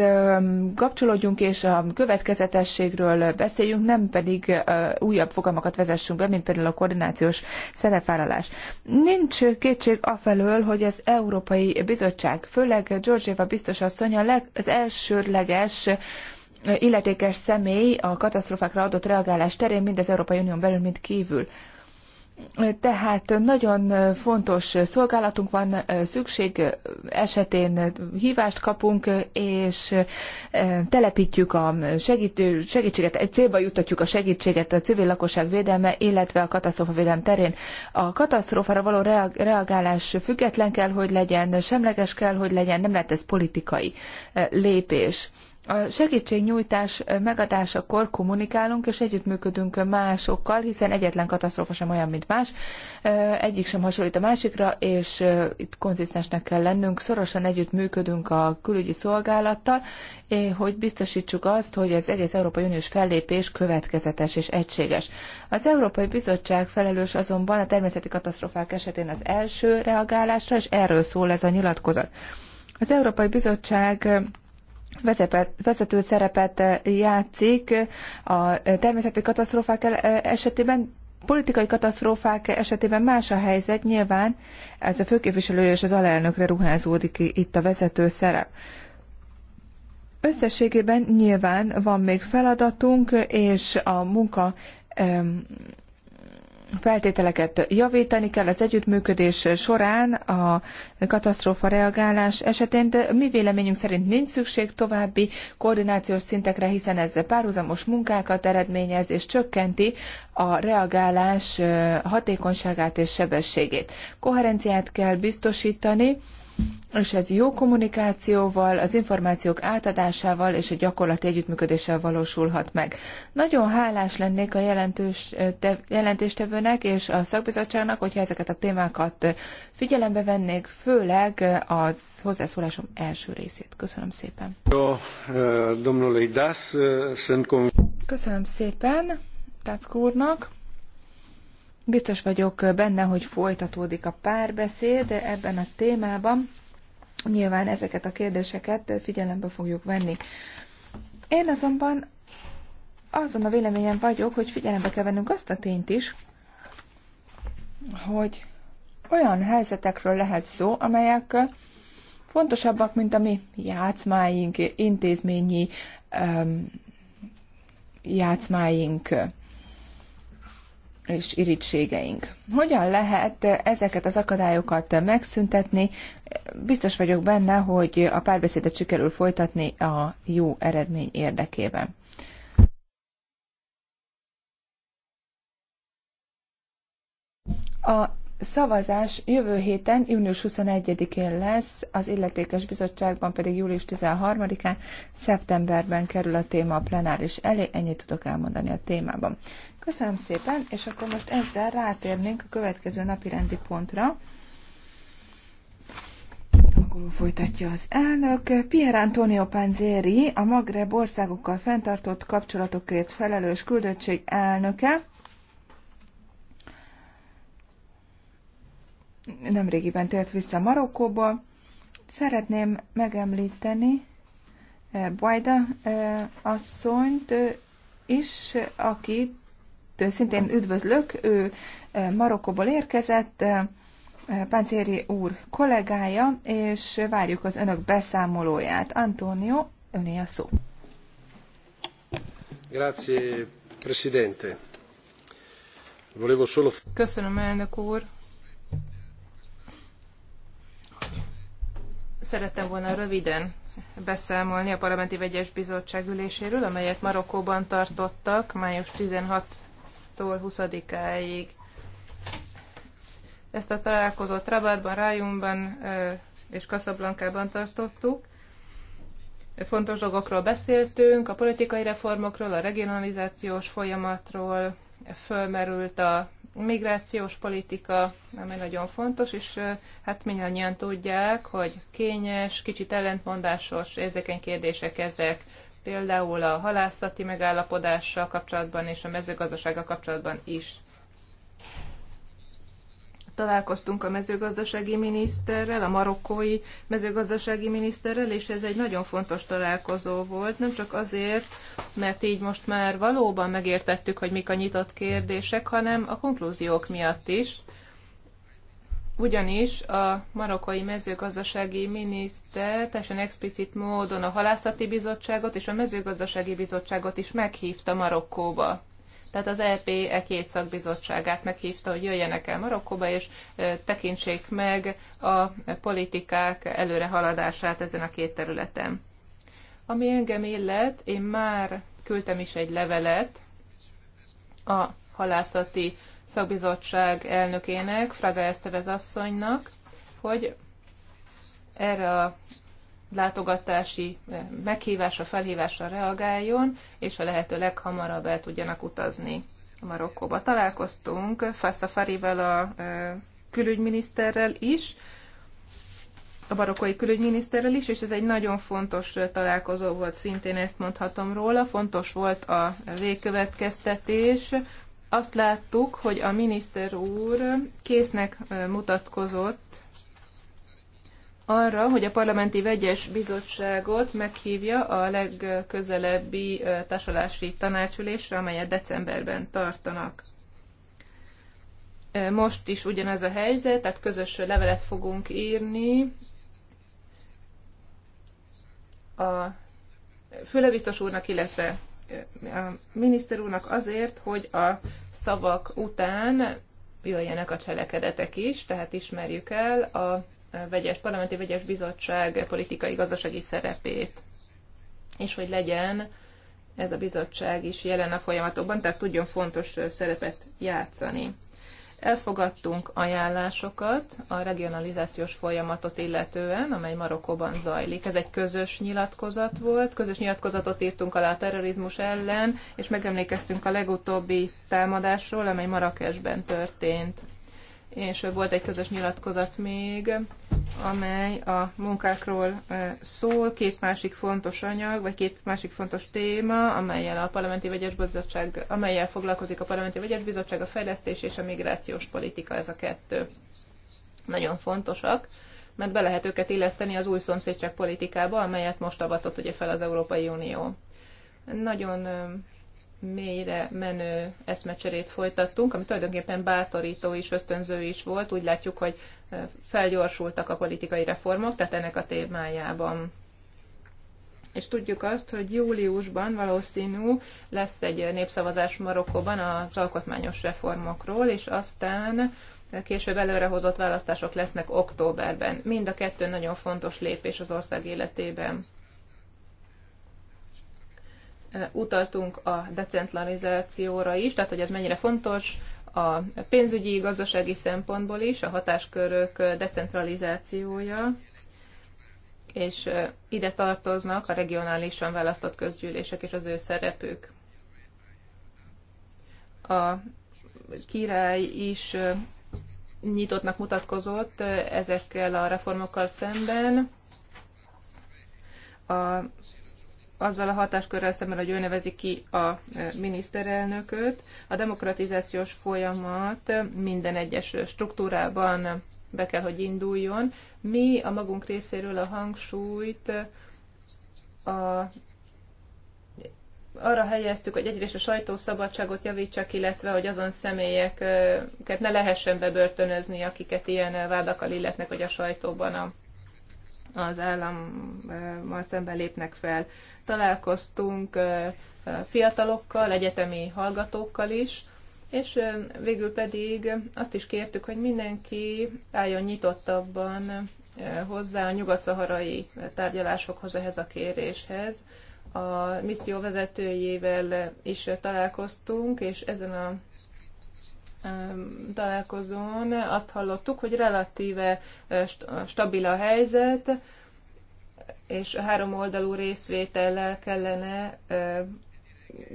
kapcsolódjunk és a következetességről beszéljünk, nem pedig újabb fogalmakat vezessünk be, mint például a koordinációs szerepvállalás. Nincs kétség afelől, hogy az Európai Bizottság, főleg Georgieva biztos asszony az elsődleges illetékes személy a katasztrófákra adott reagálás terén, mind az Európai Unión belül, mind kívül. Tehát nagyon fontos szolgálatunk van, szükség esetén hívást kapunk, és telepítjük a segítséget, egy célba juttatjuk a segítséget a civil lakosság védelme, illetve a katasztrófa védelem terén. A katasztrófára való reagálás független kell, hogy legyen, semleges kell, hogy legyen, nem lehet ez politikai lépés a segítségnyújtás megadásakor kommunikálunk és együttműködünk másokkal, hiszen egyetlen katasztrófa sem olyan, mint más, egyik sem hasonlít a másikra, és itt konzisztensnek kell lennünk. Szorosan együttműködünk a külügyi szolgálattal, hogy biztosítsuk azt, hogy az egész Európai Uniós fellépés következetes és egységes. Az Európai Bizottság felelős azonban a természeti katasztrófák esetén az első reagálásra, és erről szól ez a nyilatkozat. Az Európai Bizottság vezető szerepet eh, játszik eh, a természeti katasztrófák eh, esetében, politikai katasztrófák esetében más a helyzet, nyilván ez a főképviselő és az alelnökre ruházódik itt a vezető szerep. Összességében nyilván van még feladatunk, és a munka feltételeket javítani kell az együttműködés során a katasztrófa reagálás esetén, de mi véleményünk szerint nincs szükség további koordinációs szintekre, hiszen ez párhuzamos munkákat eredményez és csökkenti a reagálás eh, hatékonyságát és sebességét. Koherenciát kell biztosítani, és ez jó kommunikációval, az információk átadásával és a gyakorlati együttműködéssel valósulhat meg. Nagyon hálás lennék a jelentős, te, jelentéstevőnek és a szakbizottságnak, hogyha ezeket a témákat figyelembe vennék, főleg az hozzászólásom első részét. Köszönöm szépen. Köszönöm szépen Tácko úrnak. Biztos vagyok benne, hogy folytatódik a párbeszéd ebben a témában. Nyilván ezeket a kérdéseket figyelembe fogjuk venni. Én azonban azon a véleményen vagyok, hogy figyelembe kell vennünk azt a tényt is, hogy olyan helyzetekről lehet szó, amelyek fontosabbak, mint a mi játszmáink, intézményi um, játszmáink és irítségeink. Hogyan lehet ezeket az akadályokat megszüntetni? Biztos vagyok benne, hogy a párbeszédet sikerül folytatni a jó eredmény érdekében. A szavazás jövő héten, június 21-én lesz, az illetékes bizottságban pedig július 13-án, szeptemberben kerül a téma a plenáris elé, ennyit tudok elmondani a témában. Köszönöm szépen, és akkor most ezzel rátérnénk a következő napi rendi pontra. Akkor folytatja az elnök. Pierre Antonio Panzeri, a Magreb országokkal fenntartott kapcsolatokért felelős küldöttség elnöke. Nemrégiben tért vissza Marokkóba. Szeretném megemlíteni eh, Bajda eh, asszonyt eh, is, akit szintén üdvözlök, ő Marokkóból érkezett, Páncéri úr kollégája, és várjuk az önök beszámolóját. Antonio, öné a szó.
Grazie, Presidente. Volevo solo...
Köszönöm, elnök úr. Szerettem volna röviden beszámolni a Parlamenti Vegyes Bizottság üléséről, amelyet Marokkóban tartottak május 16 tól 20-áig. Ezt a találkozót Rabatban, Rájumban és Kaszablankában tartottuk. Fontos dolgokról beszéltünk, a politikai reformokról, a regionalizációs folyamatról, fölmerült a migrációs politika, ami nagyon fontos, és hát mindannyian tudják, hogy kényes, kicsit ellentmondásos, érzékeny kérdések ezek például a halászati megállapodással kapcsolatban és a mezőgazdasággal kapcsolatban is. Találkoztunk a mezőgazdasági miniszterrel, a marokkói mezőgazdasági miniszterrel, és ez egy nagyon fontos találkozó volt, nem csak azért, mert így most már valóban megértettük, hogy mik a nyitott kérdések, hanem a konklúziók miatt is, ugyanis a marokkai mezőgazdasági miniszter teljesen explicit módon a halászati bizottságot és a mezőgazdasági bizottságot is meghívta Marokkóba. Tehát az EP e két szakbizottságát meghívta, hogy jöjjenek el Marokkóba, és tekintsék meg a politikák előrehaladását ezen a két területen. Ami engem illet, én már küldtem is egy levelet a halászati szakbizottság elnökének, Fraga Esztevez asszonynak, hogy erre a látogatási eh, meghívásra, felhívásra reagáljon, és a lehető leghamarabb el tudjanak utazni Marokkóba. Találkoztunk Fassafarivel a eh, külügyminiszterrel is, a barokkai külügyminiszterrel is, és ez egy nagyon fontos eh, találkozó volt, szintén ezt mondhatom róla. Fontos volt a végkövetkeztetés, azt láttuk, hogy a miniszter úr késznek mutatkozott arra, hogy a parlamenti vegyes bizottságot meghívja a legközelebbi tasolási tanácsülésre, amelyet decemberben tartanak. Most is ugyanaz a helyzet, tehát közös levelet fogunk írni a főlebiztos úrnak, illetve a miniszter úrnak azért, hogy a szavak után jöjjenek a cselekedetek is, tehát ismerjük el a vegyes, parlamenti vegyes bizottság politikai gazdasági szerepét, és hogy legyen ez a bizottság is jelen a folyamatokban, tehát tudjon fontos szerepet játszani. Elfogadtunk ajánlásokat a regionalizációs folyamatot illetően, amely Marokkóban zajlik. Ez egy közös nyilatkozat volt, közös nyilatkozatot írtunk alá a terrorizmus ellen, és megemlékeztünk a legutóbbi támadásról, amely Marrakesben történt. És volt egy közös nyilatkozat még amely a munkákról szól, két másik fontos anyag, vagy két másik fontos téma, amelyel a Parlamenti Vegyes Bizottság, amelyel foglalkozik a Parlamenti Vegyes Bizottság, a fejlesztés és a migrációs politika, ez a kettő. Nagyon fontosak, mert be lehet őket illeszteni az új szomszédság politikába, amelyet most avatott ugye fel az Európai Unió. Nagyon mélyre menő eszmecserét folytattunk, ami tulajdonképpen bátorító is, ösztönző is volt. Úgy látjuk, hogy felgyorsultak a politikai reformok, tehát ennek a témájában. És tudjuk azt, hogy júliusban valószínű lesz egy népszavazás Marokkóban az alkotmányos reformokról, és aztán később előrehozott választások lesznek októberben. Mind a kettő nagyon fontos lépés az ország életében. Utaltunk a decentralizációra is, tehát hogy ez mennyire fontos, a pénzügyi gazdasági szempontból is, a hatáskörök decentralizációja, és ide tartoznak a regionálisan választott közgyűlések és az ő szerepük. A király is nyitottnak mutatkozott ezekkel a reformokkal szemben. A azzal a hatáskörrel szemben, hogy ő nevezi ki a e, miniszterelnököt. A demokratizációs folyamat minden egyes struktúrában be kell, hogy induljon. Mi a magunk részéről a hangsúlyt e, a arra helyeztük, hogy egyrészt a sajtószabadságot javítsak, illetve hogy azon személyeket ne lehessen bebörtönözni, akiket ilyen vádakkal illetnek, hogy a sajtóban a az állammal szemben lépnek fel. Találkoztunk fiatalokkal, egyetemi hallgatókkal is, és végül pedig azt is kértük, hogy mindenki álljon nyitottabban hozzá a nyugat-szaharai tárgyalásokhoz, ehhez a kéréshez. A misszió vezetőjével is találkoztunk, és ezen a találkozón azt hallottuk, hogy relatíve eh, stabil a helyzet, és három oldalú részvétellel kellene eh,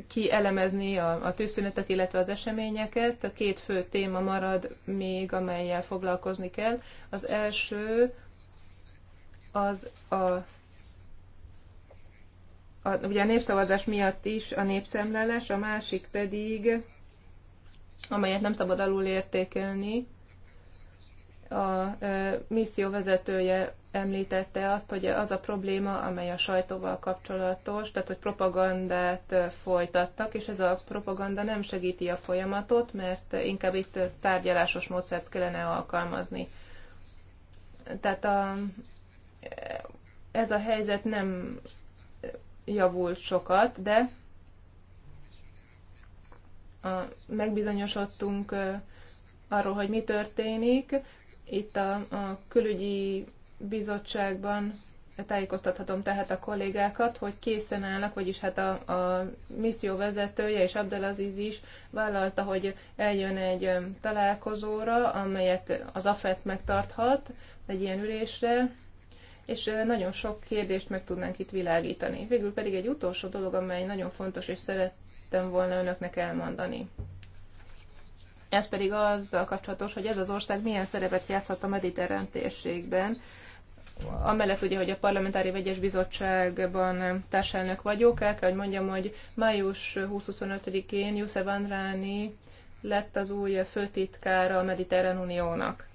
kielemezni a, a tűzszünetet, illetve az eseményeket. A két fő téma marad még, amelyel foglalkozni kell. Az első az a, a ugye a népszavazás miatt is a népszemlelés, a másik pedig amelyet nem szabad alul értékelni. A misszió vezetője említette azt, hogy az a probléma, amely a sajtóval kapcsolatos, tehát hogy propagandát folytattak, és ez a propaganda nem segíti a folyamatot, mert inkább itt tárgyalásos módszert kellene alkalmazni. Tehát a, ez a helyzet nem javult sokat, de megbizonyosodtunk arról, hogy mi történik. Itt a, a külügyi bizottságban tájékoztathatom tehát a kollégákat, hogy készen állnak, vagyis hát a, a misszió vezetője és Abdelaziz is vállalta, hogy eljön egy találkozóra, amelyet az AFET megtarthat, egy ilyen ülésre, és nagyon sok kérdést meg tudnánk itt világítani. Végül pedig egy utolsó dolog, amely nagyon fontos, és szeret, szerettem volna önöknek elmondani. Ez pedig azzal kapcsolatos, hogy ez az ország milyen szerepet játszhat a mediterrán térségben. Amellett ugye, hogy a Parlamentári Vegyes Bizottságban társelnök vagyok, el kell, hogy mondjam, hogy május 20-25-én Youssef Andráni lett az új főtitkára a Mediterrán Uniónak.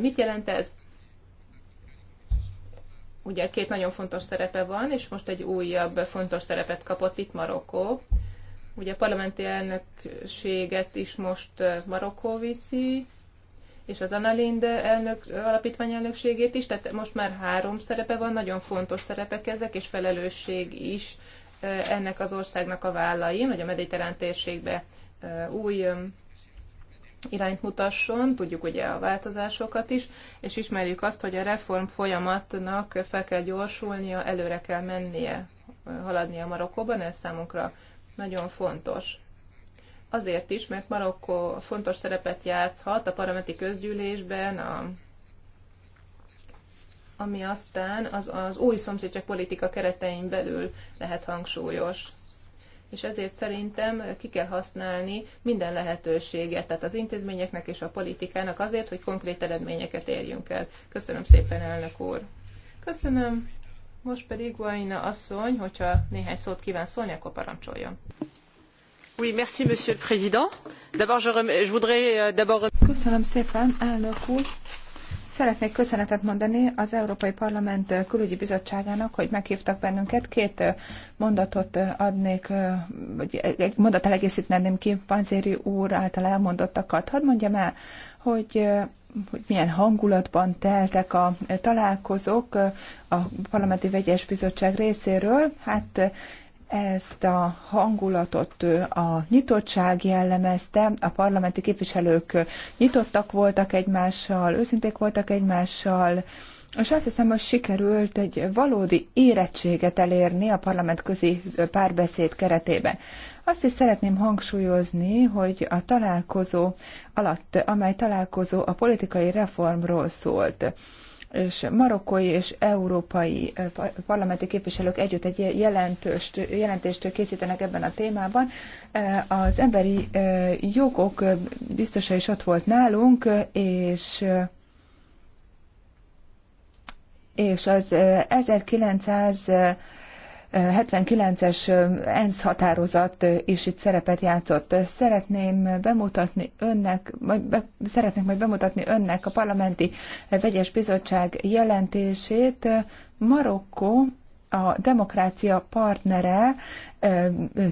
Mit jelent ez? ugye két nagyon fontos szerepe van, és most egy újabb fontos szerepet kapott itt Marokkó. Ugye a parlamenti elnökséget is most Marokkó viszi, és az Annalinde elnök, alapítvány elnökségét is, tehát most már három szerepe van, nagyon fontos szerepek ezek, és felelősség is ennek az országnak a vállain, hogy a mediterrán térségbe új irányt mutasson, tudjuk ugye a változásokat is, és ismerjük azt, hogy a reform folyamatnak fel kell gyorsulnia, előre kell mennie, haladnia Marokkóban, ez számunkra nagyon fontos. Azért is, mert Marokkó fontos szerepet játszhat a parlamenti közgyűlésben, a, ami aztán az, az új szomszédság politika keretein belül lehet hangsúlyos és ezért szerintem ki kell használni minden lehetőséget, tehát az intézményeknek és a politikának azért, hogy konkrét eredményeket érjünk el. Köszönöm szépen, elnök úr! Köszönöm! Most pedig Guaina asszony, hogyha néhány szót kíván szólni, akkor parancsoljon.
Oui, merci, monsieur le président. D'abord, je, je voudrais euh, d'abord... Köszönöm szépen, elnök úr! Szeretnék köszönetet mondani az Európai Parlament Külügyi Bizottságának, hogy meghívtak bennünket. Két mondatot adnék, vagy egy mondat elegészítenem ki Panzéri úr által elmondottakat. Hadd mondjam el, hogy hogy milyen hangulatban teltek a találkozók a Parlamenti Vegyes Bizottság részéről. Hát ezt a hangulatot a nyitottság jellemezte, a parlamenti képviselők nyitottak voltak egymással, őszinték voltak egymással, és azt hiszem, hogy sikerült egy valódi érettséget elérni a parlamentközi párbeszéd keretében. Azt is szeretném hangsúlyozni, hogy a találkozó alatt, amely találkozó a politikai reformról szólt, és marokkói és európai eh, parlamenti képviselők együtt egy jelentős, jelentést készítenek ebben a témában. Eh, az emberi eh, jogok biztosan is ott volt nálunk, és és az 1900 79-es ENSZ határozat is itt szerepet játszott. Szeretném bemutatni önnek, majd be, szeretnék majd bemutatni önnek a parlamenti vegyes bizottság jelentését. Marokkó a demokrácia partnere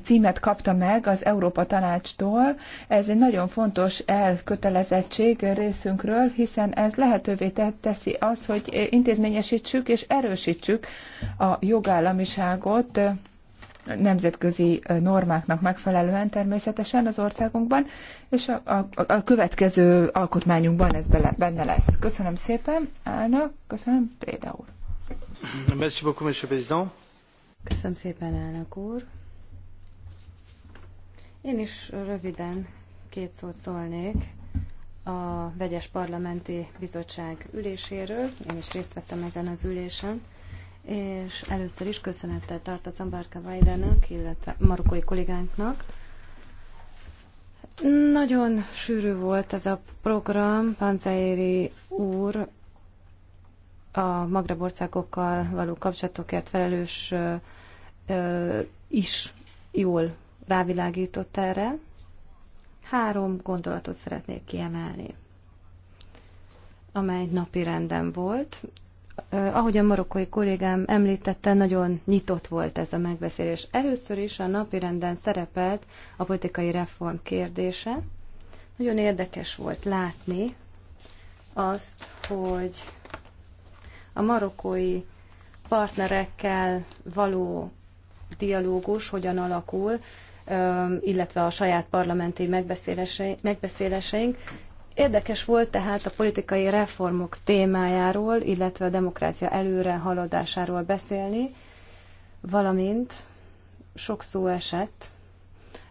címet kapta meg az Európa Tanácstól. Ez egy nagyon fontos elkötelezettség részünkről, hiszen ez lehetővé teszi azt, hogy intézményesítsük és erősítsük a jogállamiságot nemzetközi normáknak megfelelően természetesen az országunkban, és a, a, a következő alkotmányunkban ez bele, benne lesz. Köszönöm szépen, állnak, köszönöm, Préda úr.
Köszönöm szépen, elnök úr. Én is röviden két szót szólnék a Vegyes Parlamenti Bizottság üléséről. Én is részt vettem ezen az ülésen, és először is köszönettel tartozom Barka Vajdának, illetve marokkói kollégánknak, nagyon sűrű volt ez a program, Panzeri úr a Magreb országokkal való kapcsolatokért felelős is jól rávilágított erre. Három gondolatot szeretnék kiemelni, amely napi renden volt. Ahogy a marokkai kollégám említette, nagyon nyitott volt ez a megbeszélés. Először is a napi renden szerepelt a politikai reform kérdése. Nagyon érdekes volt látni azt, hogy a marokkói partnerekkel való dialógus hogyan alakul, illetve a saját parlamenti megbeszéléseink. Érdekes volt tehát a politikai reformok témájáról, illetve a demokrácia előre haladásáról beszélni, valamint sok szó esett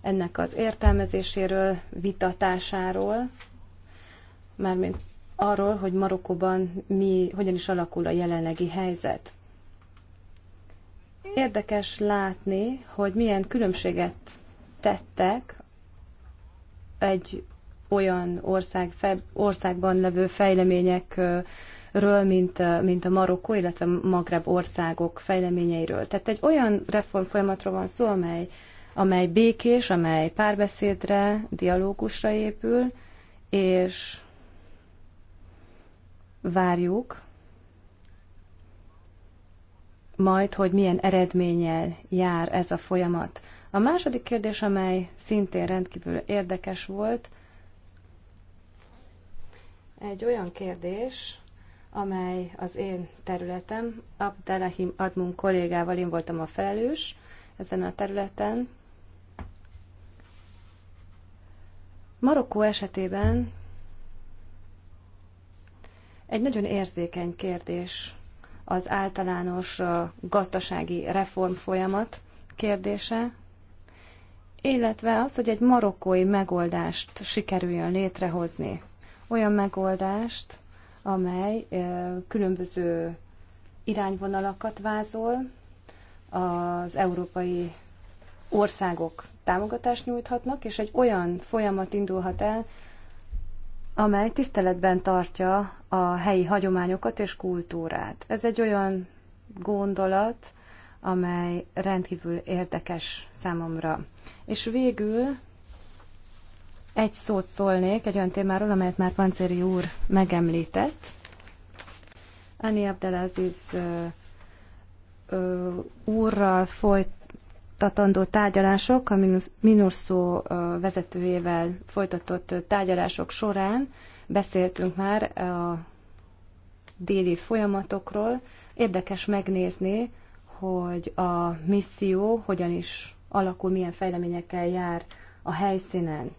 ennek az értelmezéséről, vitatásáról, mármint arról, hogy Marokkóban mi, hogyan is alakul a jelenlegi helyzet. Érdekes látni, hogy milyen különbséget tettek egy olyan ország, fe, országban levő fejleményekről, mint, mint a Marokkó, illetve Magreb országok fejleményeiről. Tehát egy olyan reform folyamatról van szó, amely, amely békés, amely párbeszédre, dialógusra épül, és várjuk majd, hogy milyen eredménnyel jár ez a folyamat. A második kérdés, amely szintén rendkívül érdekes volt, egy olyan kérdés, amely az én területem, Abdelahim Admun kollégával én voltam a felelős ezen a területen. Marokkó esetében egy nagyon érzékeny kérdés az általános gazdasági reform folyamat kérdése, illetve az, hogy egy marokkói megoldást sikerüljön létrehozni. Olyan megoldást, amely különböző irányvonalakat vázol, az európai országok támogatást nyújthatnak, és egy olyan folyamat indulhat el, amely tiszteletben tartja a helyi hagyományokat és kultúrát. Ez egy olyan gondolat, amely rendkívül érdekes számomra. És végül egy szót szólnék egy olyan témáról, amelyet már Pancéri úr megemlített. Ani Abdelaziz úrral folyt folytatandó tárgyalások, a Minurszó vezetőjével folytatott tárgyalások során beszéltünk már a déli folyamatokról. Érdekes megnézni, hogy a misszió hogyan is alakul, milyen fejleményekkel jár a helyszínen.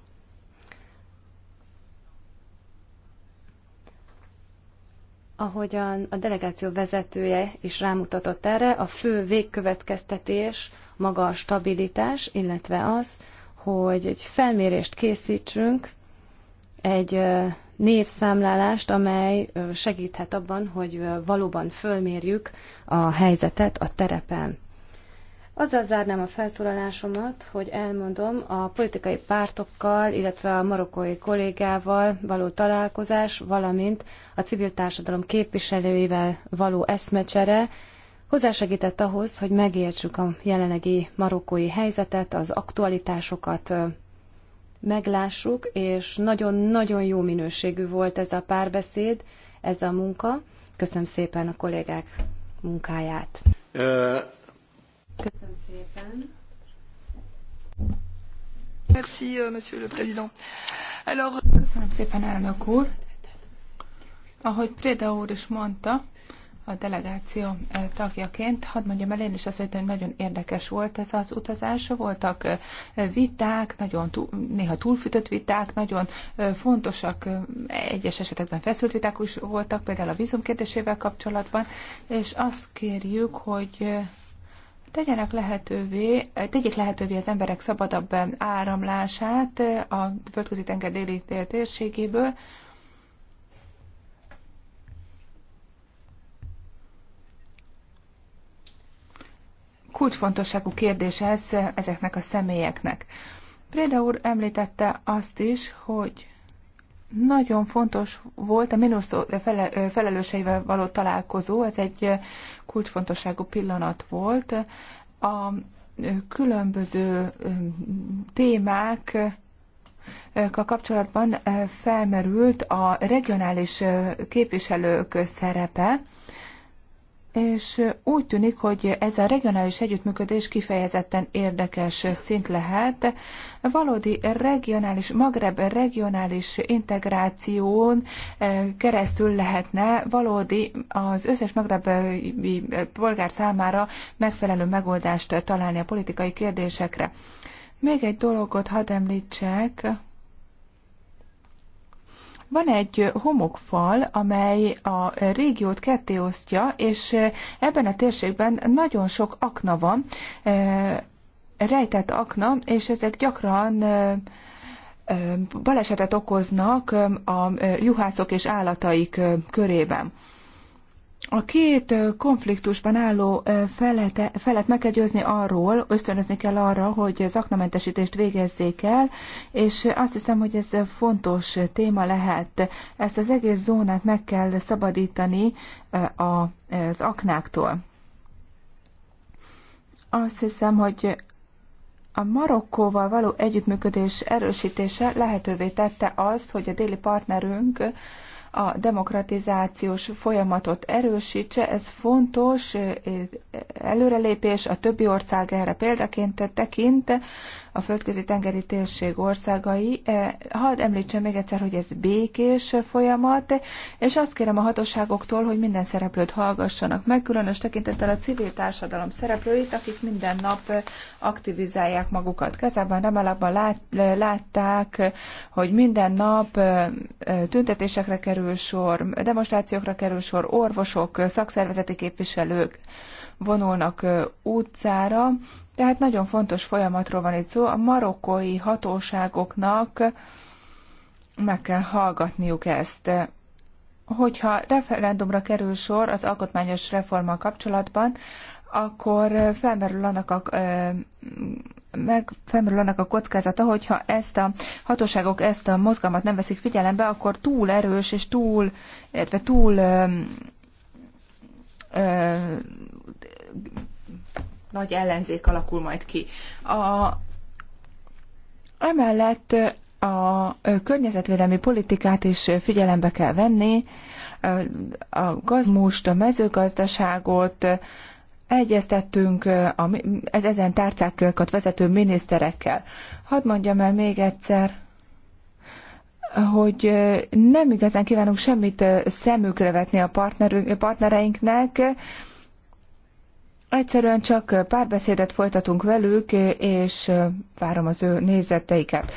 Ahogyan a delegáció vezetője is rámutatott erre, a fő végkövetkeztetés maga a stabilitás, illetve az, hogy egy felmérést készítsünk, egy névszámlálást, amely segíthet abban, hogy valóban fölmérjük a helyzetet a terepen. Azzal zárnám a felszólalásomat, hogy elmondom a politikai pártokkal, illetve a marokkói kollégával való találkozás, valamint a civil társadalom képviselőivel való eszmecsere hozzásegített ahhoz, hogy megértsük a jelenlegi marokkói helyzetet, az aktualitásokat meglássuk, és nagyon-nagyon jó minőségű volt ez a párbeszéd, ez a munka. Köszönöm szépen a kollégák munkáját.
Köszönöm
szépen.
Merci, euh, monsieur le président. Alors... Köszönöm szépen, elnök úr. Ahogy Préda úr is mondta, a delegáció tagjaként. Hadd mondjam el én is azt, hogy nagyon érdekes volt ez az utazás. Voltak viták, nagyon túl, néha túlfütött viták, nagyon fontosak, egyes esetekben feszült viták is voltak, például a vízum kérdésével kapcsolatban, és azt kérjük, hogy tegyenek lehetővé, tegyék lehetővé az emberek szabadabb áramlását a földközi tenger déli térségéből, kulcsfontosságú kérdés ez ezeknek a személyeknek. Préda úr említette azt is, hogy nagyon fontos volt a MINUSZ felelőseivel való találkozó, ez egy kulcsfontosságú pillanat volt. A különböző témák kapcsolatban felmerült a regionális képviselők szerepe, és úgy tűnik, hogy ez a regionális együttműködés kifejezetten érdekes szint lehet. Valódi regionális, Magreb regionális integráción eh, keresztül lehetne valódi az összes magrebi eh, polgár számára megfelelő megoldást találni a politikai kérdésekre. Még egy dologot hadd említsek, van egy homokfal, amely a régiót ketté osztja, és ebben a térségben nagyon sok akna van, e, rejtett akna, és ezek gyakran e, e, balesetet okoznak a juhászok és állataik körében. A két konfliktusban álló felet, felet meg kell győzni arról, ösztönözni kell arra, hogy zaknamentesítést végezzék el, és azt hiszem, hogy ez fontos téma lehet. Ezt az egész zónát meg kell szabadítani az aknáktól. Azt hiszem, hogy a Marokkóval való együttműködés erősítése lehetővé tette azt, hogy a déli partnerünk a demokratizációs folyamatot erősítse. Ez fontos eh, eh, előrelépés, a többi ország erre példaként tekint a földközi tengeri térség országai. E, hadd említsem még egyszer, hogy ez békés folyamat, és azt kérem a hatóságoktól, hogy minden szereplőt hallgassanak meg, különös tekintettel a civil társadalom szereplőit, akik minden nap aktivizálják magukat. Kazában, Ramalában lát, látták, hogy minden nap e, e, tüntetésekre kerül sor, demonstrációkra kerül sor, orvosok, szakszervezeti képviselők vonulnak utcára, tehát nagyon fontos folyamatról van itt szó. A marokkói hatóságoknak meg kell hallgatniuk ezt. Hogyha referendumra kerül sor az alkotmányos reforma kapcsolatban, akkor felmerül annak a meg felmerül annak a kockázata, hogyha ezt a hatóságok ezt a mozgalmat nem veszik figyelembe, akkor túl erős és túl, illetve túl ö, ö, nagy ellenzék alakul majd ki. A, emellett a környezetvédelmi politikát is figyelembe kell venni, a gazmust, a mezőgazdaságot, egyeztettünk a, ez, ezen tárcákat vezető miniszterekkel. Hadd mondjam el még egyszer, hogy nem igazán kívánunk semmit szemükre vetni a partnereinknek, Egyszerűen csak párbeszédet folytatunk velük, és várom az ő nézeteiket.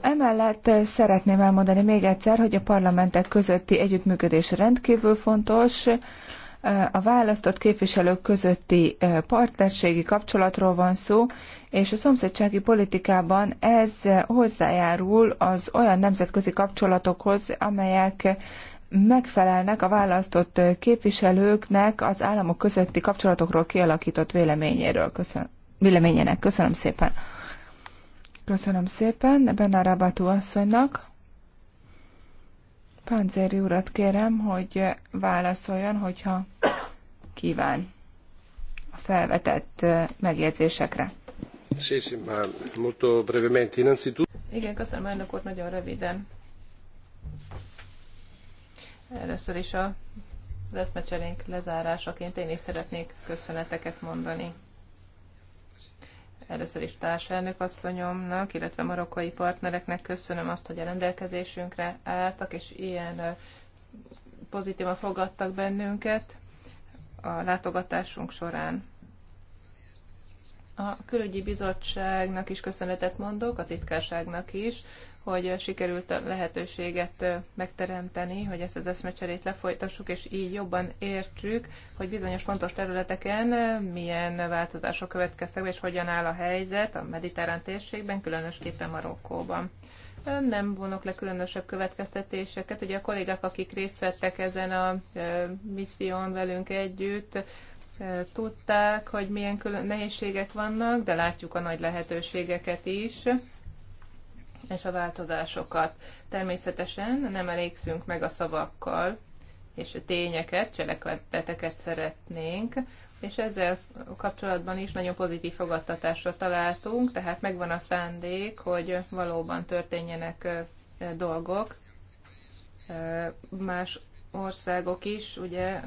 Emellett szeretném elmondani még egyszer, hogy a parlamentek közötti együttműködés rendkívül fontos. A választott képviselők közötti partnerségi kapcsolatról van szó, és a szomszédsági politikában ez hozzájárul az olyan nemzetközi kapcsolatokhoz, amelyek megfelelnek a választott képviselőknek az államok közötti kapcsolatokról kialakított véleményéről. Köszönöm, véleményének. Köszönöm szépen. Köszönöm szépen Benna Rabatú asszonynak. Panzéri urat kérem, hogy válaszoljon, hogyha kíván a felvetett megjegyzésekre.
Igen, köszönöm elnök úr, nagyon röviden. Először is a az eszmecserénk lezárásaként én is szeretnék köszöneteket mondani. Először is társelnök asszonyomnak, illetve marokkai partnereknek köszönöm azt, hogy a rendelkezésünkre álltak, és ilyen pozitívan fogadtak bennünket a látogatásunk során. A külügyi bizottságnak is köszönetet mondok, a titkárságnak is, hogy sikerült a lehetőséget megteremteni, hogy ezt az eszmecserét lefolytassuk, és így jobban értsük, hogy bizonyos fontos területeken milyen változások következtek, és hogyan áll a helyzet a mediterrán térségben, különösképpen Marokkóban. Nem vonok le különösebb következtetéseket. Ugye a kollégák, akik részt vettek ezen a misszión velünk együtt, tudták, hogy milyen külön nehézségek vannak, de látjuk a nagy lehetőségeket is, és a változásokat. Természetesen nem elégszünk meg a szavakkal, és a tényeket, cselekedeteket szeretnénk, és ezzel kapcsolatban is nagyon pozitív fogadtatásra találtunk, tehát megvan a szándék, hogy valóban történjenek dolgok. Más országok is ugye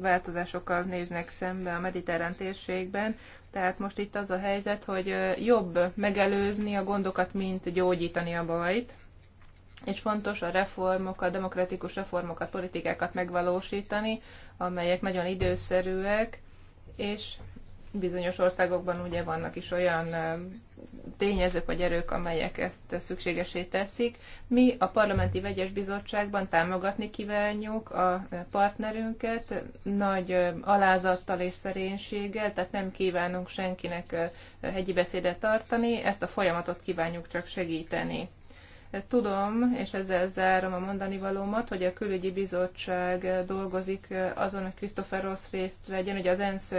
változásokkal néznek szembe a mediterrán térségben. Tehát most itt az a helyzet, hogy jobb megelőzni a gondokat, mint gyógyítani a bajt. És fontos a reformokat, demokratikus reformokat, politikákat megvalósítani, amelyek nagyon időszerűek, és bizonyos országokban ugye vannak is olyan tényezők vagy erők, amelyek ezt szükségesé teszik. Mi a Parlamenti Vegyes Bizottságban támogatni kívánjuk a partnerünket nagy alázattal és szerénységgel, tehát nem kívánunk senkinek hegyi beszédet tartani, ezt a folyamatot kívánjuk csak segíteni. Tudom, és ezzel zárom a mondani valómat, hogy a külügyi bizottság dolgozik azon, hogy Christopher Ross részt vegyen, hogy az ENSZ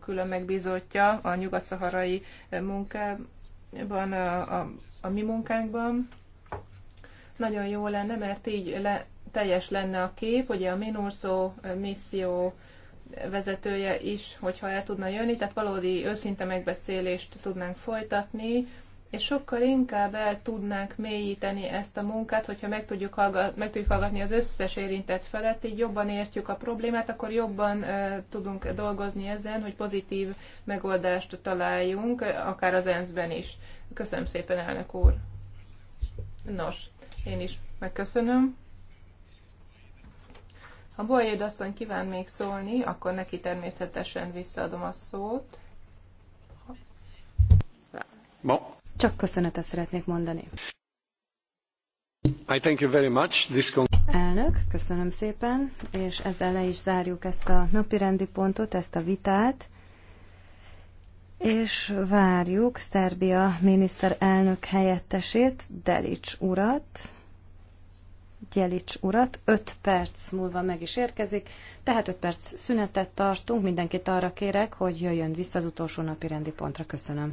külön megbizotja a nyugat-szaharai munkában, a, a, a mi munkánkban. Nagyon jó lenne, mert így le, teljes lenne a kép, ugye a Minurso misszió vezetője is, hogyha el tudna jönni, tehát valódi őszinte megbeszélést tudnánk folytatni, és sokkal inkább el tudnánk mélyíteni ezt a munkát, hogyha meg tudjuk, hallgat, meg tudjuk hallgatni az összes érintett felett, így jobban értjük a problémát, akkor jobban e, tudunk dolgozni ezen, hogy pozitív megoldást találjunk, akár az ENSZ-ben is. Köszönöm szépen, elnök úr! Nos, én is megköszönöm. Ha Bolyéd asszony kíván még szólni, akkor neki természetesen visszaadom a
szót. Bon. Csak köszönetet szeretnék mondani.
I thank you very much. This
Elnök, köszönöm szépen, és ezzel le is zárjuk ezt a napirendi pontot, ezt a vitát, és várjuk Szerbia miniszterelnök helyettesét, Delics urat. Gyelics urat. Öt perc múlva meg is érkezik, tehát öt perc szünetet tartunk. Mindenkit arra kérek, hogy jöjjön vissza az utolsó napi rendi pontra. Köszönöm.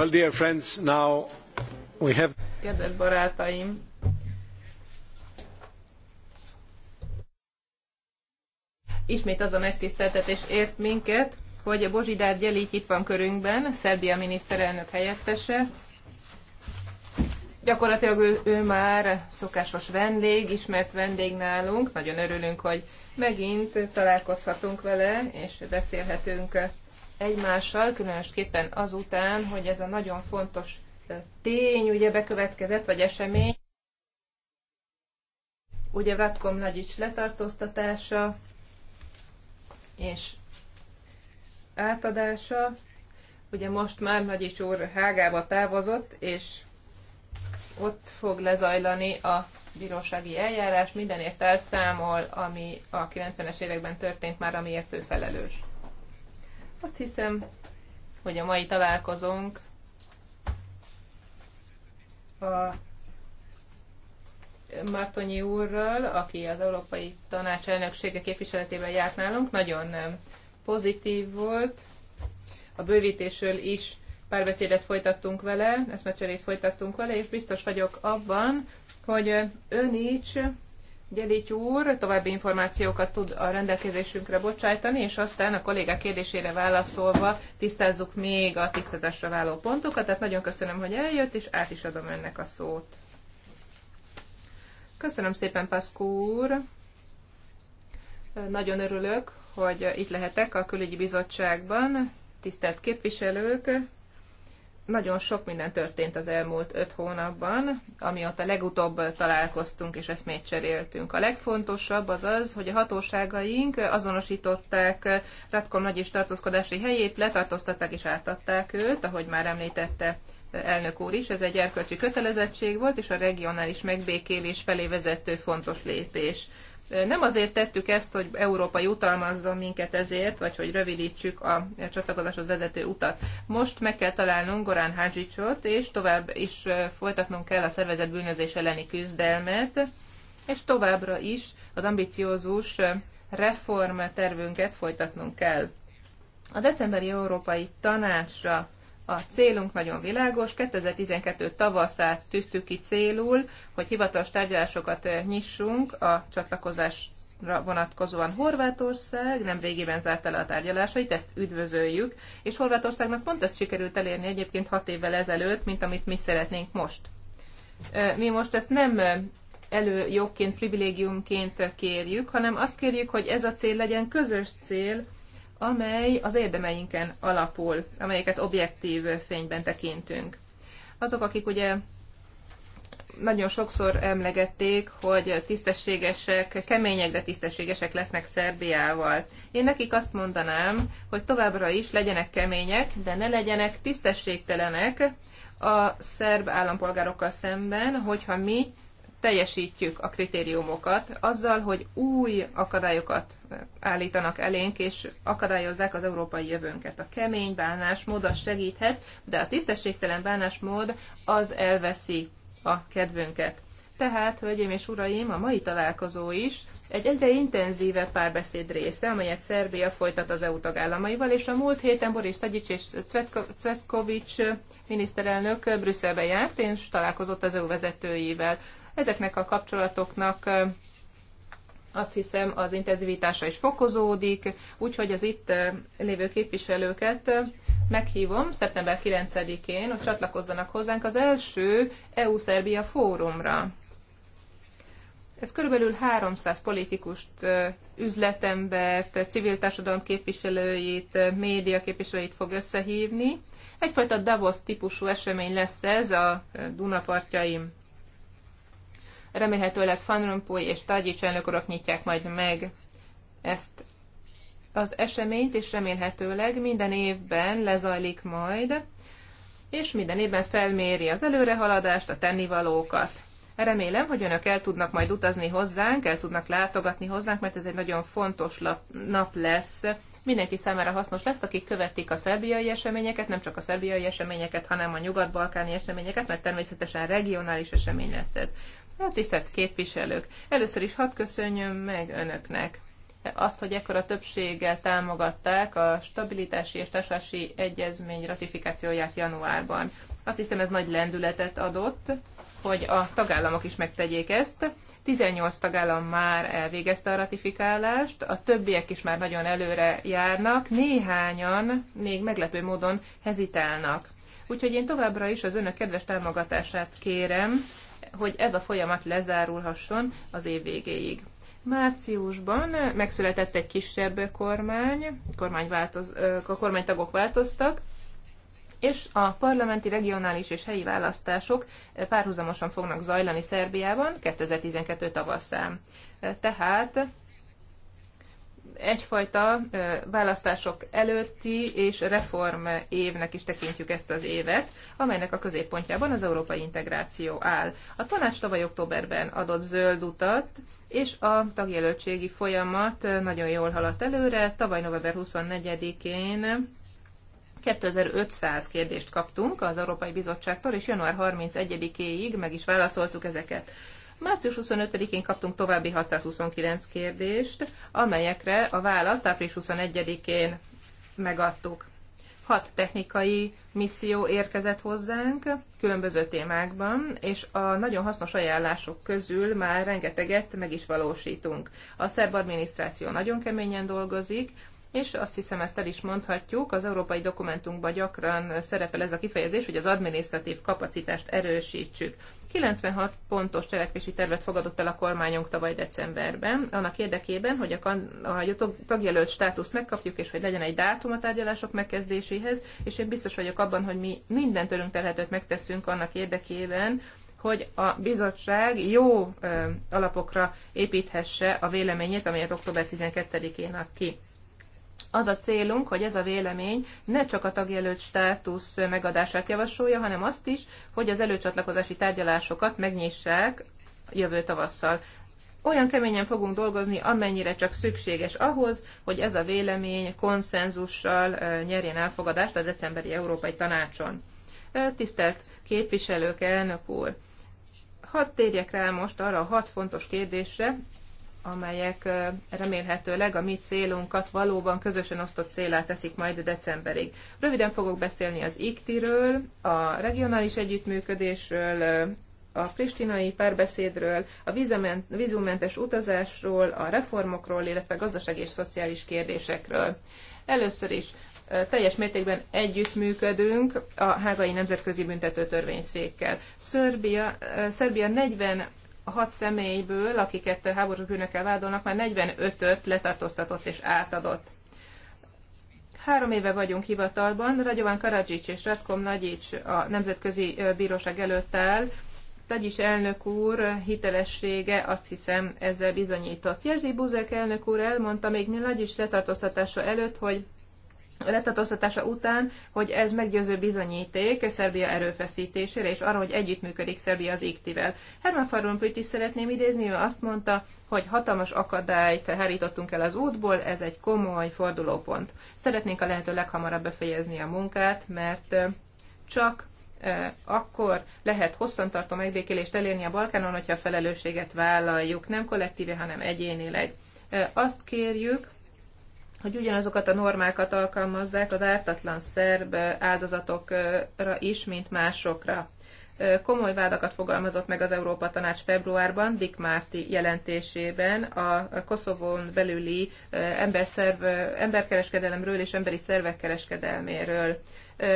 Well, dear friends, now we have...
Kedves barátaim, ismét az a megtiszteltetés ért minket, hogy a Bozsidár Gyelik itt van körünkben, Szerbia miniszterelnök helyettese. Gyakorlatilag ő, ő már szokásos vendég, ismert vendég nálunk. Nagyon örülünk, hogy megint találkozhatunk vele, és beszélhetünk egymással, különösképpen azután, hogy ez a nagyon fontos tény ugye bekövetkezett, vagy esemény, ugye Ratkom Nagyics letartóztatása és átadása, ugye most már Nagyics úr hágába távozott, és ott fog lezajlani a bírósági eljárás, mindenért elszámol, ami a 90-es években történt már, amiért ő felelős. Azt hiszem, hogy a mai találkozónk a Martonyi úrral, aki az Európai Tanács elnöksége képviseletében járt nálunk, nagyon um, pozitív volt. A bővítésről is párbeszédet folytattunk vele, eszmecserét folytattunk vele, és biztos vagyok abban, hogy ön is Gyelit úr további információkat tud a rendelkezésünkre bocsájtani, és aztán a kollégák kérdésére válaszolva tisztázzuk még a tisztázásra váló pontokat. Tehát nagyon köszönöm, hogy eljött, és át is adom önnek a szót. Köszönöm szépen, Paszkó úr. Nagyon örülök, hogy itt lehetek a külügyi bizottságban. Tisztelt képviselők, nagyon sok minden történt az elmúlt öt hónapban, amióta legutóbb találkoztunk és eszmét cseréltünk. A legfontosabb az az, hogy a hatóságaink azonosították Ratkom is tartózkodási helyét, letartóztatták és átadták őt, ahogy már említette elnök úr is, ez egy erkölcsi kötelezettség volt, és a regionális megbékélés felé vezető fontos lépés. Nem azért tettük ezt, hogy Európa jutalmazzon minket ezért, vagy hogy rövidítsük a csatlakozáshoz vezető utat. Most meg kell találnunk Gorán Hadzsicsot, és tovább is folytatnunk kell a szervezet bűnözés elleni küzdelmet, és továbbra is az ambiciózus reform tervünket folytatnunk kell. A decemberi Európai Tanácsra a célunk nagyon világos, 2012 tavaszát tűztük ki célul, hogy hivatalos tárgyalásokat eh, nyissunk a csatlakozás vonatkozóan Horvátország nem régiben zárta le a tárgyalásait, ezt üdvözöljük, és Horvátországnak pont ezt sikerült elérni egyébként hat évvel ezelőtt, mint amit mi szeretnénk most. Eh, mi most ezt nem eh, előjogként, privilégiumként kérjük, hanem azt kérjük, hogy ez a cél legyen közös cél amely az érdemeinken alapul, amelyeket objektív fényben tekintünk. Azok, akik ugye nagyon sokszor emlegették, hogy tisztességesek, kemények, de tisztességesek lesznek Szerbiával. Én nekik azt mondanám, hogy továbbra is legyenek kemények, de ne legyenek tisztességtelenek a szerb állampolgárokkal szemben, hogyha mi teljesítjük a kritériumokat azzal, hogy új akadályokat állítanak elénk, és akadályozzák az európai jövőnket. A kemény bánásmód az segíthet, de a tisztességtelen bánásmód az elveszi a kedvünket. Tehát, hölgyeim és uraim, a mai találkozó is egy egyre intenzívebb párbeszéd része, amelyet Szerbia folytat az EU tagállamaival, és a múlt héten Boris Tadic és Cvetkovics miniszterelnök Brüsszelbe járt, és találkozott az EU vezetőivel. Ezeknek a kapcsolatoknak azt hiszem az intenzivitása is fokozódik, úgyhogy az itt lévő képviselőket meghívom szeptember 9-én, hogy csatlakozzanak hozzánk az első EU-Szerbia fórumra. Ez körülbelül 300 politikust, üzletembert, civil társadalom képviselőjét, média képviselőjét fog összehívni. Egyfajta Davos típusú esemény lesz ez a Dunapartjaim Remélhetőleg Van Rompuy és Tagyics elnökorok nyitják majd meg ezt az eseményt, és remélhetőleg minden évben lezajlik majd, és minden évben felméri az előrehaladást, a tennivalókat. Remélem, hogy önök el tudnak majd utazni hozzánk, el tudnak látogatni hozzánk, mert ez egy nagyon fontos lap, nap lesz. Mindenki számára hasznos lesz, akik követik a szerbiai eseményeket, nem csak a szerbiai eseményeket, hanem a nyugat-balkáni eseményeket, mert természetesen regionális esemény lesz ez. Hát tisztelt képviselők, először is hadd köszönjöm meg önöknek azt, hogy ekkora többséggel támogatták a stabilitási és társulási egyezmény ratifikációját januárban. Azt hiszem ez nagy lendületet adott, hogy a tagállamok is megtegyék ezt. 18 tagállam már elvégezte a ratifikálást, a többiek is már nagyon előre járnak, néhányan még meglepő módon hezitálnak. Úgyhogy én továbbra is az önök kedves támogatását kérem, hogy ez a folyamat lezárulhasson az év végéig. Márciusban megszületett egy kisebb kormány, kormány változ, a kormánytagok változtak, és a parlamenti, regionális és helyi választások párhuzamosan fognak zajlani Szerbiában 2012 tavaszán. Tehát egyfajta választások előtti és reform évnek is tekintjük ezt az évet, amelynek a középpontjában az európai integráció áll. A tanács tavaly októberben adott zöld utat, és a tagjelöltségi folyamat nagyon jól haladt előre. Tavaly november 24-én 2500 kérdést kaptunk az Európai Bizottságtól, és január 31-éig meg is válaszoltuk ezeket. Március 25-én kaptunk további 629 kérdést, amelyekre a választ április 21-én megadtuk. Hat technikai misszió érkezett hozzánk különböző témákban, és a nagyon hasznos ajánlások közül már rengeteget meg is valósítunk. A szerb adminisztráció nagyon keményen dolgozik, és azt hiszem ezt el is mondhatjuk, az európai dokumentumban gyakran szerepel ez a kifejezés, hogy az adminisztratív kapacitást erősítsük. 96 pontos cselekvési tervet fogadott el a kormányunk tavaly decemberben, annak érdekében, hogy a, a tagjelölt státuszt megkapjuk, és hogy legyen egy dátum a tárgyalások megkezdéséhez, és én biztos vagyok abban, hogy mi minden törünk telhetőt megteszünk annak érdekében, hogy a bizottság jó ö, alapokra építhesse a véleményét, amelyet október 12-én ad ki az a célunk, hogy ez a vélemény ne csak a tagjelölt státusz megadását javasolja, hanem azt is, hogy az előcsatlakozási tárgyalásokat megnyissák jövő tavasszal. Olyan keményen fogunk dolgozni, amennyire csak szükséges ahhoz, hogy ez a vélemény konszenzussal nyerjen elfogadást a decemberi Európai Tanácson. Tisztelt képviselők, elnök úr! Hadd térjek rá most arra a hat fontos kérdésre, amelyek remélhetőleg a mi célunkat valóban közösen osztott célá teszik majd decemberig. Röviden fogok beszélni az IKTI-ről, a regionális együttműködésről, a pristinai párbeszédről, a vízumentes utazásról, a reformokról, illetve gazdasági és szociális kérdésekről. Először is teljes mértékben együttműködünk a Hágai Nemzetközi Büntetőtörvényszékkel. Szerbia, Szerbia 40 a hat személyből, akiket háborús bűnökkel vádolnak, már 45-öt letartóztatott és átadott. Három éve vagyunk hivatalban, Ragyovan Karadzsics és Ratkom Nagyics a Nemzetközi Bíróság előtt áll, Tagyis elnök úr hitelessége azt hiszem ezzel bizonyított. Jerzy Buzek elnök úr elmondta még Nagyis letartóztatása előtt, hogy letartóztatása után, hogy ez meggyőző bizonyíték Szerbia erőfeszítésére, és arra, hogy együttműködik Szerbia az IKT-vel. Herman Van Rompuyt is szeretném idézni, ő azt mondta, hogy hatalmas akadályt hárítottunk el az útból, ez egy komoly fordulópont. Szeretnénk a lehető leghamarabb befejezni a munkát, mert csak akkor lehet hosszantartó megbékélést elérni a Balkánon, hogyha a felelősséget vállaljuk, nem kollektíve, hanem egyénileg. Azt kérjük, hogy ugyanazokat a normákat alkalmazzák az ártatlan szerb áldozatokra is, mint másokra. Komoly vádakat fogalmazott meg az Európa Tanács februárban, Dick Márti jelentésében a Koszovón belüli emberszerv, emberkereskedelemről és emberi szervek kereskedelméről.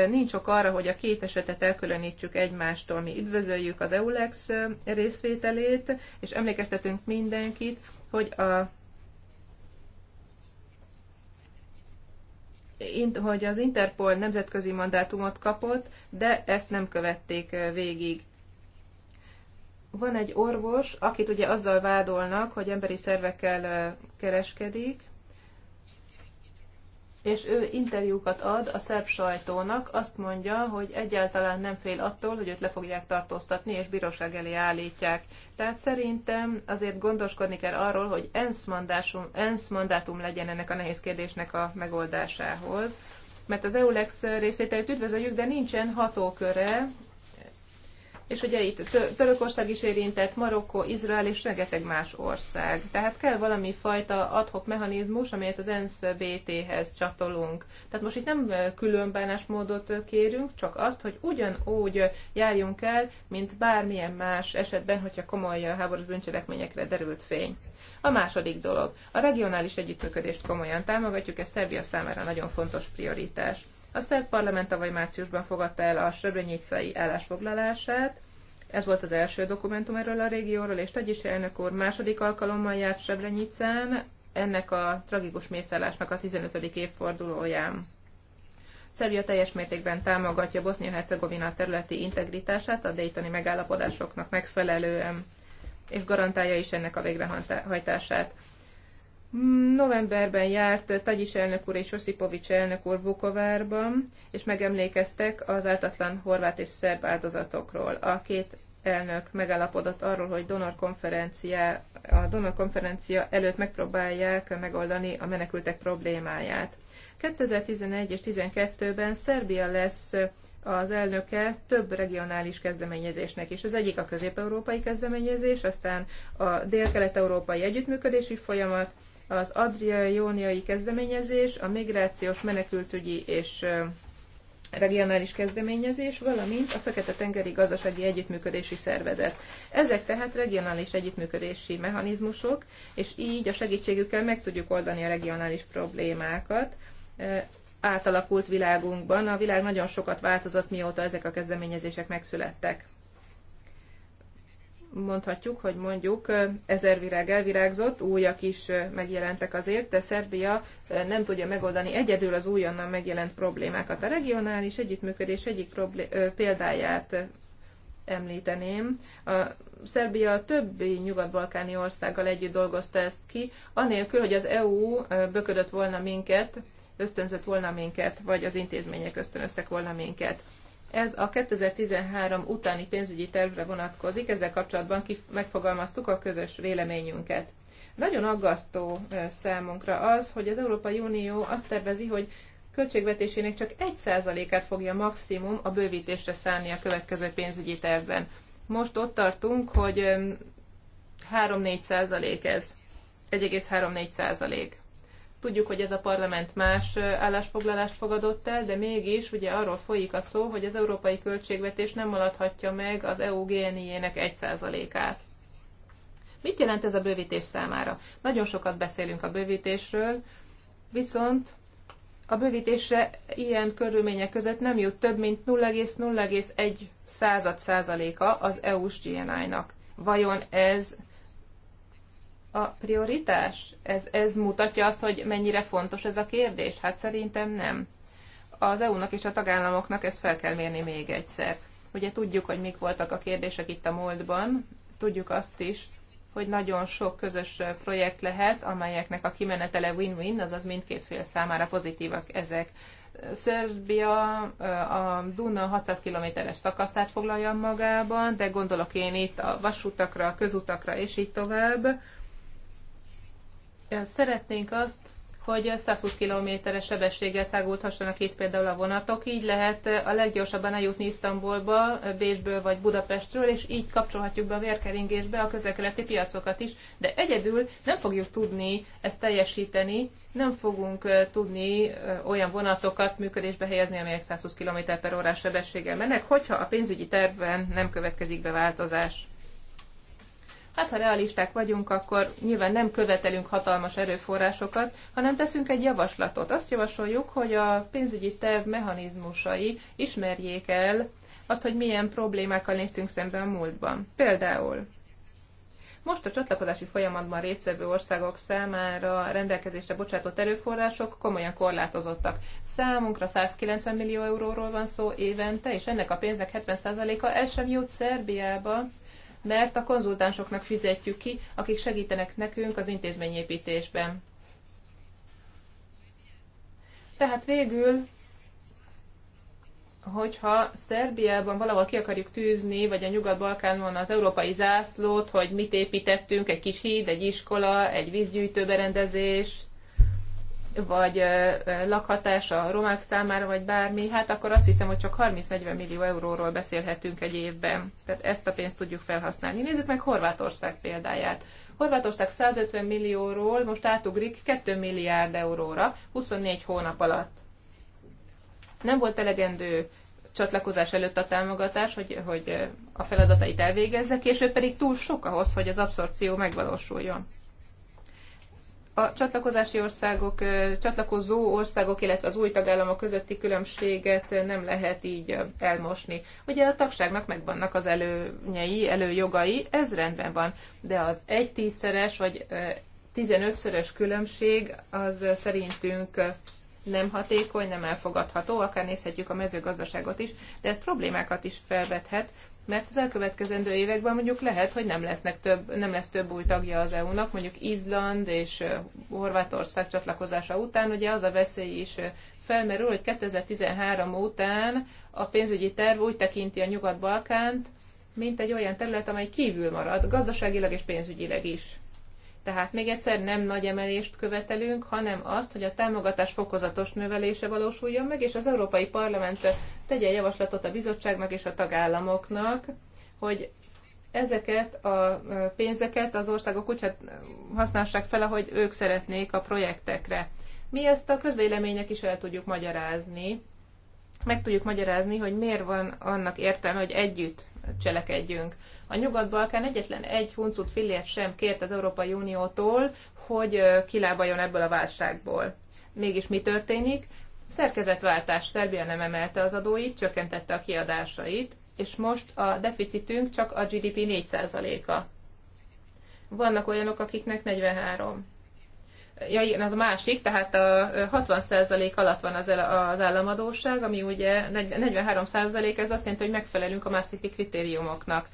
Nincs ok arra, hogy a két esetet elkülönítsük egymástól. Mi üdvözöljük az EULEX részvételét, és emlékeztetünk mindenkit, hogy a hogy az Interpol nemzetközi mandátumot kapott, de ezt nem követték végig. Van egy orvos, akit ugye azzal vádolnak, hogy emberi szervekkel kereskedik, és ő interjúkat ad a szerb sajtónak, azt mondja, hogy egyáltalán nem fél attól, hogy őt le fogják tartóztatni, és bíróság elé állítják. Tehát szerintem azért gondoskodni kell arról, hogy ENSZ mandátum, ENSZ mandátum legyen ennek a nehéz kérdésnek a megoldásához, mert az EULEX részvételét üdvözöljük, de nincsen hatóköre és ugye itt Törökország is érintett, Marokkó, Izrael és rengeteg más ország. Tehát kell valami fajta adhok mechanizmus, amelyet az ENSZ BT-hez csatolunk. Tehát most itt nem különbánásmódot kérünk, csak azt, hogy ugyanúgy járjunk el, mint bármilyen más esetben, hogyha komoly háborús bűncselekményekre derült fény.
A második
dolog. A regionális együttműködést komolyan támogatjuk, ez Szerbia számára nagyon fontos prioritás. A szerb parlament tavaly márciusban fogadta el a Srebrenicai állásfoglalását, ez volt az első dokumentum erről a régióról, és Tagyis elnök úr második alkalommal járt Srebrenicán, ennek a tragikus mészállásnak a 15. évfordulóján. Szerbia teljes mértékben támogatja Bosznia-Hercegovina területi integritását a Daytoni megállapodásoknak megfelelően, és garantálja is ennek a végrehajtását. Novemberben járt Tagyis elnök úr és Osipovics elnök úr Vukovárban, és megemlékeztek az ártatlan horvát és szerb áldozatokról. A két elnök megállapodott arról, hogy donor konferenciá, a donor konferencia előtt megpróbálják megoldani a menekültek problémáját. 2011 és 2012-ben Szerbia lesz az elnöke több regionális kezdeményezésnek is. Az egyik a közép-európai kezdeményezés, aztán a dél-kelet-európai együttműködési folyamat, az adriai-jóniai kezdeményezés, a migrációs menekültügyi és regionális kezdeményezés, valamint a Fekete-tengeri Gazdasági Együttműködési Szervezet. Ezek tehát regionális együttműködési mechanizmusok, és így a segítségükkel meg tudjuk oldani a regionális problémákat. Átalakult világunkban, a világ nagyon sokat változott, mióta ezek a kezdeményezések megszülettek mondhatjuk, hogy mondjuk ezer virág elvirágzott, újak is megjelentek azért, de Szerbia nem tudja megoldani egyedül az újonnan megjelent problémákat. A regionális együttműködés egyik problé- példáját említeném. A Szerbia többi nyugat-balkáni országgal együtt dolgozta ezt ki, anélkül, hogy az EU böködött volna minket, ösztönzött volna minket, vagy az intézmények ösztönöztek volna minket. Ez a 2013 utáni pénzügyi tervre vonatkozik, ezzel kapcsolatban megfogalmaztuk a közös véleményünket. Nagyon aggasztó számunkra az, hogy az Európai Unió azt tervezi, hogy költségvetésének csak 1%-át fogja maximum a bővítésre szállni a következő pénzügyi tervben. Most ott tartunk, hogy 3-4% ez. 1,3-4%. Tudjuk, hogy ez a parlament más állásfoglalást fogadott el, de mégis ugye arról folyik a szó, hogy az európai költségvetés nem maradhatja meg az EU GNI-ének 1%-át. Mit jelent ez a bővítés számára? Nagyon sokat beszélünk a bővítésről, viszont a bővítésre ilyen körülmények között nem jut több, mint 0,01 század százaléka az EU-s GNI-nak. Vajon ez a prioritás? Ez, ez mutatja azt, hogy mennyire fontos ez a kérdés? Hát szerintem nem. Az EU-nak és a tagállamoknak ezt fel kell mérni még egyszer. Ugye tudjuk, hogy mik voltak a kérdések itt a múltban, tudjuk azt is, hogy nagyon sok közös projekt lehet, amelyeknek a kimenetele win-win, azaz mindkét fél számára pozitívak ezek. Szerbia a Duna 600 kilométeres szakaszát foglalja magában, de gondolok én itt a vasutakra, a közutakra és így tovább. Szeretnénk azt, hogy 120 km-es sebességgel száguldhassanak itt például a vonatok, így lehet a leggyorsabban eljutni Isztambulba, Bécsből vagy Budapestről, és így kapcsolhatjuk be a vérkeringésbe a közelkeleti piacokat is, de egyedül nem fogjuk tudni ezt teljesíteni, nem fogunk tudni olyan vonatokat működésbe helyezni, amelyek 120 km per órás sebességgel mennek, hogyha a pénzügyi tervben nem következik be változás. Hát, ha realisták vagyunk, akkor nyilván nem követelünk hatalmas erőforrásokat, hanem teszünk egy javaslatot. Azt javasoljuk, hogy a pénzügyi terv mechanizmusai ismerjék el azt, hogy milyen problémákkal néztünk szembe a múltban. Például most a csatlakozási folyamatban résztvevő országok számára rendelkezésre bocsátott erőforrások komolyan korlátozottak. Számunkra 190 millió euróról van szó évente, és ennek a pénznek 70%-a el sem jut Szerbiába, mert a konzultánsoknak fizetjük ki, akik segítenek nekünk az intézményépítésben. Tehát végül, hogyha Szerbiában valahol ki akarjuk tűzni, vagy a Nyugat-Balkánon az európai zászlót, hogy mit építettünk, egy kis híd, egy iskola, egy vízgyűjtőberendezés, vagy lakhatás a romák számára, vagy bármi, hát akkor azt hiszem, hogy csak 30-40 millió euróról beszélhetünk egy évben. Tehát ezt a pénzt tudjuk felhasználni. Nézzük meg Horvátország példáját. Horvátország 150 millióról most átugrik 2 milliárd euróra 24 hónap alatt. Nem volt elegendő csatlakozás előtt a támogatás, hogy, hogy a feladatait elvégezze, később pedig túl sok ahhoz, hogy az abszorció megvalósuljon. A csatlakozási országok, csatlakozó országok, illetve az új tagállamok közötti különbséget nem lehet így elmosni. Ugye a tagságnak megvannak az előnyei, előjogai, ez rendben van, de az egy tízszeres vagy 15-szörös különbség az szerintünk nem hatékony, nem elfogadható, akár nézhetjük a mezőgazdaságot is, de ez problémákat is felvethet, mert az elkövetkezendő években mondjuk lehet, hogy nem, lesznek több, nem lesz több új tagja az EU-nak, mondjuk Izland és Horvátország csatlakozása után, ugye az a veszély is felmerül, hogy 2013 után a pénzügyi terv úgy tekinti a Nyugat-Balkánt, mint egy olyan terület, amely kívül marad, gazdaságilag és pénzügyileg is. Tehát még egyszer nem nagy emelést követelünk, hanem azt, hogy a támogatás fokozatos növelése valósuljon meg, és az Európai Parlament tegye javaslatot a bizottságnak és a tagállamoknak, hogy ezeket a pénzeket az országok úgy hát, használják fel, ahogy ők szeretnék a projektekre. Mi ezt a közvélemények is el tudjuk magyarázni, meg tudjuk magyarázni, hogy miért van annak értelme, hogy együtt cselekedjünk. A Nyugat-Balkán egyetlen egy huncut fillért sem kért az Európai Uniótól, hogy kilábaljon ebből a válságból. Mégis mi történik? Szerkezetváltás. Szerbia nem emelte az adóit, csökkentette a kiadásait, és most a deficitünk csak a GDP 4%-a. Vannak olyanok, akiknek 43. Ja igen, az a másik, tehát a 60% alatt van az, el, az államadóság, ami ugye 43% ez azt jelenti, hogy megfelelünk a Maastrichti kritériumoknak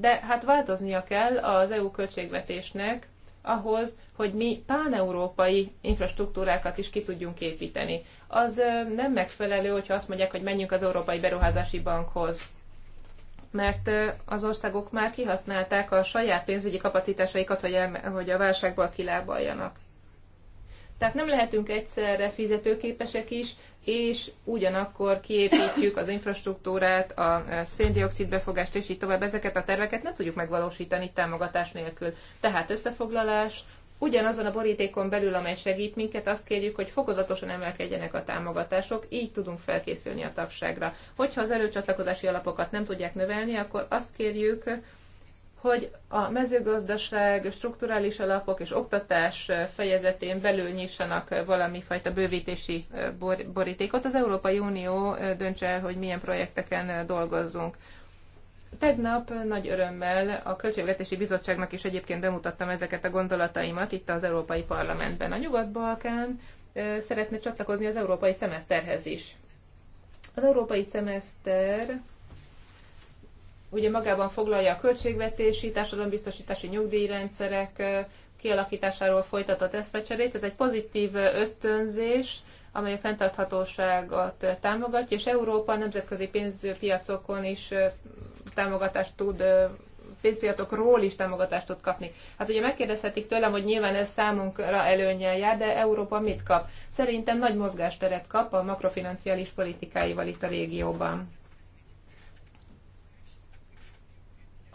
de hát változnia kell az EU költségvetésnek ahhoz, hogy mi páneurópai infrastruktúrákat is ki tudjunk építeni. Az nem megfelelő, hogyha azt mondják, hogy menjünk az Európai Beruházási Bankhoz mert az országok már kihasználták a saját pénzügyi kapacitásaikat, hogy, el, hogy a válságból kilábaljanak. Tehát nem lehetünk egyszerre fizetőképesek is, és ugyanakkor kiépítjük az infrastruktúrát, a széndiokszid befogást, és így tovább. Ezeket a terveket nem tudjuk megvalósítani támogatás nélkül. Tehát összefoglalás, ugyanazon a borítékon belül, amely segít minket, azt kérjük, hogy fokozatosan emelkedjenek a támogatások, így tudunk felkészülni a tagságra. Hogyha az előcsatlakozási alapokat nem tudják növelni, akkor azt kérjük, hogy a mezőgazdaság, strukturális alapok és oktatás fejezetén belül nyissanak valami fajta bővítési borítékot. Az Európai Unió döntse el, hogy milyen projekteken dolgozzunk. Tegnap nagy örömmel a Költségvetési Bizottságnak is egyébként bemutattam ezeket a gondolataimat itt az Európai Parlamentben. A Nyugat-Balkán szeretne csatlakozni az európai szemeszterhez is. Az európai szemeszter ugye magában foglalja a költségvetési, társadalombiztosítási nyugdíjrendszerek kialakításáról folytatott eszmecserét. Ez egy pozitív ösztönzés, amely a fenntarthatóságot támogatja, és Európa nemzetközi pénzpiacokon is támogatást tud pénzpiacokról is támogatást tud kapni. Hát ugye megkérdezhetik tőlem, hogy nyilván ez számunkra előnyel jár, de Európa mit kap? Szerintem nagy mozgásteret kap a makrofinanciális politikáival itt a régióban.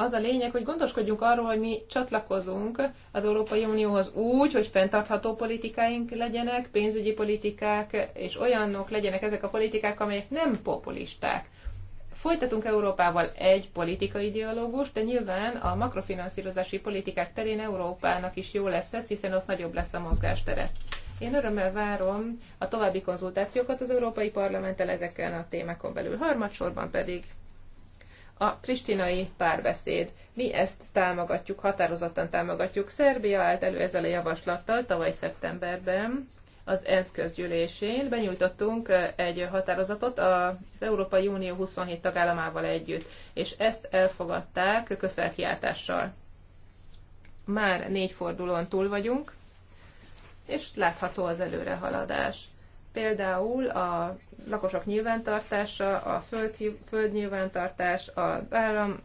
az a lényeg, hogy gondoskodjunk arról, hogy mi csatlakozunk az Európai Unióhoz úgy, hogy fenntartható politikáink legyenek, pénzügyi politikák, és olyanok legyenek ezek a politikák, amelyek nem populisták. Folytatunk Európával egy politikai dialógust, de nyilván a makrofinanszírozási politikák terén Európának is jó lesz ez, hiszen ott nagyobb lesz a mozgástere. Én örömmel várom a további konzultációkat az Európai Parlamenttel ezeken a témákon belül. Harmadsorban pedig a pristinai párbeszéd. Mi ezt támogatjuk, határozottan támogatjuk. Szerbia állt elő ezzel a javaslattal tavaly szeptemberben az ENSZ közgyűlésén. Benyújtottunk egy határozatot az Európai Unió 27 tagállamával együtt, és ezt elfogadták közfelkiáltással. Már négy fordulón túl vagyunk, és látható az előrehaladás. Például a lakosok nyilvántartása, a föld, földnyilvántartás, az állam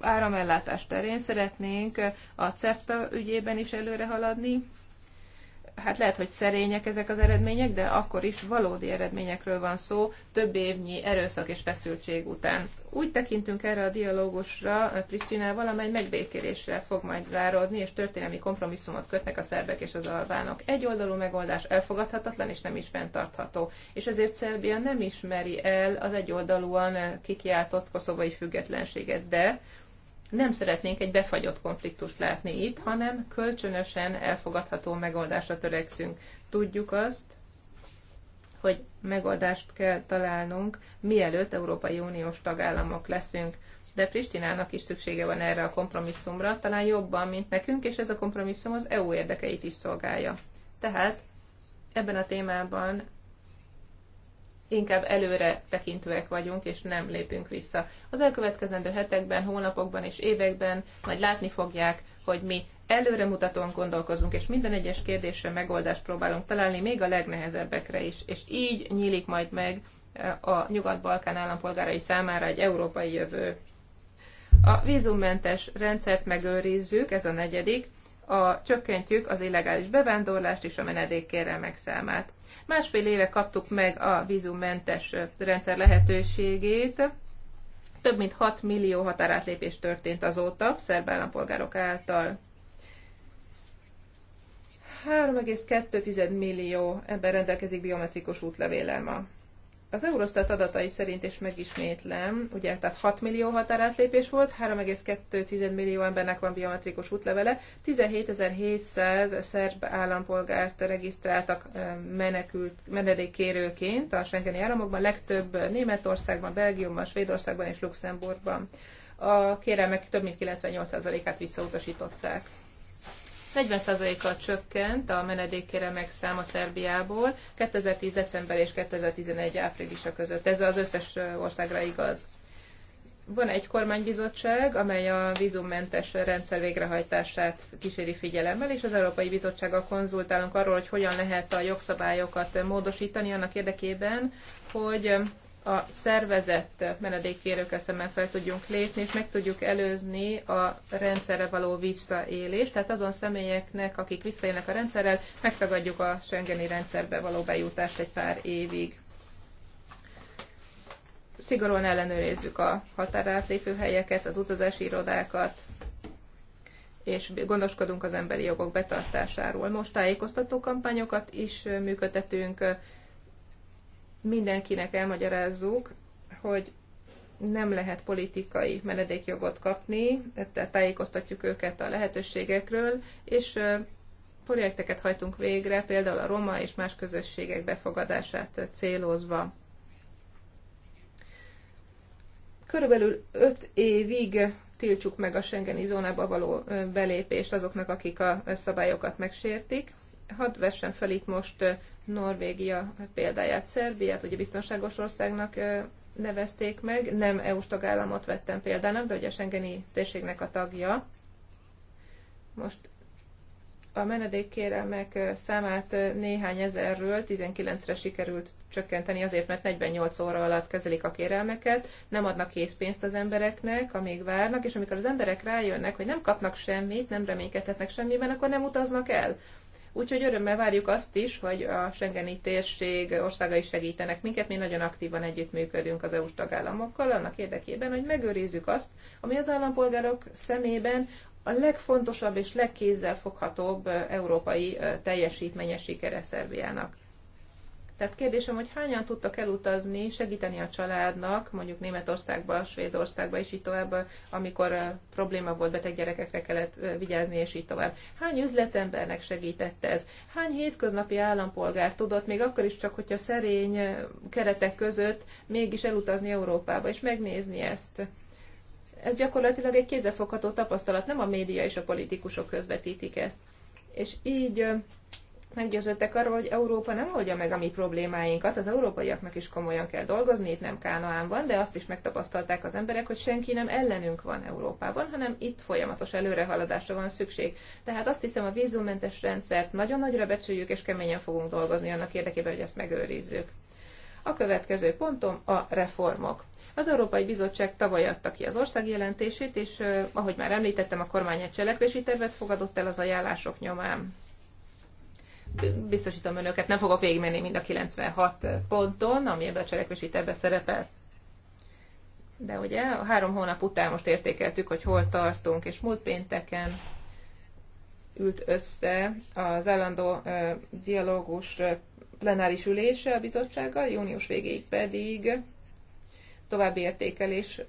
áramellátás terén szeretnénk a CEFTA ügyében is előre haladni, hát lehet, hogy szerények ezek az eredmények, de akkor is valódi eredményekről van szó, több évnyi erőszak és feszültség után. Úgy tekintünk erre a dialógusra Pristinával, amely megbékélésre fog majd záródni, és történelmi kompromisszumot kötnek a szerbek és az albánok. Egyoldalú megoldás elfogadhatatlan és nem is fenntartható, és ezért Szerbia nem ismeri el az egyoldalúan kikiáltott koszovai függetlenséget, de nem szeretnénk egy befagyott konfliktust látni itt, hanem kölcsönösen elfogadható megoldásra törekszünk. Tudjuk azt, hogy megoldást kell találnunk, mielőtt Európai Uniós tagállamok leszünk. De Pristinának is szüksége van erre a kompromisszumra, talán jobban, mint nekünk, és ez a kompromisszum az EU érdekeit is szolgálja. Tehát ebben a témában inkább előre tekintőek vagyunk, és nem lépünk vissza. Az elkövetkezendő hetekben, hónapokban és években majd látni fogják, hogy mi előre mutatóan gondolkozunk, és minden egyes kérdésre megoldást próbálunk találni, még a legnehezebbekre is. És így nyílik majd meg eh, a Nyugat-Balkán állampolgárai számára egy európai jövő. A vízummentes rendszert megőrizzük, ez a negyedik a, csökkentjük az illegális bevándorlást és a menedékkérelmek számát. Másfél éve kaptuk meg a vízummentes rendszer lehetőségét. Több mint 6 millió határátlépés történt azóta szerb állampolgárok által. 3,2 millió ember rendelkezik biometrikus útlevéllel ma. Az Eurostat adatai szerint, is megismétlem, ugye, tehát 6 millió határátlépés volt, 3,2 millió embernek van biometrikus útlevele, 17.700 szerb állampolgárt regisztráltak menekült, menedékkérőként a Schengeni államokban, legtöbb Németországban, Belgiumban, Svédországban és Luxemburgban. A kérelmek több mint 98%-át visszautasították. 40 a csökkent a menedékkéremek száma Szerbiából 2010. december és 2011. áprilisa között. Ez az összes országra igaz. Van egy kormánybizottság, amely a vízummentes rendszer végrehajtását kíséri figyelemmel, és az Európai Bizottsággal konzultálunk arról, hogy hogyan lehet a jogszabályokat módosítani annak érdekében, hogy a szervezett menedékkérőkkel szemben fel tudjunk lépni, és meg tudjuk előzni a rendszerre való visszaélést. Tehát azon személyeknek, akik visszaélnek a rendszerrel, megtagadjuk a Schengeni rendszerbe való bejutást egy pár évig. Szigorúan ellenőrizzük a határátlépő helyeket, az utazási irodákat, és gondoskodunk az emberi jogok betartásáról. Most tájékoztató kampányokat is működtetünk, mindenkinek elmagyarázzuk, hogy nem lehet politikai menedékjogot kapni, tehát tájékoztatjuk őket a lehetőségekről, és projekteket hajtunk végre, például a roma és más közösségek befogadását célozva. Körülbelül 5 évig tiltsuk meg a Schengeni zónába való belépést azoknak, akik a szabályokat megsértik. Hadd vessen fel itt most Norvégia példáját, Szerbiát, ugye biztonságos országnak nevezték meg, nem EU-s tagállamot vettem példának, de ugye a Schengeni térségnek a tagja. Most a menedékkérelmek számát néhány ezerről 19-re sikerült csökkenteni azért, mert 48 óra alatt kezelik a kérelmeket, nem adnak készpénzt az embereknek, amíg várnak, és amikor az emberek rájönnek, hogy nem kapnak semmit, nem reménykedhetnek semmiben, akkor nem utaznak el. Úgyhogy örömmel várjuk azt is, hogy a Schengeni térség országai segítenek minket, mi nagyon aktívan együttműködünk az EU-s tagállamokkal, annak érdekében, hogy megőrizzük azt, ami az állampolgárok szemében a legfontosabb és legkézzelfoghatóbb európai teljesítményes sikere Szerbiának. Tehát kérdésem, hogy hányan tudtak elutazni, segíteni a családnak, mondjuk Németországba, Svédországba és így tovább, amikor probléma volt, beteg gyerekekre kellett vigyázni és így tovább. Hány üzletembernek segített ez? Hány hétköznapi állampolgár tudott, még akkor is csak, hogyha szerény keretek között mégis elutazni Európába és megnézni ezt? Ez gyakorlatilag egy kézefogható tapasztalat, nem a média és a politikusok közvetítik ezt. És így meggyőződtek arról, hogy Európa nem oldja meg a mi problémáinkat, az európaiaknak is komolyan kell dolgozni, itt nem Kánaán van, de azt is megtapasztalták az emberek, hogy senki nem ellenünk van Európában, hanem itt folyamatos előrehaladásra van szükség. Tehát azt hiszem a vízummentes rendszert nagyon nagyra becsüljük, és keményen fogunk dolgozni annak érdekében, hogy ezt megőrizzük. A következő pontom a reformok. Az Európai Bizottság tavaly adta ki az országjelentését, és ahogy már említettem, a kormány egy cselekvési tervet fogadott el az ajánlások nyomán biztosítom önöket, nem fogok végigmenni mind a 96 ponton, ami ebben a cselekvési ebbe szerepel. De ugye a három hónap után most értékeltük, hogy hol tartunk, és múlt pénteken ült össze az állandó dialógus plenáris ülése a bizottsággal, június végéig pedig további értékelés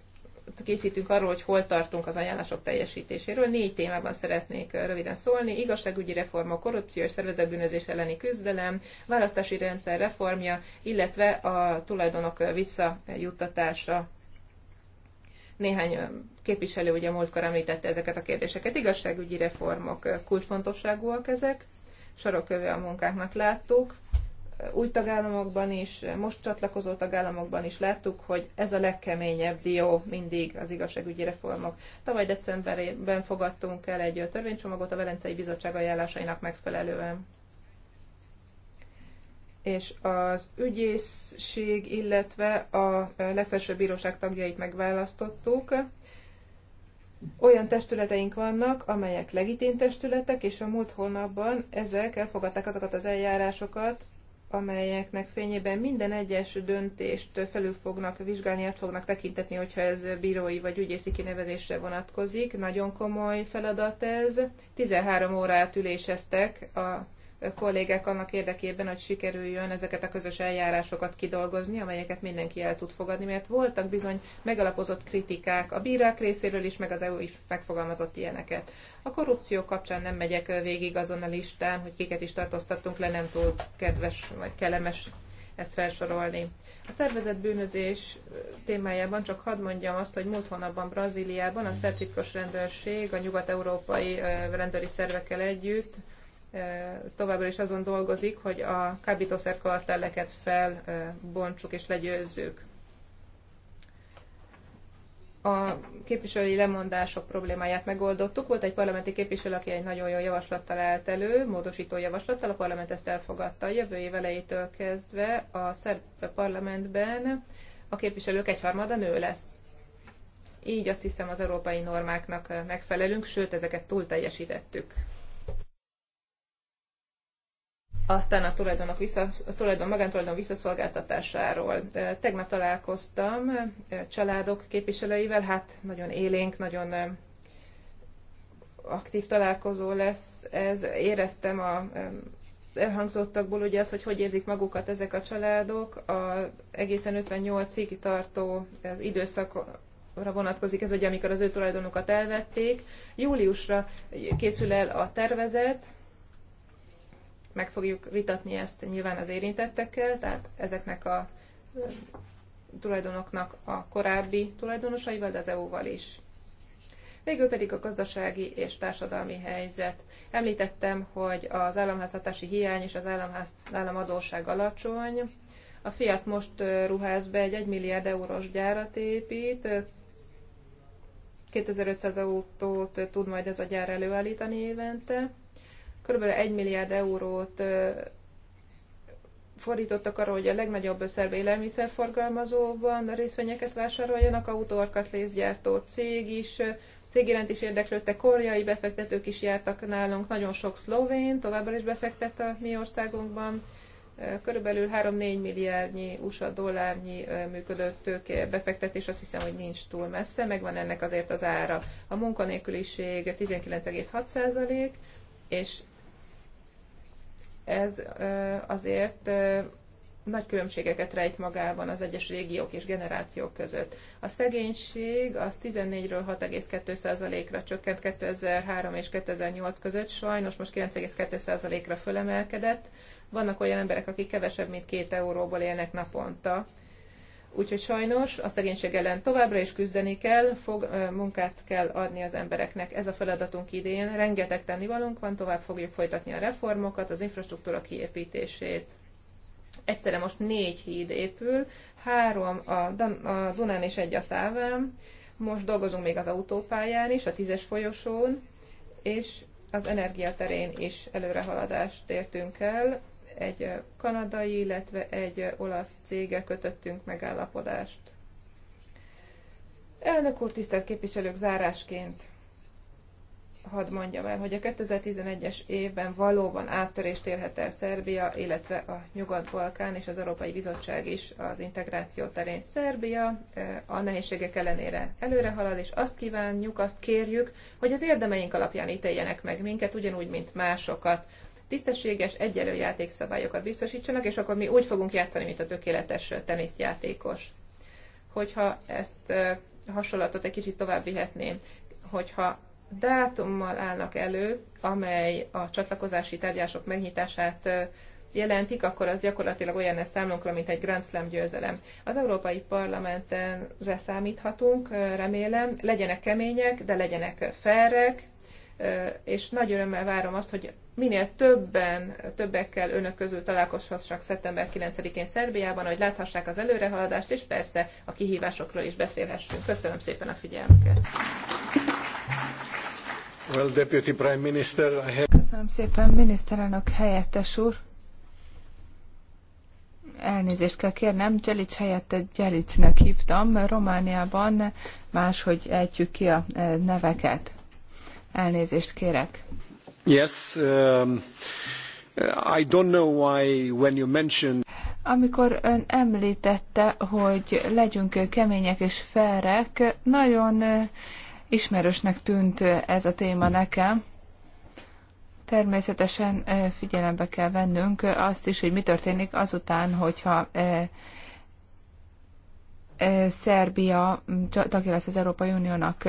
készítünk arról, hogy hol tartunk az ajánlások teljesítéséről. Négy témában szeretnék röviden szólni. Igazságügyi reforma, korrupció és szervezetbűnözés elleni küzdelem, választási rendszer reformja, illetve a tulajdonok visszajuttatása néhány képviselő ugye múltkor említette ezeket a kérdéseket. Igazságügyi reformok kulcsfontosságúak ezek, sorokköve a munkáknak láttuk új tagállamokban is, most csatlakozó tagállamokban is láttuk, hogy ez a legkeményebb dió mindig az igazságügyi reformok. Tavaly decemberben fogadtunk el egy törvénycsomagot a Velencei Bizottság ajánlásainak megfelelően. És az ügyészség, illetve a legfelsőbb bíróság tagjait megválasztottuk. Olyan testületeink vannak, amelyek legitim testületek, és a múlt hónapban ezek elfogadták azokat az eljárásokat, amelyeknek fényében minden egyes döntést felül fognak vizsgálni, át fognak tekintetni, hogyha ez bírói vagy ügyészi kinevezésre vonatkozik. Nagyon komoly feladat ez. 13 órát üléseztek a kollégák annak érdekében, hogy sikerüljön ezeket a közös eljárásokat kidolgozni, amelyeket mindenki el tud fogadni, mert voltak bizony megalapozott kritikák a bírák részéről is, meg az EU is megfogalmazott ilyeneket. A korrupció kapcsán nem megyek végig azon a listán, hogy kiket is tartóztattunk le, nem túl kedves vagy kellemes ezt felsorolni. A szervezett bűnözés témájában csak hadd mondjam azt, hogy múlt hónapban Brazíliában a szertitkos rendőrség a nyugat-európai rendőri szervekkel együtt továbbra is azon dolgozik, hogy a kábítószerkartelleket felbontsuk és legyőzzük a képviselői lemondások problémáját megoldottuk. Volt egy parlamenti képviselő, aki egy nagyon jó javaslattal állt elő, módosító javaslattal, a parlament ezt elfogadta. Jövő év elejétől kezdve a szerb parlamentben a képviselők egyharmada nő lesz. Így azt hiszem az európai normáknak megfelelünk, sőt ezeket túl teljesítettük aztán a, tulajdonok vissza, a tulajdon magántulajdon visszaszolgáltatásáról. Tegnap találkoztam családok képviselőivel, hát nagyon élénk, nagyon aktív találkozó lesz ez. Éreztem a elhangzottakból ugye az, hogy hogy érzik magukat ezek a családok, a egészen 58-ig tartó az időszak vonatkozik ez, hogy amikor az ő tulajdonukat elvették. Júliusra készül el a tervezet, meg fogjuk vitatni ezt nyilván az érintettekkel, tehát ezeknek a tulajdonoknak a korábbi tulajdonosaival, de az EU-val is. Végül pedig a gazdasági és társadalmi helyzet. Említettem, hogy az államháztartási hiány és az államház, államadóság alacsony. A Fiat most ruház be egy 1 milliárd eurós gyárat épít, 2500 autót tud majd ez a gyár előállítani évente kb. 1 milliárd eurót fordítottak arra, hogy a legnagyobb szerb élelmiszerforgalmazóban részvényeket vásároljanak, autóarkat lézgyártó cég is, cég is érdeklődtek, koreai befektetők is jártak nálunk, nagyon sok szlovén továbbra is befektet a mi országunkban, körülbelül 3-4 milliárdnyi USA dollárnyi működött tőke befektetés, azt hiszem, hogy nincs túl messze, megvan ennek azért az ára. A munkanélküliség 19,6 és ez azért nagy különbségeket rejt magában az egyes régiók és generációk között. A szegénység az 14-ről 6,2%-ra csökkent 2003 és 2008 között, sajnos most 9,2%-ra fölemelkedett. Vannak olyan emberek, akik kevesebb, mint 2 euróból élnek naponta, Úgyhogy sajnos a szegénység ellen továbbra is küzdeni kell, fog, munkát kell adni az embereknek. Ez a feladatunk idén. Rengeteg tennivalónk van, tovább fogjuk folytatni a reformokat, az infrastruktúra kiépítését. Egyszerre most négy híd épül, három a, a Dunán és egy a Szávám. Most dolgozunk még az autópályán is, a tízes folyosón, és az energiaterén is előrehaladást értünk el egy kanadai, illetve egy olasz cége kötöttünk megállapodást. Elnök úr, tisztelt képviselők, zárásként hadd mondjam el, hogy a 2011-es évben valóban áttörést érhet el Szerbia, illetve a Nyugat-Balkán és az Európai Bizottság is az integráció terén. Szerbia a nehézségek ellenére előre halad, és azt kívánjuk, azt kérjük, hogy az érdemeink alapján ítéljenek meg minket, ugyanúgy, mint másokat tisztességes, egyenlő játékszabályokat biztosítsanak, és akkor mi úgy fogunk játszani, mint a tökéletes teniszjátékos. Hogyha ezt hasonlatot egy kicsit tovább vihetném, hogyha dátummal állnak elő, amely a csatlakozási tárgyások megnyitását jelentik, akkor az gyakorlatilag olyan lesz számunkra, mint egy Grand Slam győzelem. Az Európai Parlamentenre számíthatunk, remélem, legyenek kemények, de legyenek felrek, és nagy örömmel várom azt, hogy minél többen, többekkel önök közül találkozhassak szeptember 9-én Szerbiában, hogy láthassák az előrehaladást, és persze a kihívásokról is beszélhessünk. Köszönöm szépen a figyelmüket!
Well, Deputy Prime Minister, I have...
Köszönöm szépen, miniszterelnök helyettes úr! elnézést kell kérnem, Cselics helyett Gyelicnek hívtam. Romániában máshogy ejtjük ki a eh, neveket. Elnézést kérek.
Yes, um,
I don't know why when you mentioned
amikor ön említette, hogy legyünk kemények és felrek, nagyon ismerősnek tűnt ez a téma nekem. Természetesen figyelembe kell vennünk azt is, hogy mi történik azután, hogyha Szerbia tagja lesz az Európai Uniónak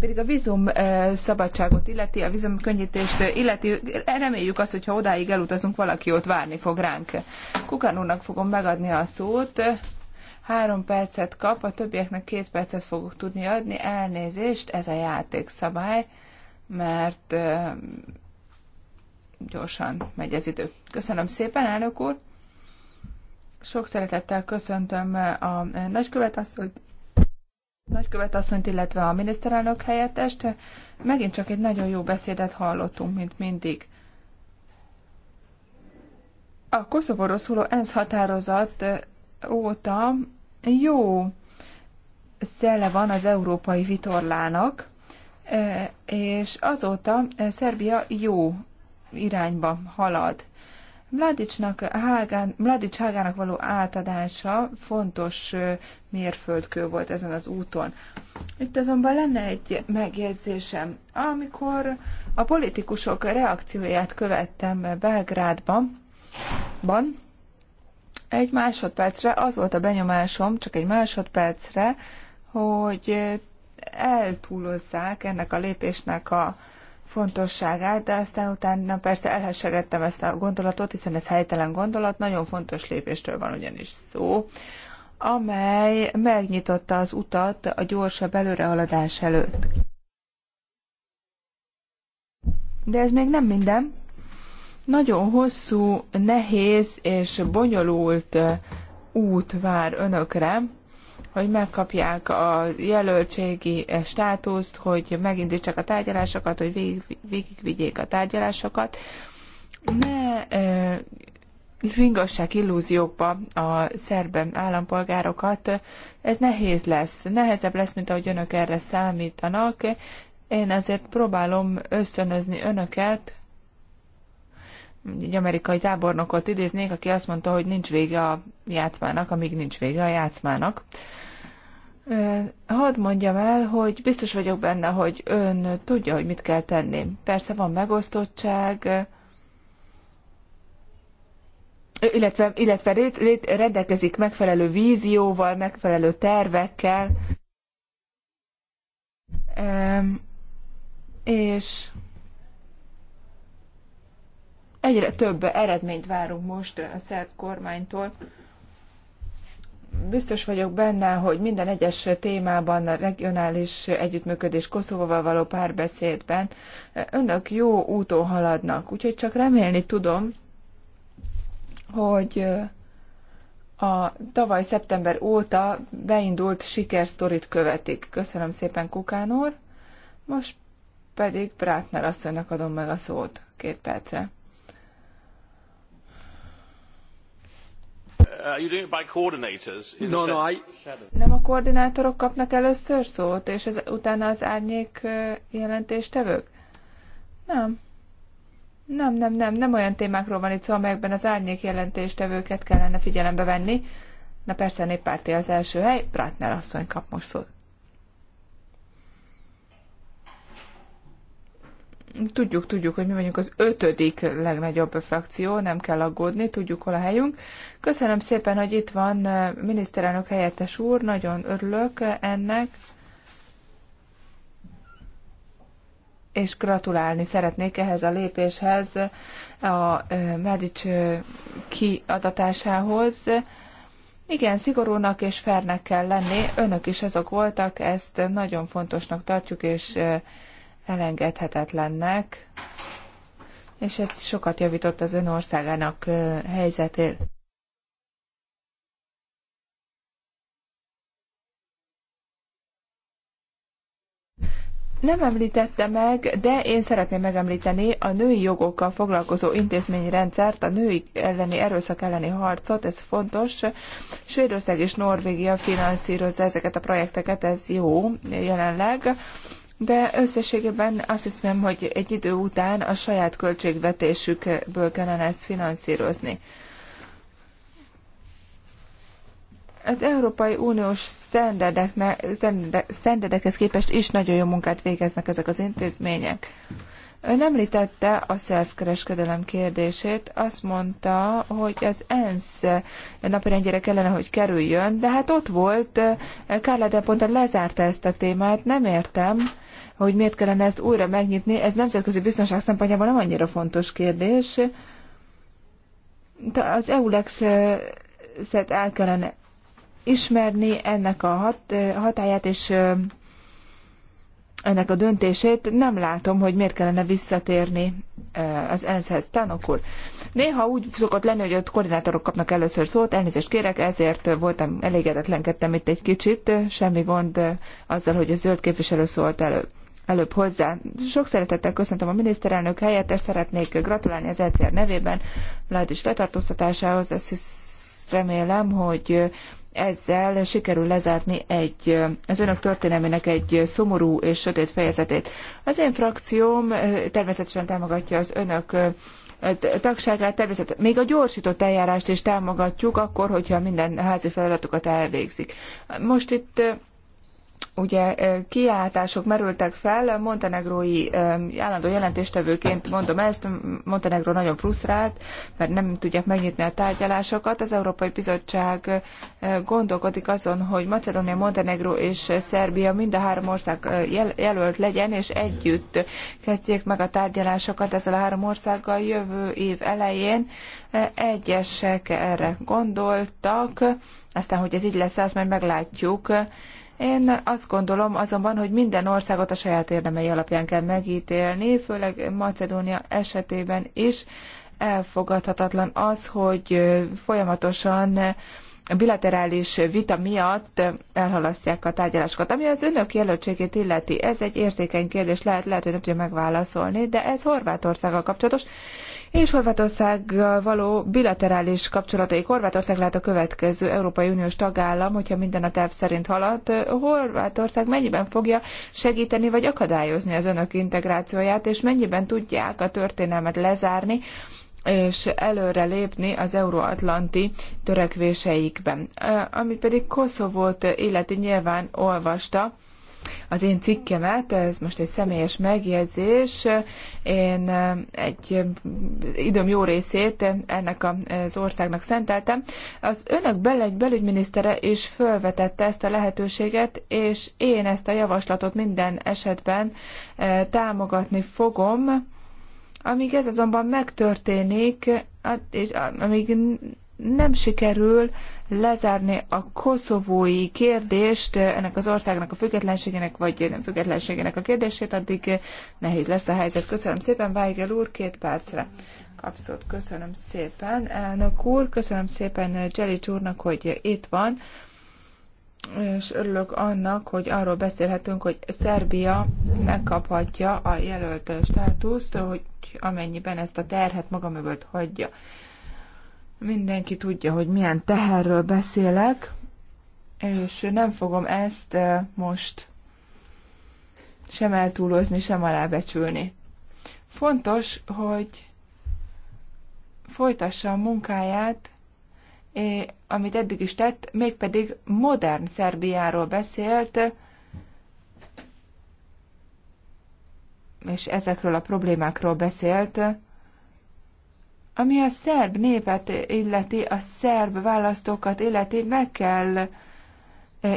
pedig a vízum eh, szabadságot illeti, a vízum könnyítést illeti, reméljük azt, hogy ha odáig elutazunk, valaki ott várni fog ránk. Kukán úrnak fogom megadni a szót. Három percet kap, a többieknek két percet fogok tudni adni. Elnézést, ez a játékszabály, mert eh, gyorsan megy az idő. Köszönöm szépen, elnök úr! Sok szeretettel köszöntöm eh, a nagykövet asszonyt, nagykövet asszonyt, illetve a miniszterelnök helyettest. Megint csak egy nagyon jó beszédet hallottunk, mint mindig. A Koszovóról szóló ENSZ határozat óta jó szelle van az európai vitorlának, és azóta Szerbia jó irányba halad. Mladicsnak, Hágán, Mladics Hágának való átadása fontos mérföldkő volt ezen az úton. Itt azonban lenne egy megjegyzésem. Amikor a politikusok reakcióját követtem Belgrádban, ban, egy másodpercre az volt a benyomásom, csak egy másodpercre, hogy eltúlozzák ennek a lépésnek a fontosságát, de aztán utána persze elhessegettem ezt a gondolatot, hiszen ez helytelen gondolat, nagyon fontos lépéstől van ugyanis szó, amely megnyitotta az utat a gyorsabb előrehaladás előtt. De ez még nem minden. Nagyon hosszú, nehéz és bonyolult eh, út vár önökre, hogy megkapják a jelöltségi státuszt, hogy megindítsák a tárgyalásokat, hogy végig, végigvigyék a tárgyalásokat. Ne eh, ringassák illúziókba a szerb állampolgárokat. Ez nehéz lesz, nehezebb lesz, mint ahogy önök erre számítanak. Én azért próbálom ösztönözni önöket, egy amerikai tábornokot idéznék, aki azt mondta, hogy nincs vége a játszmának, amíg nincs vége a játszmának. Hadd mondjam el, hogy biztos vagyok benne, hogy ön tudja, hogy mit kell tenni. Persze van megosztottság, illetve, illetve rét, rét, rendelkezik megfelelő vízióval, megfelelő tervekkel. És egyre több eredményt várunk most a szerb kormánytól biztos vagyok benne, hogy minden egyes témában, a regionális együttműködés Koszovóval való párbeszédben önök jó úton haladnak. Úgyhogy csak remélni tudom, hogy a tavaly szeptember óta beindult sikersztorit követik. Köszönöm szépen, kukánor. Most pedig Brátner asszonynak adom meg a szót két percre. No, no, I... Nem a koordinátorok kapnak először szót, és ez, utána az árnyék jelentéstevők? Nem. Nem, nem, nem, nem olyan témákról van itt szó, amelyekben az árnyék jelentéstevőket kellene figyelembe venni. Na persze, a néppárti az első hely, Brátner asszony kap most szót. Tudjuk, tudjuk, hogy mi vagyunk az ötödik legnagyobb frakció, nem kell aggódni, tudjuk, hol a helyünk. Köszönöm szépen, hogy itt van eh, miniszterelnök helyettes úr, nagyon örülök ennek. és gratulálni szeretnék ehhez a lépéshez, a eh, Medics eh, kiadatásához. Igen, szigorúnak és fernek kell lenni, önök is azok voltak, ezt nagyon fontosnak tartjuk, és elengedhetetlennek, és ez sokat javított az ön országának helyzetén. nem említette meg, de én szeretném megemlíteni a női jogokkal foglalkozó intézményi rendszert, a női elleni erőszak elleni harcot, ez fontos. Svédország és Norvégia finanszírozza ezeket a projekteket, ez jó jelenleg de összességében azt hiszem, hogy egy idő után a saját költségvetésükből kellene ezt finanszírozni. Az Európai Uniós standardekhez képest is nagyon jó munkát végeznek ezek az intézmények. Ön említette a szervkereskedelem kérdését, azt mondta, hogy az ENSZ napirendjére kellene, hogy kerüljön, de hát ott volt, Kárlá de pont lezárta ezt a témát, nem értem, hogy miért kellene ezt újra megnyitni, ez nemzetközi biztonság szempontjából nem annyira fontos kérdés, de az EULEX-et el kellene ismerni ennek a hat, hatáját, és ennek a döntését, nem látom, hogy miért kellene visszatérni az ENSZ-hez. Tánok úr, néha úgy szokott lenni, hogy ott koordinátorok kapnak először szót, elnézést kérek, ezért voltam elégedetlenkedtem itt egy kicsit, semmi gond azzal, hogy a zöld képviselő szólt elő, előbb hozzá. Sok szeretettel köszöntöm a miniszterelnök helyettes, szeretnék gratulálni az ECR nevében Vlád is letartóztatásához, azt hisz, remélem, hogy ezzel sikerül lezárni egy, az önök történelmének egy szomorú és sötét fejezetét. Az én frakcióm természetesen támogatja az önök tagságát, természetesen még a gyorsított eljárást is támogatjuk, akkor, hogyha minden házi feladatukat elvégzik. Most itt ugye kiáltások merültek fel, montenegrói állandó jelentéstevőként mondom ezt, Montenegró nagyon frusztrált, mert nem tudják megnyitni a tárgyalásokat. Az Európai Bizottság gondolkodik azon, hogy Macedónia, Montenegró és Szerbia mind a három ország jelölt legyen, és együtt kezdjék meg a tárgyalásokat ezzel a három országgal jövő év elején. Egyesek erre gondoltak, aztán, hogy ez így lesz, azt majd meglátjuk én azt gondolom azonban, hogy minden országot a saját érdemei alapján kell megítélni, főleg Macedónia esetében is elfogadhatatlan az, hogy folyamatosan bilaterális vita miatt elhalasztják a tárgyalásokat. Ami az önök jelöltségét illeti, ez egy érzékeny kérdés, lehet, lehet, hogy nem tudja megválaszolni, de ez Horvátországgal kapcsolatos, és Horvátországgal való bilaterális kapcsolatai Horvátország lehet a következő Európai Uniós tagállam, hogyha minden a terv szerint halad. Horvátország mennyiben fogja segíteni vagy akadályozni az önök integrációját, és mennyiben tudják a történelmet lezárni, és előre lépni az euróatlanti törekvéseikben. Ami pedig Koszovót illeti nyilván olvasta, az én cikkemet, ez most egy személyes megjegyzés, én egy időm jó részét ennek az országnak szenteltem. Az önök bel- belügyminisztere is felvetette ezt a lehetőséget, és én ezt a javaslatot minden esetben támogatni fogom, amíg ez azonban megtörténik, hát, és amíg nem sikerül lezárni a koszovói kérdést, ennek az országnak a függetlenségének, vagy nem függetlenségének a kérdését, addig nehéz lesz a helyzet. Köszönöm szépen, Weigel úr, két percre Abszolút Köszönöm szépen, elnök úr, köszönöm szépen Jelly úrnak, hogy itt van és örülök annak, hogy arról beszélhetünk, hogy Szerbia megkaphatja a jelölt státuszt, hogy amennyiben ezt a terhet maga mögött hagyja. Mindenki tudja, hogy milyen teherről beszélek, és nem fogom ezt eh, most sem eltúlozni, sem alábecsülni. Fontos, hogy folytassa a munkáját eh, amit eddig is tett, mégpedig modern Szerbiáról beszélt, és ezekről a problémákról beszélt, ami a szerb népet illeti, a szerb választókat illeti, meg kell eh,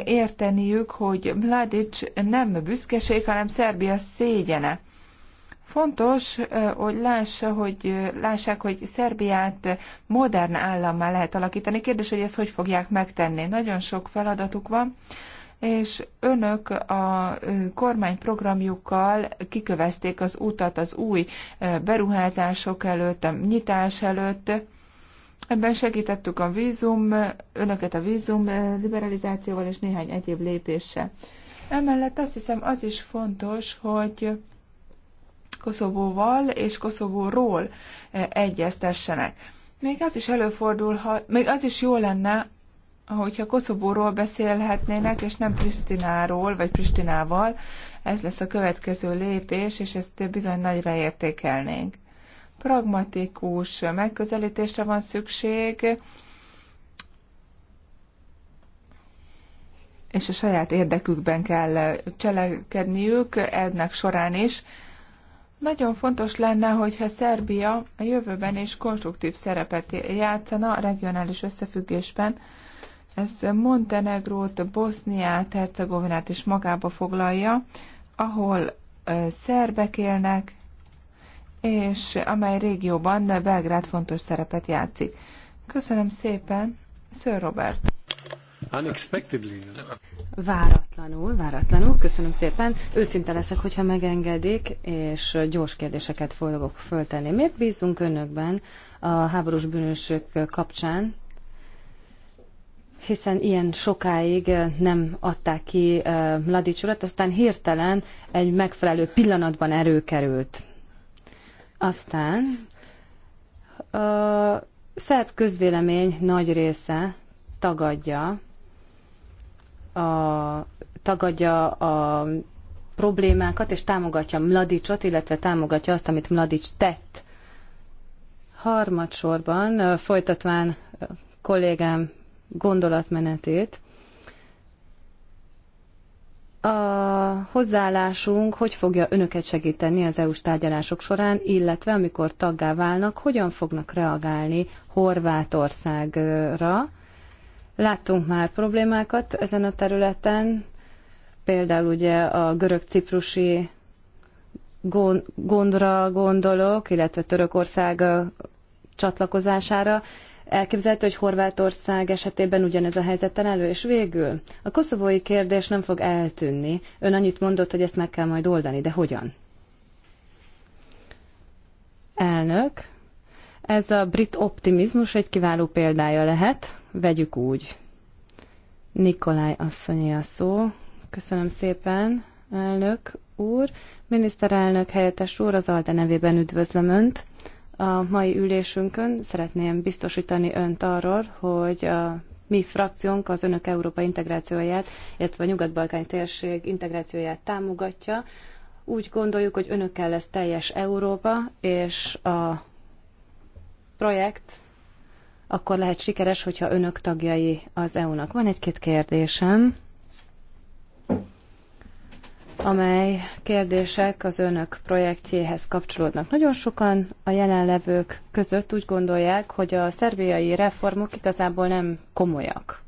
érteniük, hogy Mladic nem büszkeség, hanem Szerbia szégyene. Fontos, hogy lássa, hogy lássák, hogy Szerbiát modern állammá lehet alakítani. Kérdés, hogy ezt hogy fogják megtenni. Nagyon sok feladatuk van, és önök a kormányprogramjukkal kikövezték az utat az új beruházások előtt, a nyitás előtt. Ebben segítettük a vízum, önöket a vízum liberalizációval és néhány egyéb lépéssel. Emellett azt hiszem az is fontos, hogy Koszovóval és Koszovóról eh, egyeztessenek. Még az is előfordulhat, még az is jó lenne, hogyha Koszovóról beszélhetnének, és nem Pristináról, vagy Pristinával, ez lesz a következő lépés, és ezt bizony nagyra értékelnénk. Pragmatikus megközelítésre van szükség, és a saját érdekükben kell cselekedniük ennek során is, nagyon fontos lenne, hogyha Szerbia a jövőben is konstruktív szerepet játszana a regionális összefüggésben. Ez Montenegrót, Boszniát, Hercegovinát is magába foglalja, ahol szerbek élnek, és amely régióban Belgrád fontos szerepet játszik.
Köszönöm szépen, Sir
Robert! Unexpectedly.
Váratlanul, váratlanul, köszönöm szépen. Őszinte leszek, hogyha megengedik, és gyors kérdéseket fogok föltenni. Miért bízunk önökben a háborús bűnösök kapcsán, hiszen ilyen sokáig eh, nem adták ki eh, Mladics urat, aztán hirtelen egy megfelelő pillanatban erő került. Aztán a szerb közvélemény nagy része tagadja a, tagadja a problémákat, és támogatja Mladicsot, illetve támogatja azt, amit Mladics tett. Harmadsorban, folytatván kollégám gondolatmenetét, a hozzáállásunk hogy fogja önöket segíteni az EU-s tárgyalások során, illetve amikor taggá válnak, hogyan fognak reagálni Horvátországra, Láttunk már problémákat ezen a területen, például ugye a görög-ciprusi gondra gondolok, illetve Törökország csatlakozására. Elképzelhető, hogy Horvátország esetében ugyanez a helyzeten elő, és végül a koszovói kérdés nem fog eltűnni. Ön annyit mondott, hogy ezt meg kell majd oldani, de hogyan? Elnök, ez a brit optimizmus egy kiváló példája lehet. Vegyük úgy. Nikolaj asszonyi a szó. Köszönöm szépen, elnök úr. Miniszterelnök helyettes úr, az ALDE nevében üdvözlöm Önt. A mai ülésünkön szeretném biztosítani Önt arról, hogy a mi frakciónk az Önök Európa integrációját, illetve a Nyugat-Balkány térség integrációját támogatja. Úgy gondoljuk, hogy Önökkel lesz teljes Európa, és a projekt akkor lehet sikeres, hogyha önök tagjai az EU-nak. Van egy-két kérdésem, amely kérdések az önök projektjéhez kapcsolódnak. Nagyon sokan a jelenlevők között úgy gondolják, hogy a szerbiai reformok igazából nem komolyak.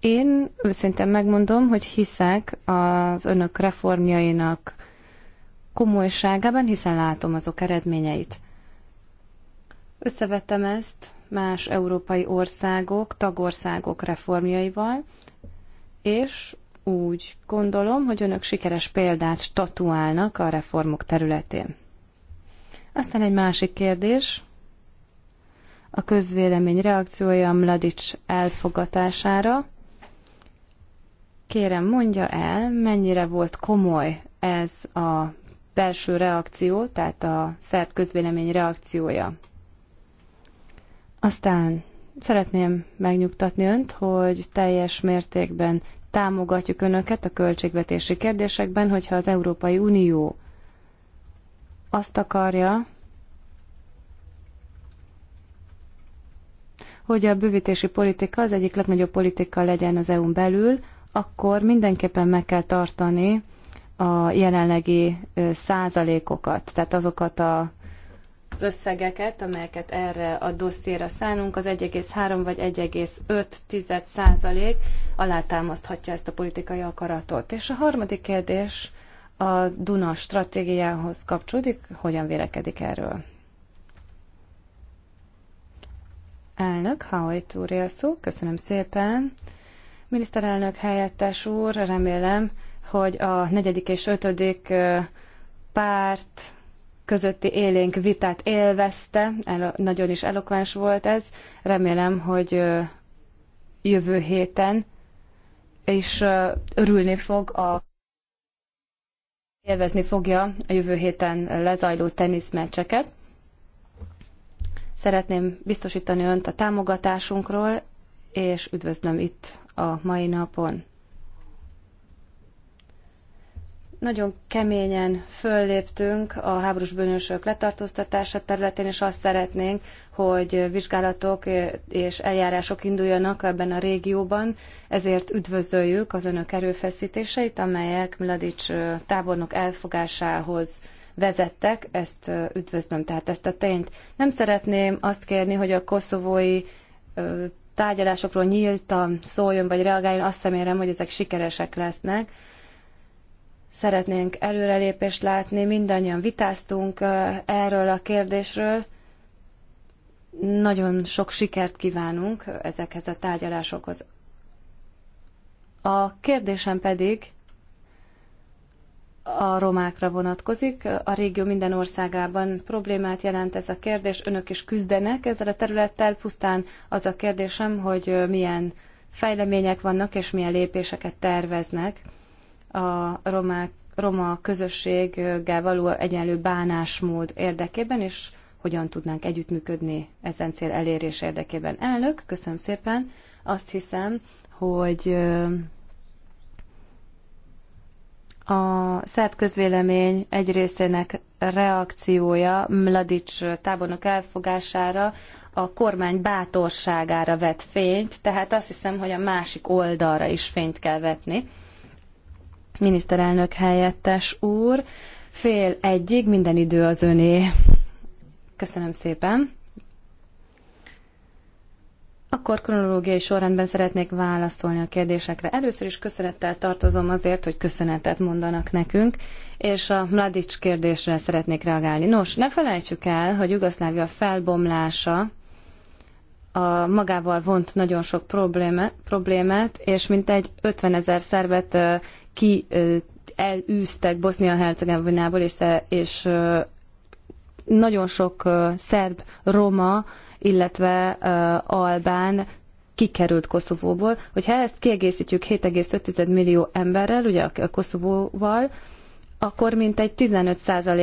Én őszintén megmondom, hogy hiszek az önök reformjainak komolyságában, hiszen látom azok eredményeit. Összevettem ezt más európai országok, tagországok reformjaival, és úgy gondolom, hogy önök sikeres példát statuálnak a reformok területén. Aztán egy másik kérdés. A közvélemény reakciója Mladic elfogatására. Kérem, mondja el, mennyire volt komoly ez a belső reakció, tehát a szerb közvélemény reakciója aztán szeretném megnyugtatni önt, hogy teljes mértékben támogatjuk önöket a költségvetési kérdésekben, hogyha az Európai Unió azt akarja, hogy a bővítési politika az egyik legnagyobb politika legyen az EU-n belül, akkor mindenképpen meg kell tartani a jelenlegi százalékokat, tehát azokat a az összegeket, amelyeket erre a dossziéra szánunk, az 1,3 vagy 1,5 százalék alátámaszthatja ezt a politikai akaratot. És a harmadik kérdés a Duna stratégiához kapcsolódik, hogyan vélekedik erről? Elnök, Hauit Túriaszó, köszönöm szépen. Miniszterelnök helyettes úr, remélem, hogy a negyedik és ötödik párt közötti élénk vitát élvezte, el, nagyon is elokváns volt ez. Remélem, hogy jövő héten is örülni fog a élvezni fogja a jövő héten lezajló teniszmeccseket. Szeretném biztosítani Önt a támogatásunkról, és üdvözlöm itt a mai napon. nagyon keményen fölléptünk a háborús bűnösök letartóztatása területén, és azt szeretnénk, hogy vizsgálatok és eljárások induljanak ebben a régióban, ezért üdvözöljük az önök erőfeszítéseit, amelyek Mladics tábornok elfogásához vezettek, ezt üdvözlöm, tehát ezt a tényt. Nem szeretném azt kérni, hogy a koszovói tárgyalásokról nyíltan szóljon, vagy reagáljon, azt remélem, hogy ezek sikeresek lesznek, Szeretnénk előrelépést látni, mindannyian vitáztunk erről a kérdésről. Nagyon sok sikert kívánunk ezekhez a tárgyalásokhoz. A kérdésem pedig a romákra vonatkozik. A régió minden országában problémát jelent ez a kérdés. Önök is küzdenek ezzel a területtel. Pusztán az a kérdésem, hogy milyen fejlemények vannak és milyen lépéseket terveznek a romák, roma közösséggel való egyenlő bánásmód érdekében, és hogyan tudnánk együttműködni ezen cél elérés érdekében. Elnök, köszönöm szépen. Azt hiszem, hogy a szerb közvélemény egy részének reakciója Mladic tábornok elfogására a kormány bátorságára vet fényt, tehát azt hiszem, hogy a másik oldalra is fényt kell vetni. Miniszterelnök helyettes úr, fél egyig minden idő az öné. Köszönöm szépen. Akkor kronológiai sorrendben szeretnék válaszolni a kérdésekre. Először is köszönettel tartozom azért, hogy köszönetet mondanak nekünk, és a Mladic kérdésre szeretnék reagálni. Nos, ne felejtsük el, hogy Jugoszlávia felbomlása a magával vont nagyon sok probléma, problémát, és mintegy 50 ezer szervet ki elűztek Bosznia-Hercegovinából, és, és nagyon sok szerb, roma, illetve albán kikerült Koszovóból. Hogyha ezt kiegészítjük 7,5 millió emberrel, ugye a Koszovóval, akkor mintegy 15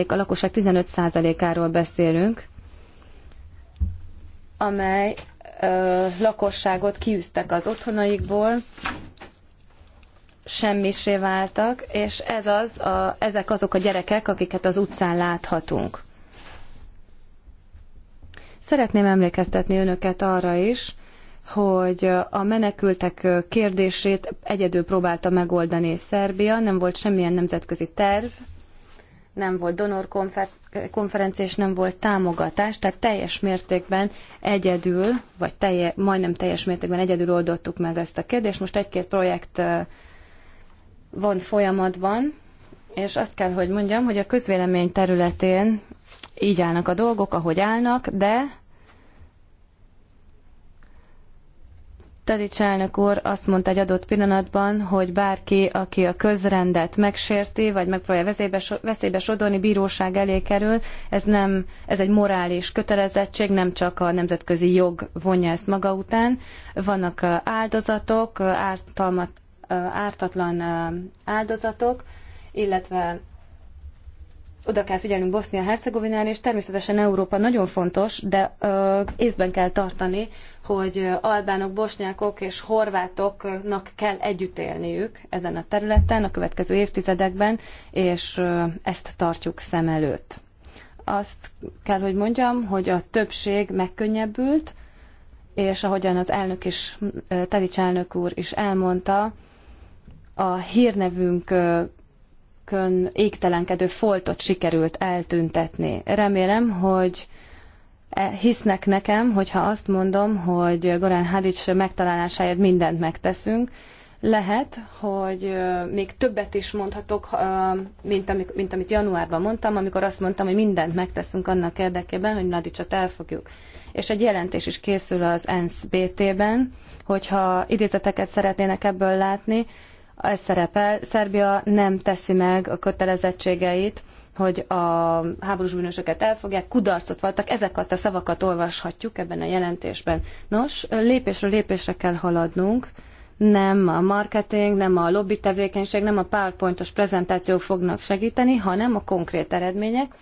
a lakosság 15 áról beszélünk, amely lakosságot kiűztek az otthonaikból, semmisé váltak, és ez az a, ezek azok a gyerekek, akiket az utcán láthatunk. Szeretném emlékeztetni önöket arra is, hogy a menekültek kérdését egyedül próbálta megoldani Szerbia, nem volt semmilyen nemzetközi terv, nem volt donor konferencia, és nem volt támogatás, tehát teljes mértékben egyedül, vagy telje, majdnem teljes mértékben egyedül oldottuk meg ezt a kérdést. Most egy-két projekt van folyamatban, és azt kell, hogy mondjam, hogy a közvélemény területén így állnak a dolgok, ahogy állnak, de Tadics elnök úr azt mondta egy adott pillanatban, hogy bárki, aki a közrendet megsérti, vagy megpróbálja veszélybe, veszélybe sodorni, bíróság elé kerül, ez, nem, ez egy morális kötelezettség, nem csak a nemzetközi jog vonja ezt maga után. Vannak áldozatok, ártalmat, ártatlan áldozatok, illetve oda kell figyelnünk Bosznia-Hercegovinára, és természetesen Európa nagyon fontos, de ö, észben kell tartani, hogy albánok, bosnyákok és horvátoknak kell együtt élniük ezen a területen a következő évtizedekben, és ö, ezt tartjuk szem előtt. Azt kell, hogy mondjam, hogy a többség megkönnyebbült, és ahogyan az elnök is, Tadics elnök úr is elmondta, a hírnevünk kön égtelenkedő foltot sikerült eltüntetni. Remélem, hogy e, hisznek nekem, hogyha azt mondom, hogy Goran Hadics megtalálásáért mindent megteszünk. Lehet, hogy még többet is mondhatok, mint, amik, mint amit januárban mondtam, amikor azt mondtam, hogy mindent megteszünk annak érdekében, hogy Nadicsot elfogjuk. És egy jelentés is készül az ENSZ BT-ben, hogyha idézeteket szeretnének ebből látni, ez szerepel, Szerbia nem teszi meg a kötelezettségeit, hogy a háborús bűnösöket elfogják, kudarcot voltak, ezeket a szavakat olvashatjuk ebben a jelentésben. Nos, lépésről lépésre kell haladnunk, nem a marketing, nem a lobby tevékenység, nem a powerpointos prezentációk fognak segíteni, hanem a konkrét eredmények,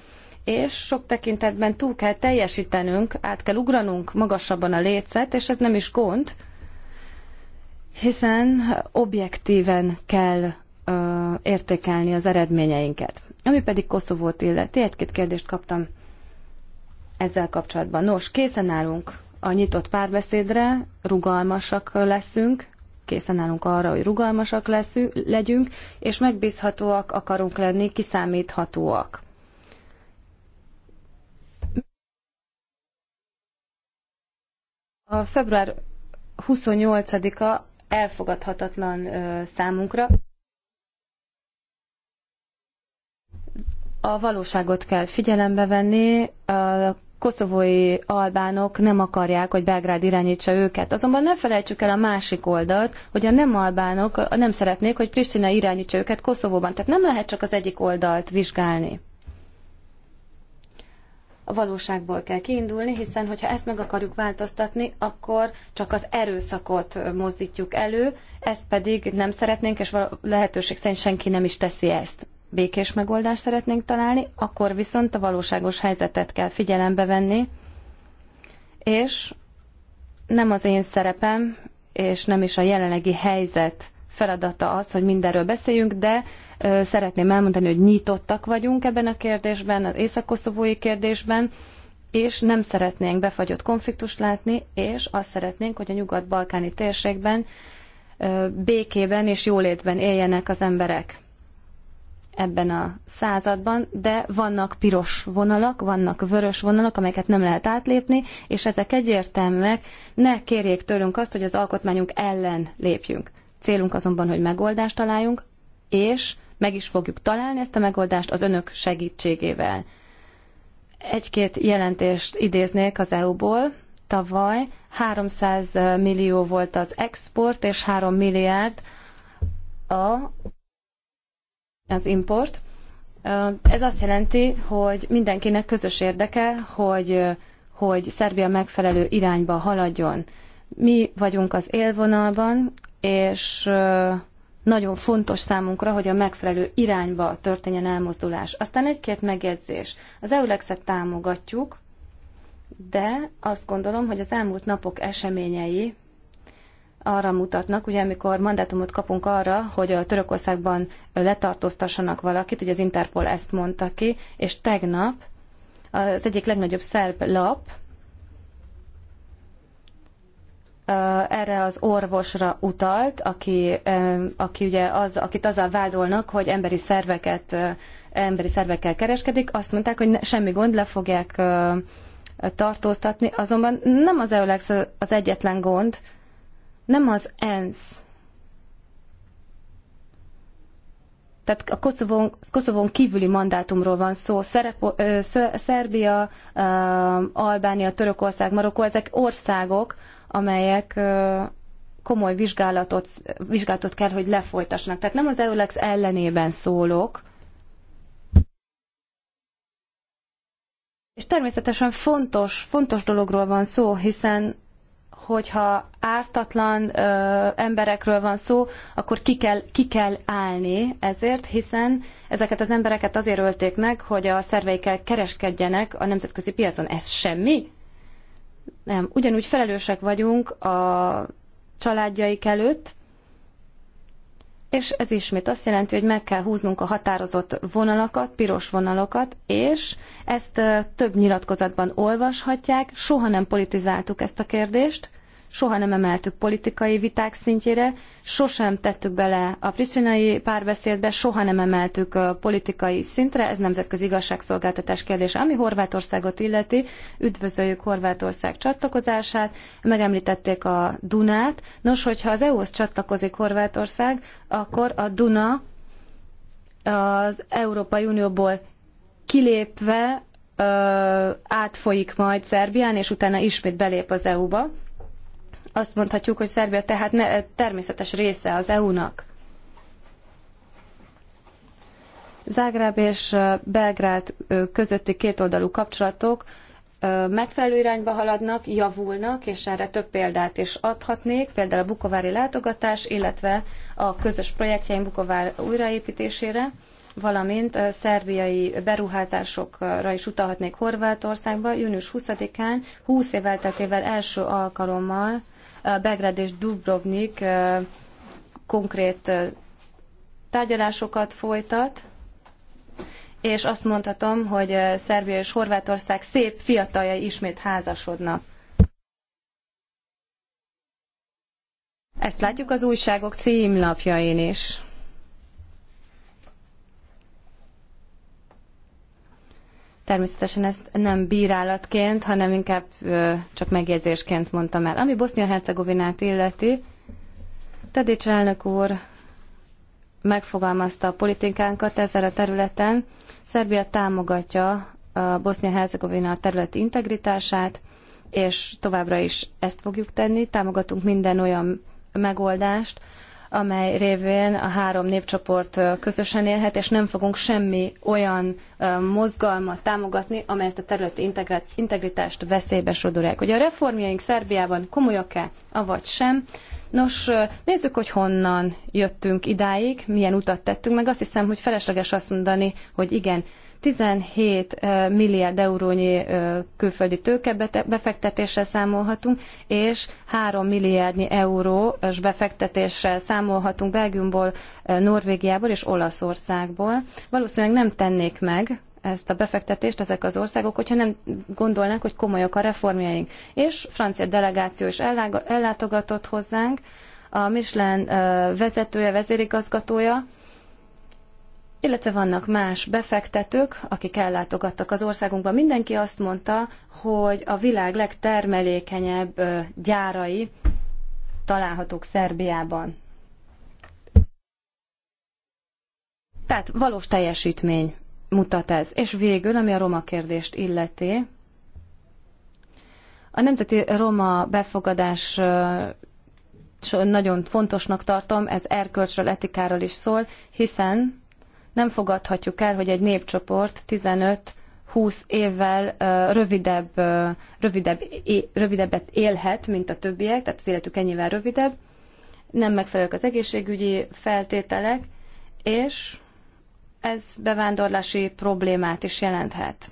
és sok tekintetben túl kell teljesítenünk, át kell ugranunk magasabban a lécet, és ez nem is gond, hiszen objektíven kell ö, értékelni az eredményeinket. Ami pedig Koszovót illeti, egy-két kérdést kaptam ezzel kapcsolatban. Nos, készen állunk a nyitott párbeszédre, rugalmasak leszünk, készen állunk arra, hogy rugalmasak leszünk, legyünk, és megbízhatóak akarunk lenni, kiszámíthatóak. A február 28-a elfogadhatatlan számunkra. A valóságot kell figyelembe venni, a koszovói albánok nem akarják, hogy Belgrád irányítsa őket. Azonban ne felejtsük el a másik oldalt, hogy a nem albánok nem szeretnék, hogy Pristina irányítsa őket Koszovóban. Tehát nem lehet csak az egyik oldalt vizsgálni a valóságból kell kiindulni, hiszen hogyha ezt meg akarjuk változtatni, akkor csak az erőszakot mozdítjuk elő, ezt pedig nem szeretnénk, és lehetőség szerint senki nem is teszi ezt. Békés megoldást szeretnénk találni, akkor viszont a valóságos helyzetet kell figyelembe venni, és nem az én szerepem, és nem is a jelenlegi helyzet feladata az, hogy mindenről beszéljünk, de Szeretném elmondani, hogy nyitottak vagyunk ebben a kérdésben, az észak-koszovói kérdésben, és nem szeretnénk befagyott konfliktust látni, és azt szeretnénk, hogy a nyugat-balkáni térségben békében és jólétben éljenek az emberek ebben a században, de vannak piros vonalak, vannak vörös vonalak, amelyeket nem lehet átlépni, és ezek egyértelműek. Ne kérjék tőlünk azt, hogy az alkotmányunk ellen lépjünk. Célunk azonban, hogy megoldást találjunk, és meg is fogjuk találni ezt a megoldást az önök segítségével. Egy-két jelentést idéznék az EU-ból. Tavaly 300 millió volt az export, és 3 milliárd a, az import. Ez azt jelenti, hogy mindenkinek közös érdeke, hogy, hogy Szerbia megfelelő irányba haladjon. Mi vagyunk az élvonalban, és nagyon fontos számunkra, hogy a megfelelő irányba történjen elmozdulás. Aztán egy-két megjegyzés. Az EULEX-et támogatjuk, de azt gondolom, hogy az elmúlt napok eseményei arra mutatnak, ugye amikor mandátumot kapunk arra, hogy a Törökországban letartóztassanak valakit, ugye az Interpol ezt mondta ki, és tegnap az egyik legnagyobb szerb lap, erre az orvosra utalt, aki, aki ugye az, akit azzal vádolnak, hogy emberi szerveket, emberi szervekkel kereskedik, azt mondták, hogy ne, semmi gond, le fogják tartóztatni, azonban nem az EULEX az egyetlen gond, nem az ENSZ. Tehát a Koszovón, Koszovón kívüli mandátumról van szó. Szerepo, Szerbia, Albánia, Törökország, Marokkó, ezek országok, amelyek komoly vizsgálatot, vizsgálatot kell, hogy lefolytassanak. Tehát nem az EULEX ellenében szólok, És természetesen fontos, fontos dologról van szó, hiszen hogyha ártatlan ö, emberekről van szó, akkor ki kell, ki kell állni ezért, hiszen ezeket az embereket azért ölték meg, hogy a szerveikkel kereskedjenek a nemzetközi piacon. Ez semmi? Nem, ugyanúgy felelősek vagyunk a családjaik előtt, és ez ismét azt jelenti, hogy meg kell húznunk a határozott vonalakat, piros vonalakat, és ezt több nyilatkozatban olvashatják, soha nem politizáltuk ezt a kérdést, soha nem emeltük politikai viták szintjére, sosem tettük bele a pristinai párbeszédbe, soha nem emeltük politikai szintre, ez nemzetközi igazságszolgáltatás kérdése. Ami Horvátországot illeti, üdvözöljük Horvátország csatlakozását, megemlítették a Dunát. Nos, hogyha az EU-hoz csatlakozik Horvátország, akkor a Duna az Európai Unióból kilépve ö, átfolyik majd Szerbián, és utána ismét belép az EU-ba. Azt mondhatjuk, hogy Szerbia tehát ne, természetes része az EU-nak. Zágráb és Belgrád közötti kétoldalú kapcsolatok megfelelő irányba haladnak, javulnak, és erre több példát is adhatnék, például a bukovári látogatás, illetve a közös projektjeink Bukovár újraépítésére, valamint a szerbiai beruházásokra is utalhatnék Horvátországba. Június 20-án, 20 év elteltével első alkalommal Belgrád és Dubrovnik konkrét tárgyalásokat folytat, és azt mondhatom, hogy Szerbia és Horvátország szép fiataljai ismét házasodnak. Ezt látjuk az újságok címlapjain is. Természetesen ezt nem bírálatként, hanem inkább csak megjegyzésként mondtam el. Ami Bosznia-Hercegovinát illeti, Tedics elnök úr megfogalmazta a politikánkat ezzel a területen. Szerbia támogatja a Bosznia-Hercegovina területi integritását, és továbbra is ezt fogjuk tenni. Támogatunk minden olyan megoldást, amely révén a három népcsoport közösen élhet, és nem fogunk semmi olyan mozgalmat támogatni, amely ezt a területi integritást veszélybe sodorják. Ugye a reformjaink Szerbiában komolyak-e, avagy sem? Nos, nézzük, hogy honnan jöttünk idáig, milyen utat tettünk, meg azt hiszem, hogy felesleges azt mondani, hogy igen, 17 milliárd eurónyi külföldi tőkebefektetésre számolhatunk, és 3 milliárdnyi eurós befektetésre számolhatunk Belgiumból, Norvégiából és Olaszországból. Valószínűleg nem tennék meg ezt a befektetést ezek az országok, hogyha nem gondolnák, hogy komolyak a reformjaink. És francia delegáció is ellátogatott hozzánk, a Michelin vezetője, vezérigazgatója, illetve vannak más befektetők, akik ellátogattak az országunkba. Mindenki azt mondta, hogy a világ legtermelékenyebb gyárai találhatók Szerbiában. Tehát valós teljesítmény mutat ez. És végül, ami a roma kérdést illeti, a nemzeti roma befogadás nagyon fontosnak tartom, ez erkölcsről, etikáról is szól, hiszen nem fogadhatjuk el, hogy egy népcsoport 15-20 évvel rövidebb, rövidebb, rövidebbet élhet, mint a többiek, tehát az életük ennyivel rövidebb, nem megfelelők az egészségügyi feltételek, és ez bevándorlási problémát is jelenthet.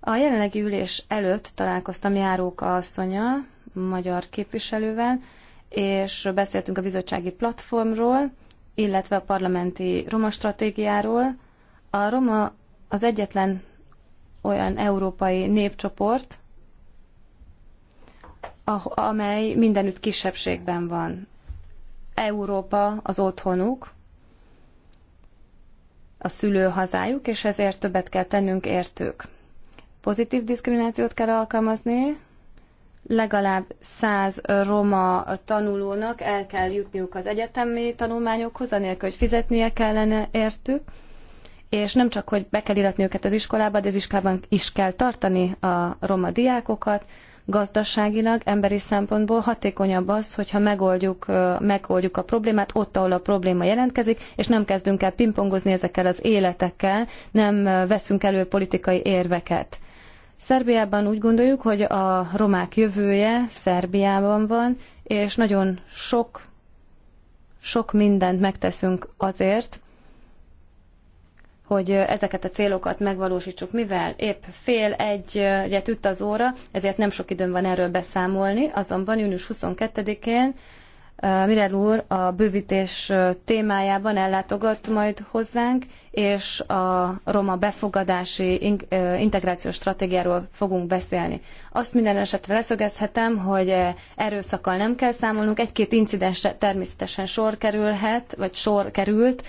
A jelenlegi ülés előtt találkoztam Járóka asszonyal, magyar képviselővel, és beszéltünk a bizottsági platformról, illetve a parlamenti roma stratégiáról. A roma az egyetlen olyan európai népcsoport, ah- amely mindenütt kisebbségben van. Európa az otthonuk, a szülőhazájuk, és ezért többet kell tennünk értük. Pozitív diszkriminációt kell alkalmazni, legalább 100 roma tanulónak el kell jutniuk az egyetemi tanulmányokhoz, anélkül, hogy fizetnie kellene értük, és nem csak, hogy be kell iratni őket az iskolába, de az iskolában is kell tartani a roma diákokat, gazdaságilag, emberi szempontból hatékonyabb az, hogyha megoldjuk, megoldjuk a problémát ott, ahol a probléma jelentkezik, és nem kezdünk el pingpongozni ezekkel az életekkel, nem veszünk elő politikai érveket. Szerbiában úgy gondoljuk, hogy a romák jövője Szerbiában van, és nagyon sok, sok mindent megteszünk azért, hogy ezeket a célokat megvalósítsuk, mivel épp fél egy, ugye az óra, ezért nem sok időm van erről beszámolni, azonban június 22-én Mirel úr a bővítés témájában ellátogat majd hozzánk, és a roma befogadási integrációs stratégiáról fogunk beszélni. Azt minden esetre leszögezhetem, hogy erőszakkal nem kell számolnunk, egy-két incidensre természetesen sor kerülhet, vagy sor került,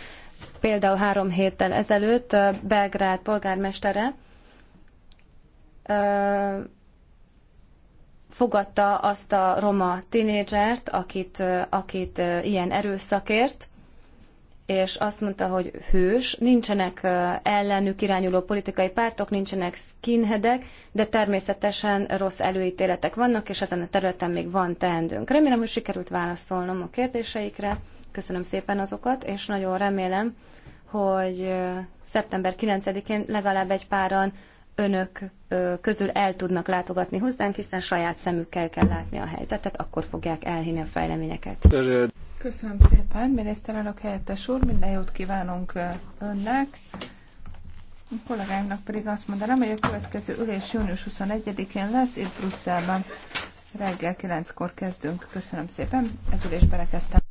például három héttel ezelőtt Belgrád polgármestere fogadta azt a roma tinédzsert, akit, akit ilyen erőszakért, és azt mondta, hogy hős, nincsenek ellenük irányuló politikai pártok, nincsenek skinheadek, de természetesen rossz előítéletek vannak, és ezen a területen még van teendőnk. Remélem, hogy sikerült válaszolnom a kérdéseikre. Köszönöm szépen azokat, és nagyon remélem, hogy szeptember 9-én legalább egy páran önök közül el tudnak látogatni hozzánk, hiszen saját szemükkel kell látni a helyzetet, akkor fogják elhinni a fejleményeket.
Köszönöm szépen, miniszterelnök helyettes úr, minden jót kívánunk önnek. A kollégáimnak pedig azt mondanám, hogy a következő ülés június 21-én lesz itt Brüsszelben. Reggel 9-kor kezdünk. Köszönöm szépen, ez ülésbe rekeztem.